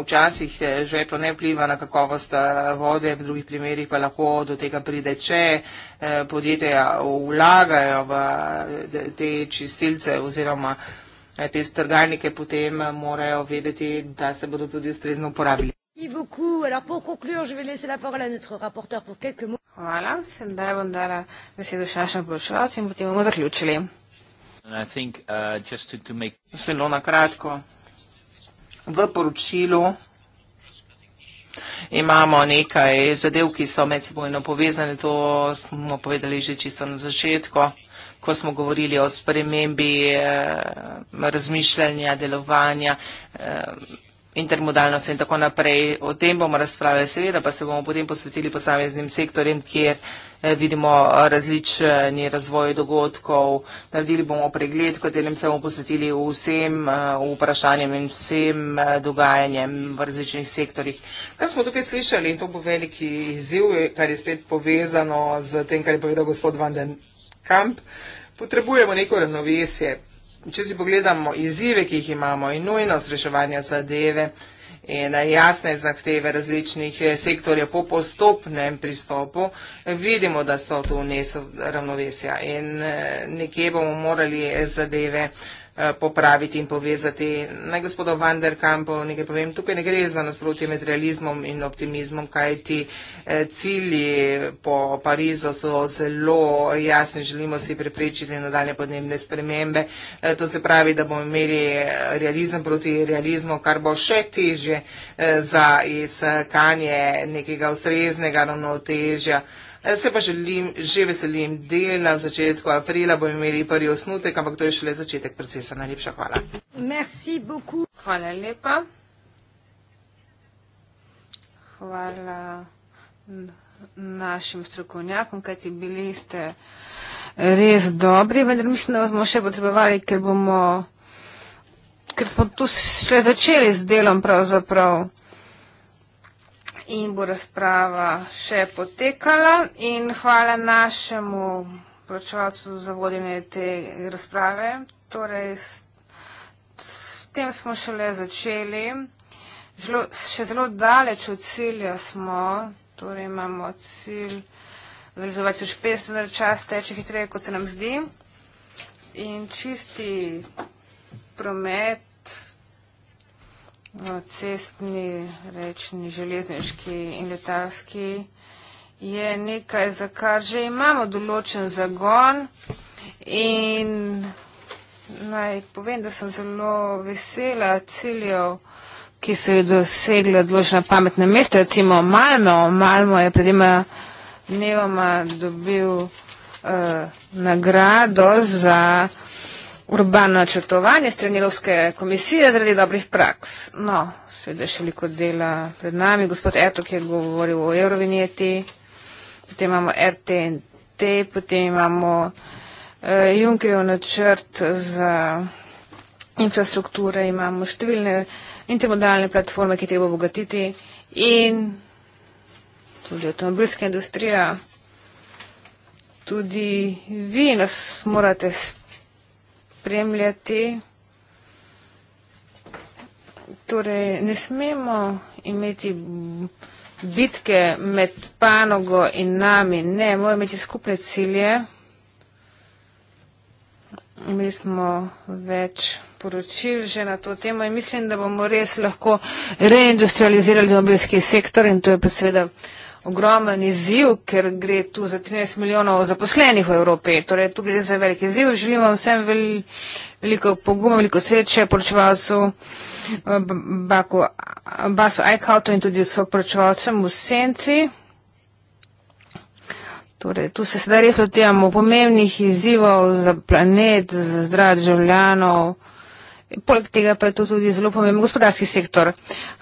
Včasih žveplo ne vpliva na kakovost eh, vode, v drugih primerjih pa lahko do tega pride, če podjetja vlagajo v te čistilce oziroma E, te strgalnike potem eh, morajo vedeti, da se bodo tudi ustrezno uporabili. Hvala, sedaj bom dala besedo še našem poročevalcu in potem bomo zaključili. Uh, Zelo na kratko. V poročilu imamo nekaj zadev, ki so medsebojno povezane, to smo povedali že čisto na začetku ko smo govorili o spremembi eh, razmišljanja, delovanja, eh, intermodalnosti in tako naprej. O tem bomo razpravljali, seveda pa se bomo potem posvetili posameznim sektorjem, kjer eh, vidimo različni razvoj dogodkov. Naredili bomo pregled, katerim se bomo posvetili vsem vprašanjem in vsem dogajanjem v različnih sektorjih. Kar smo tukaj slišali, in to bo veliki izziv, kar je spet povezano z tem, kar je povedal gospod Vanden Kamp potrebujemo neko ravnovesje. Če si pogledamo izzive, ki jih imamo in nujnost reševanja zadeve in jasne zahteve različnih eh, sektorjev po postopnem pristopu, vidimo, da so tu nesel ravnovesja in eh, nekje bomo morali zadeve reševati. Eh, popraviti in povezati. Naj gospodo Van der Kampo nekaj povem, tukaj ne gre za nasprotje med realizmom in optimizmom, kaj ti eh, cilji po Parizu so zelo jasni, želimo si preprečiti nadaljne podnebne spremembe. Eh, to se pravi, da bomo imeli realizem proti realizmu, kar bo še težje za iskanje nekega ustreznega ravnotežja. Eh, se pa želim, že veselim del na začetku aprila, bomo imeli prvi osnutek, ampak to je šele začetek procesa. Najlepša hvala. Merci beaucoup. Hvala lepa. Hvala našim strokovnjakom, kaj ti bili ste res dobri, vendar mislim, da vas bomo še potrebovali, ker bomo, ker smo tu še začeli z delom pravzaprav in bo razprava še potekala. In hvala našemu pročevalcu za vodenje te razprave. Torej, s, s tem smo šele začeli. Žlo, še zelo daleč od cilja smo, torej imamo cilj za leto 2050, da čas teče hitreje, kot se nam zdi. In čisti promet cestni, rečni, železniški in letalski, je nekaj, za kar že imamo določen zagon. In naj povem, da sem zelo vesela ciljev, ki so jih dosegla odložena pametna mesta, recimo Malmo. Malmo je pred ima dnevoma dobil uh, nagrado za urbano načrtovanje strani Evropske komisije zaradi dobrih praks. No, seveda še veliko dela pred nami. Gospod Eto, ki je govoril o eurovinjeti, potem imamo RTNT, potem imamo eh, Junckerjev načrt za infrastrukture, imamo številne intermodalne platforme, ki treba obogatiti in tudi avtomobilska industrija. Tudi vi nas morate spremljati spremljati. Torej, ne smemo imeti bitke med panogo in nami, ne, moramo imeti skupne cilje. Imeli smo več poročil že na to temo in mislim, da bomo res lahko reindustrializirali domobilski sektor in to je pa seveda ogromen izziv, ker gre tu za 13 milijonov zaposlenih v Evropi. Torej, tu gre za velik izziv. Želim vam vsem vel, veliko poguma, veliko sreče, poročevalcu eh, Basu Eichhautu in tudi soporočevalcem v Senci. Torej, tu se sedaj res lotevamo pomembnih izzivov za planet, za zdrav državljanov. Poleg tega pa je to tudi zelo pomemben gospodarski sektor.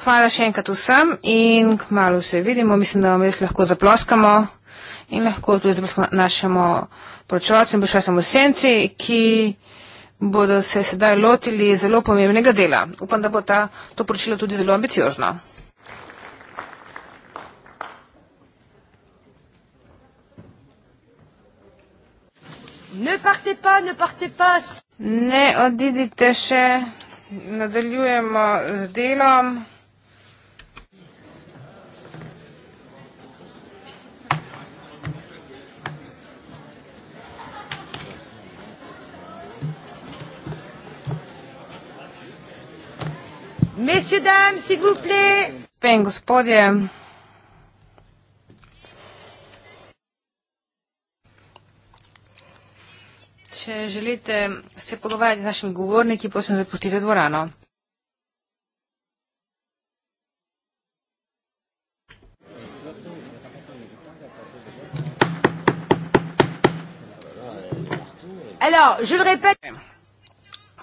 Hvala še enkrat vsem in kmalo se vidimo. Mislim, da vam res lahko zaploskamo in lahko tudi zaploskamo našemu poročevalcu in poročevalcu senci, ki bodo se sedaj lotili zelo pomembnega dela. Upam, da bo ta, to poročilo tudi zelo ambiciozno. Ne partez pas, ne partez pas. Ne odidite še, nadaljujemo z delom. Messieurs, dames, s'il vous plaît. Ben, gospodje. Če želite se pogovarjati z našimi govorniki, prosim zapustite dvorano.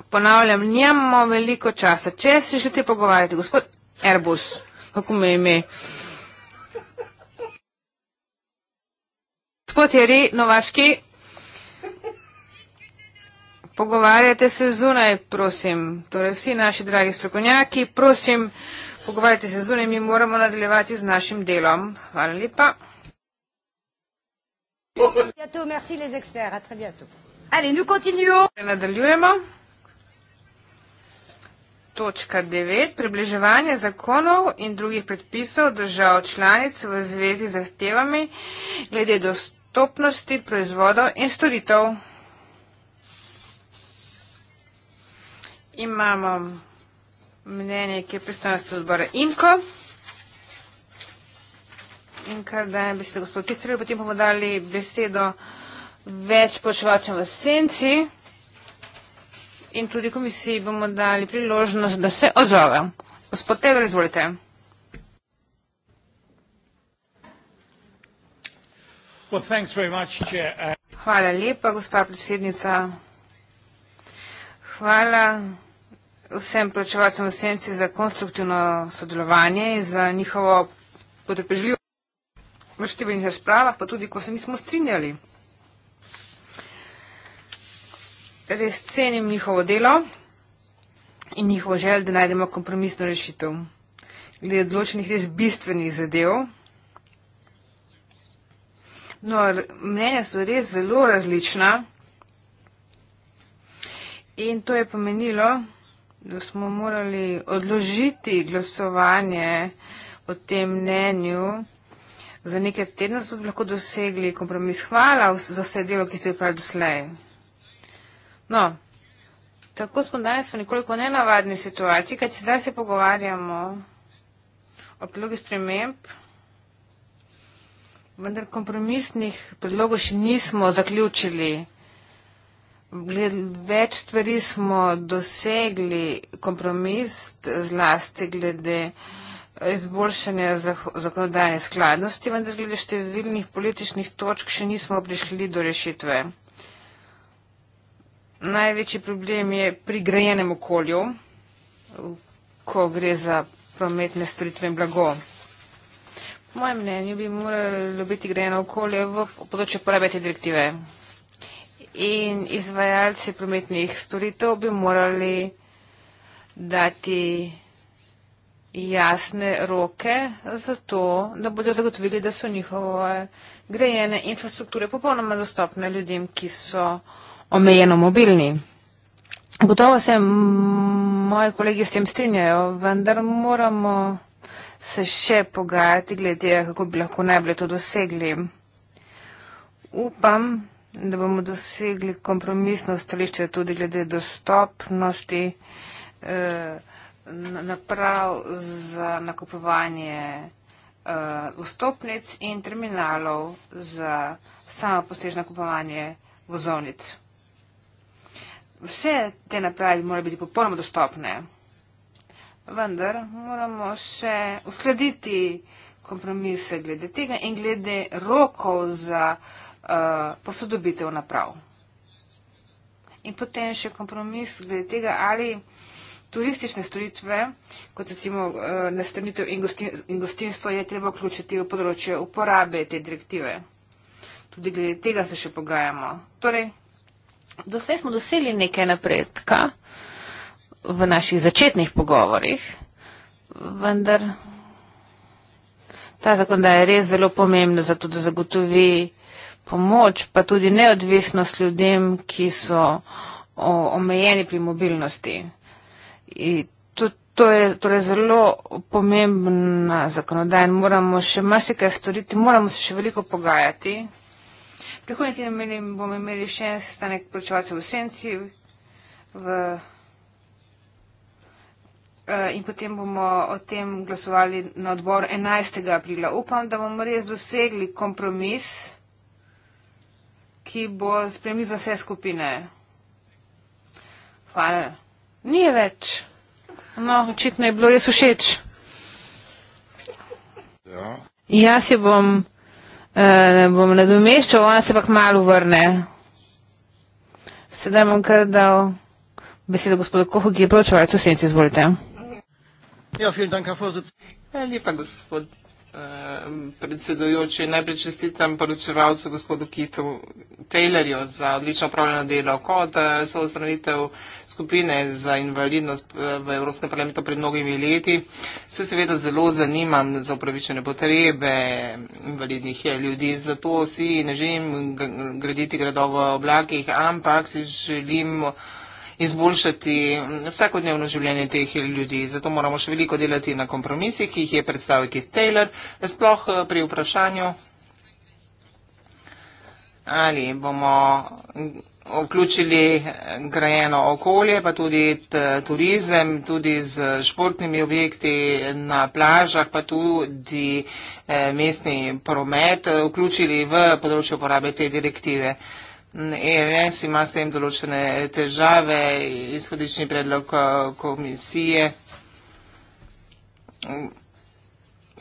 Ponavljam, njemo veliko časa. Če se želite pogovarjati, gospod Airbus, kako mi je ime? Gospod Jeri Novaški pogovarjajte se zunaj, prosim. Torej, vsi naši dragi strokovnjaki, prosim, pogovarjajte se zunaj, mi moramo nadaljevati z našim delom. Hvala lepa. Nadaljujemo. Točka 9. Približevanje zakonov in drugih predpisov držav članic v zvezi z zahtevami glede dostopnosti proizvodov in storitev. imamo mnenje, ki je predstavnosti odbora IMKO. In kar dajem besedo gospod Kistrelj, potem bomo dali besedo več počevačem v senci. In tudi komisiji bomo dali priložnost, da se odzove. Gospod Tegor, izvolite. Hvala lepa, gospa predsednica. Hvala vsem plačevalcem v senci za konstruktivno sodelovanje in za njihovo potrpežljivo v številnih razpravah, pa tudi, ko se nismo strinjali. Res cenim njihovo delo in njihovo žel, da najdemo kompromisno rešitev. Glede odločenih res bistvenih zadev, No, mnenja so res zelo različna in to je pomenilo, da smo morali odložiti glasovanje o tem mnenju. Za nekaj tednov so lahko dosegli kompromis. Hvala za vse delo, ki ste upravili doslej. No, tako smo danes v nekoliko nenavadni situaciji, kajti zdaj se pogovarjamo o predlogi sprememb, vendar kompromisnih predlogov še nismo zaključili. Gled, več stvari smo dosegli, kompromis zlasti glede izboljšanja zakonodajne skladnosti, vendar glede številnih političnih točk še nismo prišli do rešitve. Največji problem je pri grajenem okolju, ko gre za prometne storitve in blago. Po mojem mnenju bi moralo biti grajeno okolje v področju porabe te direktive in izvajalci prometnih storitev bi morali dati jasne roke za to, da bodo zagotovili, da so njihove grejene infrastrukture popolnoma dostopne ljudem, ki so omejeno mobilni. Gotovo se moji kolegi s tem strinjajo, vendar moramo se še pogajati glede, kako bi lahko najbolje to dosegli. Upam, da bomo dosegli kompromisno stališče tudi glede dostopnosti eh, naprav za nakupovanje eh, vstopnic in terminalov za samopostežno kupovanje vozovnic. Vse te naprave morajo biti popolnoma dostopne, vendar moramo še uskladiti kompromise glede tega in glede rokov za Eh, posodobitev naprav. In potem še kompromis glede tega, ali turistične storitve, kot recimo uh, eh, nastanitev in, gostin, in gostinstvo, je treba vključiti v področje uporabe te direktive. Tudi glede tega se še pogajamo. Torej, do zdaj smo dosegli nekaj napredka v naših začetnih pogovorjih, vendar ta zakonodaja je res zelo pomembna za to, da zagotovi pomoč, pa tudi neodvisnost ljudem, ki so omejeni pri mobilnosti. To, to je torej zelo pomembna zakonodaj in moramo še marsikaj storiti, moramo se še veliko pogajati. Prihodnji teden bomo imeli še en sestanek poročevalcev v Senci v, e, in potem bomo o tem glasovali na odbor 11. aprila. Upam, da bomo res dosegli kompromis ki bo spremljal za vse skupine. Hvala. Ni več. No, očitno je bilo res všeč. Ja. Jaz jo bom, eh, bom nadomeščal, ona se pa kmalo vrne. Sedaj bom kar dal besedo gospodu Kohu, ki je pročeval, tu senci, izvolite. Ja, vielen Dank, Herr Vorsitz. Ja, lepa gospod. Ehm, predsedujoči, najprej čestitam poročevalcu gospodu Kitu Taylorju za odlično upravljeno delo. Kot eh, so ostranitev skupine za invalidnost eh, v Evropskem parlamentu pred mnogimi leti, se seveda zelo zanimam za upravičene potrebe invalidnih eh, ljudi. Zato si ne želim graditi gradov v oblakih, ampak si želim izboljšati vsakodnevno življenje teh ljudi. Zato moramo še veliko delati na kompromisih, ki jih je predstavil Keith Taylor, sploh eh, pri vprašanju, ali bomo vključili eh, grajeno okolje, pa tudi turizem, tudi z športnimi objekti na plažah, pa tudi e, mestni promet, vključili v področje uporabe te direktive. E, ENS ima s tem določene težave, izhodični predlog eh, komisije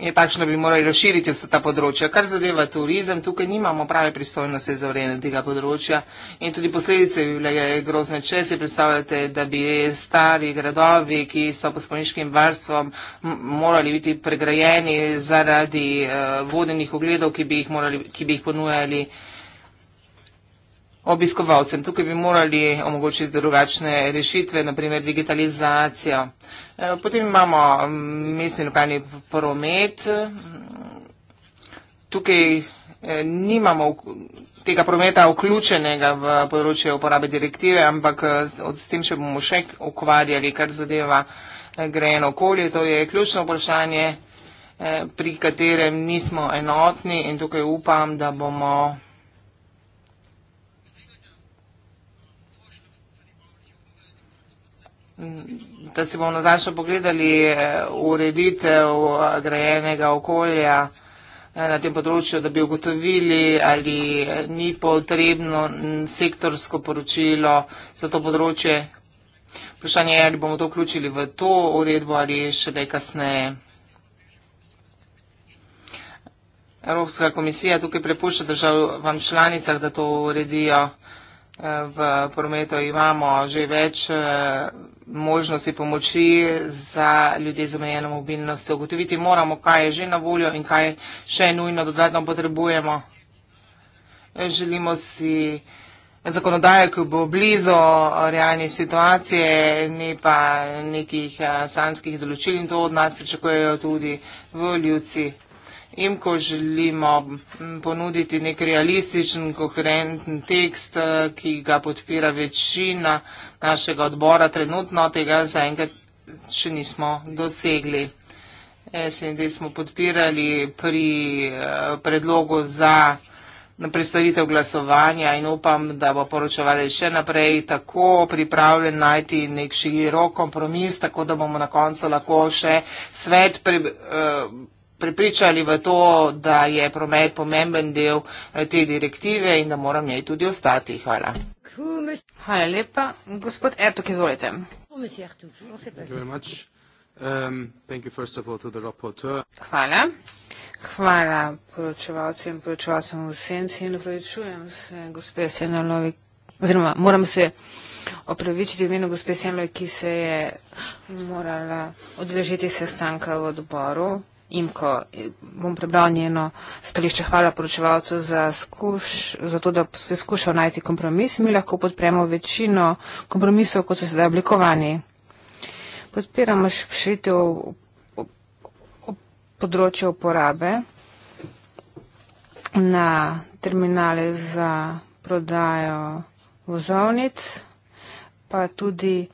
je takšno, da bi morali razširiti vse ta področja. Kar zadeva turizem, tukaj nimamo prave pristojnosti za urejanje tega področja in tudi posledice bi bile grozne, če si predstavljate, da bi stari gradovi, ki so pod spomeniškim varstvom, morali biti pregrajeni zaradi uh, vodenih ogledov, ki bi jih, morali, ki bi jih ponujali uh, obiskovalcem. Tukaj bi morali omogočiti drugačne rešitve, naprimer digitalizacijo. E, potem imamo mestni lokalni promet. Tukaj e, nimamo tega prometa vključenega v področje uporabe direktive, ampak s tem še bomo še ukvarjali, kar zadeva e, grejeno okolje. To je ključno vprašanje, pri katerem nismo enotni in tukaj upam, da bomo da si bomo natančno pogledali eh, ureditev eh, grajenega okolja eh, na tem področju, da bi ugotovili, ali ni potrebno sektorsko poročilo za to področje. Vprašanje je, ali bomo to vključili v to uredbo ali šele kasneje. Evropska komisija tukaj prepušča državam članicah, da to uredijo. V prometu imamo že več možnosti pomoči za ljudi z omejeno mobilnostjo. Ugotoviti moramo, kaj je že na voljo in kaj še nujno dodatno potrebujemo. Želimo si zakonodajo, ki bo blizu realne situacije, ne pa nekih eh, sanskih določil in to od nas pričakujejo tudi voljivci in ko želimo ponuditi nek realističen, koherenten tekst, eh, ki ga podpira večina našega odbora, trenutno tega zaenkrat še nismo dosegli. SND smo podpirali pri eh, predlogu za predstavitev glasovanja in upam, da bo poročevali še naprej tako pripravljen najti nek širok kompromis, tako da bomo na koncu lahko še svet pri, uh, prepričali v to, da je promet pomemben del eh, te direktive in da moram njej tudi ostati. Hvala. Hvala lepa. Gospod Ertok, izvolite. Um, Hvala. Hvala poročevalcem in poročevalcem v senci in upravičujem se, gospe Senalovi, oziroma moram se opravičiti v imenu gospe Senalovi, ki se je morala odvežiti sestanka v odboru. Imko, bom prebral njeno stališče. Hvala poročevalcu za, za to, da se je skušal najti kompromis. Mi lahko podpremo večino kompromisov, kot so sedaj oblikovani. Podpiramo širitev področja uporabe na terminale za prodajo vozovnic, pa tudi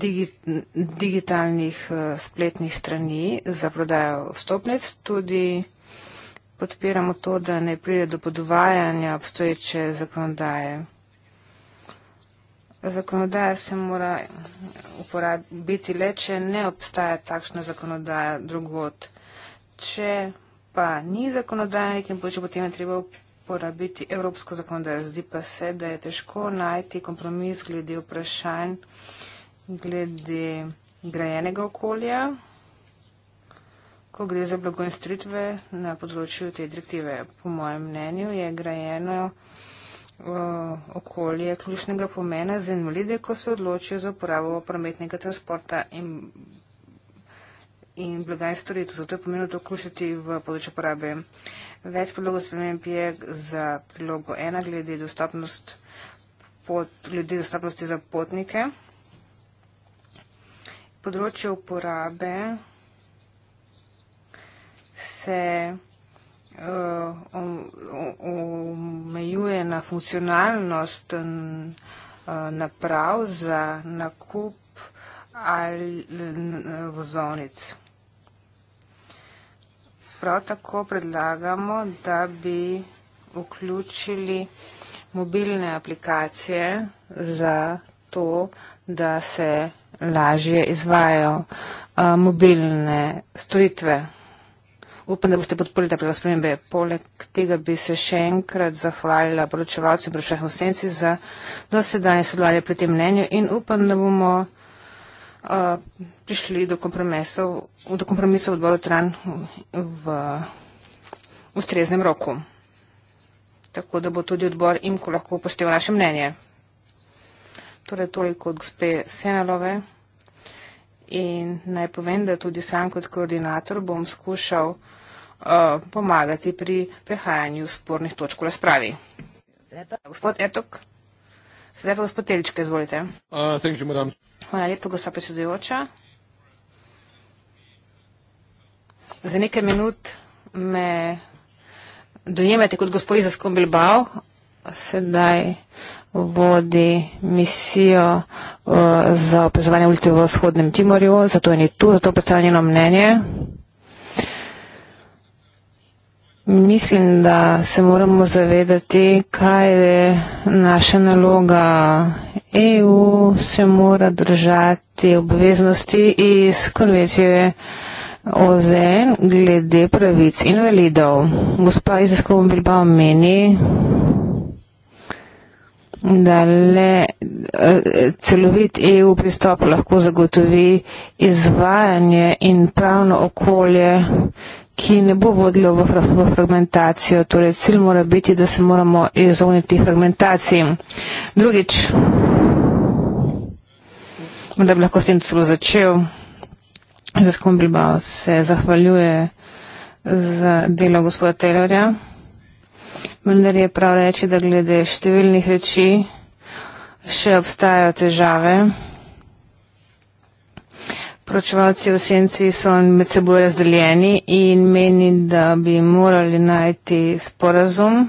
digi, digitalnih eh, spletnih strani za prodajo vstopnic. Tudi podpiramo to, da ne pride do podvajanja obstoječe zakonodaje. Zakonodaja se mora uporabiti le, če ne obstaja takšna zakonodaja drugot. Če pa ni zakonodaja, nekaj boče potem je treba uporabiti evropsko zakonodajo. Zdi pa se, da je težko najti kompromis glede vprašanj, glede grajenega okolja, ko gre za blago in stritve na področju te direktive. Po mojem mnenju je grajeno okolje ključnega pomena za invalide, ko se odločijo za uporabo prometnega transporta in in blaga in storitev. Zato je pomenilo to vključiti v področje porabe. Več predlogov sprememb je za prilogo ena glede dostopnost, pot, glede dostopnosti za potnike področju uporabe se eh, omejuje na funkcionalnost eh, naprav za nakup eh, vozovnic. Prav tako predlagamo, da bi vključili mobilne aplikacije za to, da se vzpravljajo lažje izvajajo a, mobilne storitve. Upam, da boste podprli te spremembe. Poleg tega bi se še enkrat zahvalila poročevalcu in prošleh vsenci za dosedanje sodelovanje pri tem mnenju in upam, da bomo a, prišli do kompromisov, do kompromisov odboru tran v ustreznem roku. Tako da bo tudi odbor imko lahko upošteval naše mnenje. Torej toliko od gospe Senelove. In naj povem, da tudi sam kot koordinator bom skušal uh, pomagati pri prehajanju spornih točk v razpravi. Lepa. Gospod Etok, sedaj pa gospod Teličke, izvolite. Uh, you, Hvala lepa, gospa predsedujoča. Za nekaj minut me dojemate kot gospod iz Skombilbao, sedaj vodi misijo uh, za opazovanje ulice v vzhodnem Timorju, zato je ni tu, zato predstavlja njeno mnenje. Mislim, da se moramo zavedati, kaj je naša naloga. EU se mora držati obveznosti iz konvencije OZN glede pravic invalidov. Gospa iz Eskom Bilbao meni, da le eh, celovit EU pristop lahko zagotovi izvajanje in pravno okolje, ki ne bo vodilo v fragmentacijo. Torej, cilj mora biti, da se moramo izogniti fragmentaciji. Drugič, da bi lahko s tem celo začel, za skom Bilbao se zahvaljuje za delo gospoda Taylorja vendar je prav reči, da glede številnih reči še obstajajo težave. Pročevalci v senci so med seboj razdeljeni in meni, da bi morali najti sporazum.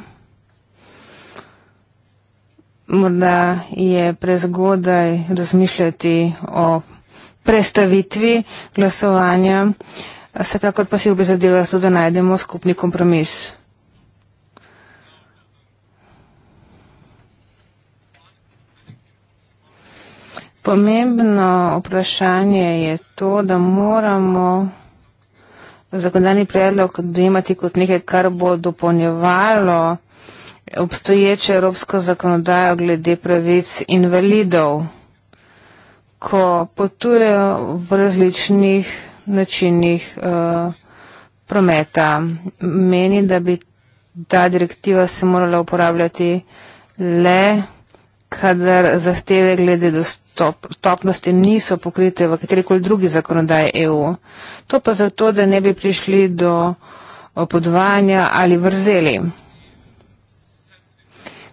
Morda je prezgodaj razmišljati o prestavitvi glasovanja, vsekakor pa si obizadeva to, da najdemo skupni kompromis. Pomembno vprašanje je to, da moramo zakonodajni predlog dojemati kot nekaj, kar bo dopolnjevalo obstoječe evropsko zakonodajo glede pravic invalidov, ko potujejo v različnih načinih uh, prometa. Meni, da bi ta direktiva se morala uporabljati le kadar zahteve glede dostopnosti dostop, niso pokrite v katerikoli drugi zakonodaji EU. To pa zato, da ne bi prišli do podvajanja ali vrzeli.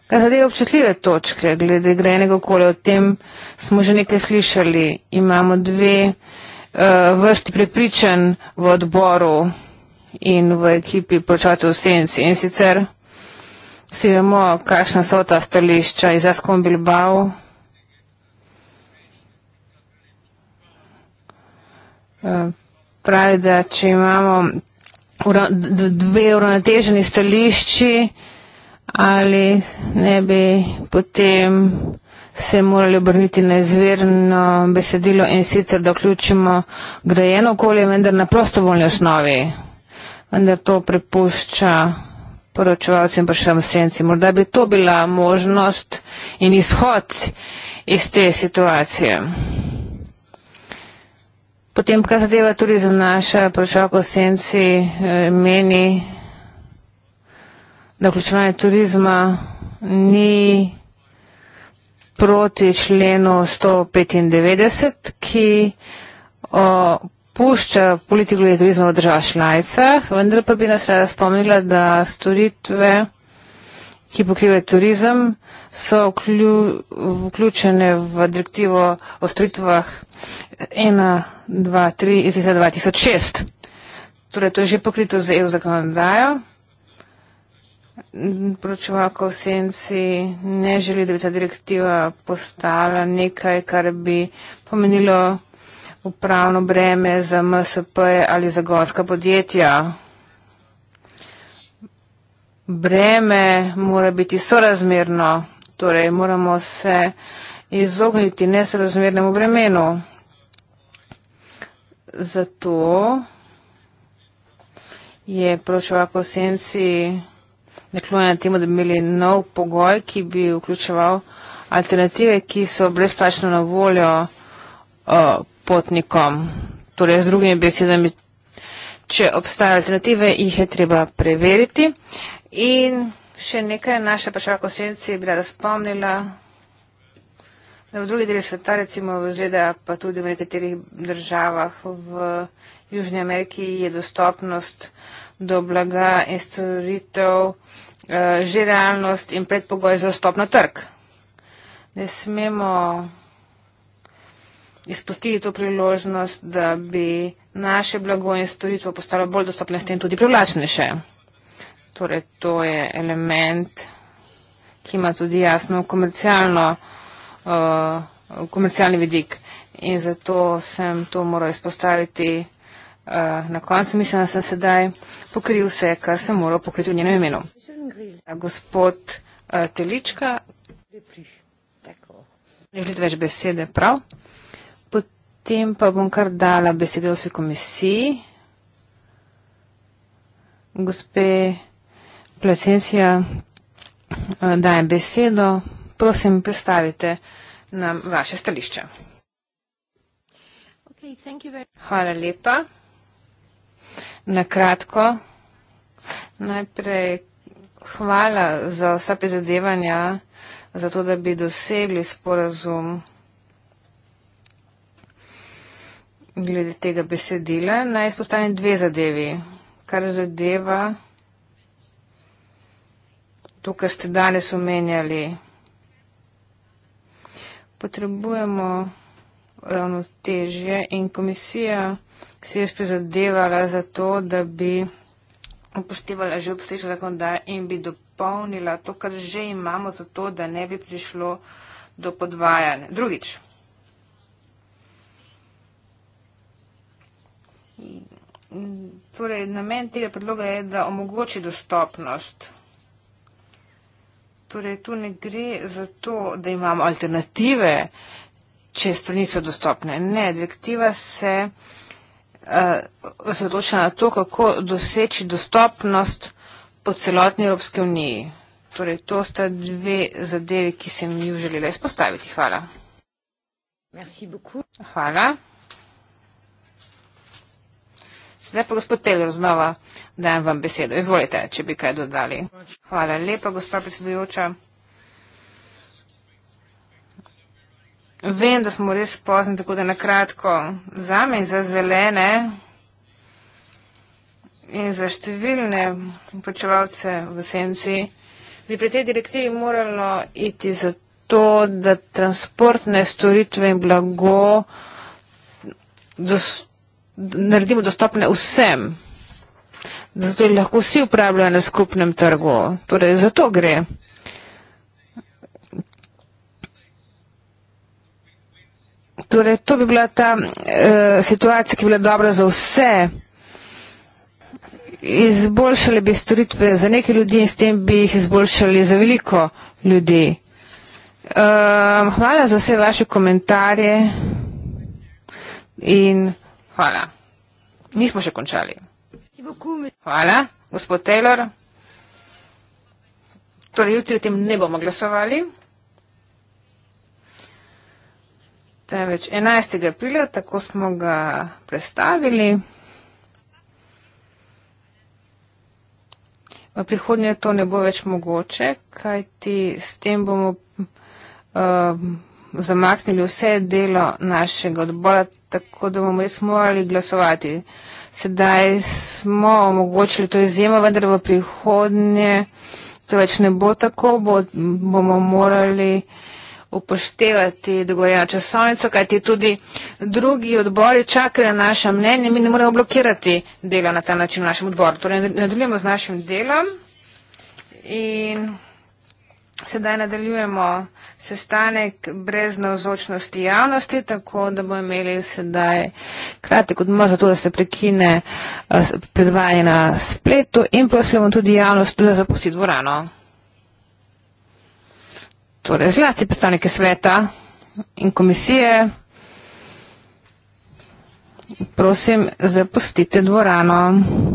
Kar zadeva občutljive točke glede grajenega okolja, o tem smo že nekaj slišali. Imamo dve uh, vrsti prepričanj v odboru in v ekipi počatov senci. In sicer Vsi vemo, kakšna so ta stališča iz Eskom Bilbao. Eh, pravi, da če imamo dve uravnoteženi stališči, ali ne bi potem se morali obrniti na izvirno besedilo in sicer da vključimo grajeno okolje, vendar na prostovoljni osnovi. Vendar to prepušča poročevalcem pa še v senci. Morda bi to bila možnost in izhod iz te situacije. Potem, kar zadeva tudi za naša poročevalka v senci, eh, meni, da vključevanje turizma ni proti členu 195, ki dopušča politiko glede turizma v državah članicah, vendar pa bi nas rada spomnila, da storitve, ki pokrivajo turizem, so vklju, vključene v direktivo o storitvah 1, 2, 3 iz leta 2006. Torej, to je že pokrito z EU zakonodajo. Poročevalko v senci ne želi, da bi ta direktiva postala nekaj, kar bi pomenilo upravno breme za MSP ali za gorska podjetja. Breme mora biti sorazmerno, torej moramo se izogniti nesorazmernemu bremenu. Zato je proševa konsenci naklonjena temu, da bi imeli nov pogoj, ki bi vključeval alternative, ki so brezplačno na voljo. Uh, potnikom. Torej, z drugimi besedami, če obstajajo alternative, jih je treba preveriti. In še nekaj naša pašalka osenci je bila razpomnila, da v drugi deli sveta, recimo v ZDA, pa tudi v nekaterih državah v Južni Ameriki je dostopnost do blaga in storitev eh, že realnost in predpogoj za vstop na trg. Ne smemo izpustili to priložnost, da bi naše blago in storitvo postalo bolj dostopne s tem tudi privlačnejše. Torej, to je element, ki ima tudi jasno uh, komercialni vidik. In zato sem to moral izpostaviti uh, na koncu. Mislim, da sem sedaj pokril vse, kar sem moral pokriti v njenem imenu. Ja, gospod uh, Telička. Ne želite več besede, prav? potem pa bom kar dala besedo vsi komisiji. Gospe Placencija, eh, dajem besedo. Prosim, predstavite nam vaše stališče. Hvala lepa. Nakratko, najprej hvala za vsa prizadevanja, za to, da bi dosegli sporazum. glede tega besedila. Naj izpostavim dve zadevi, kar zadeva to, kar ste danes omenjali. Potrebujemo ravnotežje in komisija se je prizadevala za to, da bi upoštevala že obstoječo zakonodajo in bi dopolnila to, kar že imamo, zato da ne bi prišlo do podvajanja. Drugič, Torej, namen tega predloga je, da omogoči dostopnost. Torej, tu ne gre za to, da imamo alternative, če strani so dostopne. Ne, direktiva se eh, osredotoča uh, na to, kako doseči dostopnost po celotni Evropski uniji. Torej, to sta dve zadeve, ki sem ju želela izpostaviti. Hvala. Hvala. Sedaj pa gospod Teler, znova dajem vam besedo. Izvolite, če bi kaj dodali. Hvala lepa, gospod predsedujoča. Vem, da smo res pozni, tako da nakratko za me in za zelene in za številne počevalce v senci bi pri tej direktivi moralo iti za to, da transportne storitve in blago dostopajo naredimo dostopne vsem. Zato lahko vsi upravljajo na skupnem trgu. Torej, za to gre. Torej, to bi bila ta uh, situacija, ki bi bila dobra za vse. Izboljšali bi storitve za neke ljudi in s tem bi jih izboljšali za veliko ljudi. Uh, hvala za vse vaše komentarje. In Hvala. Nismo še končali. Hvala, gospod Taylor. Torej, jutri o tem ne bomo glasovali. Temveč 11. aprila, tako smo ga predstavili. V prihodnje to ne bo več mogoče, kajti s tem bomo. Um, zamaknili vse delo našega odbora, tako da bomo res morali glasovati. Sedaj smo omogočili to izjemo, vendar v prihodnje to več ne bo tako, bo, bomo morali upoštevati dogovorjeno časovnico, kajti tudi drugi odbori čakajo na naše mnenje, mi ne moremo blokirati dela na ta način v našem odboru. Torej, nadaljujemo z našim delom. In... Sedaj nadaljujemo sestanek brez navzočnosti javnosti, tako da bomo imeli sedaj kratek odmor, zato da se prekine eh, predvajanje na spletu in prosimo tudi javnost, da zapusti dvorano. Torej, zlasti predstavnike sveta in komisije, prosim, zapustite dvorano.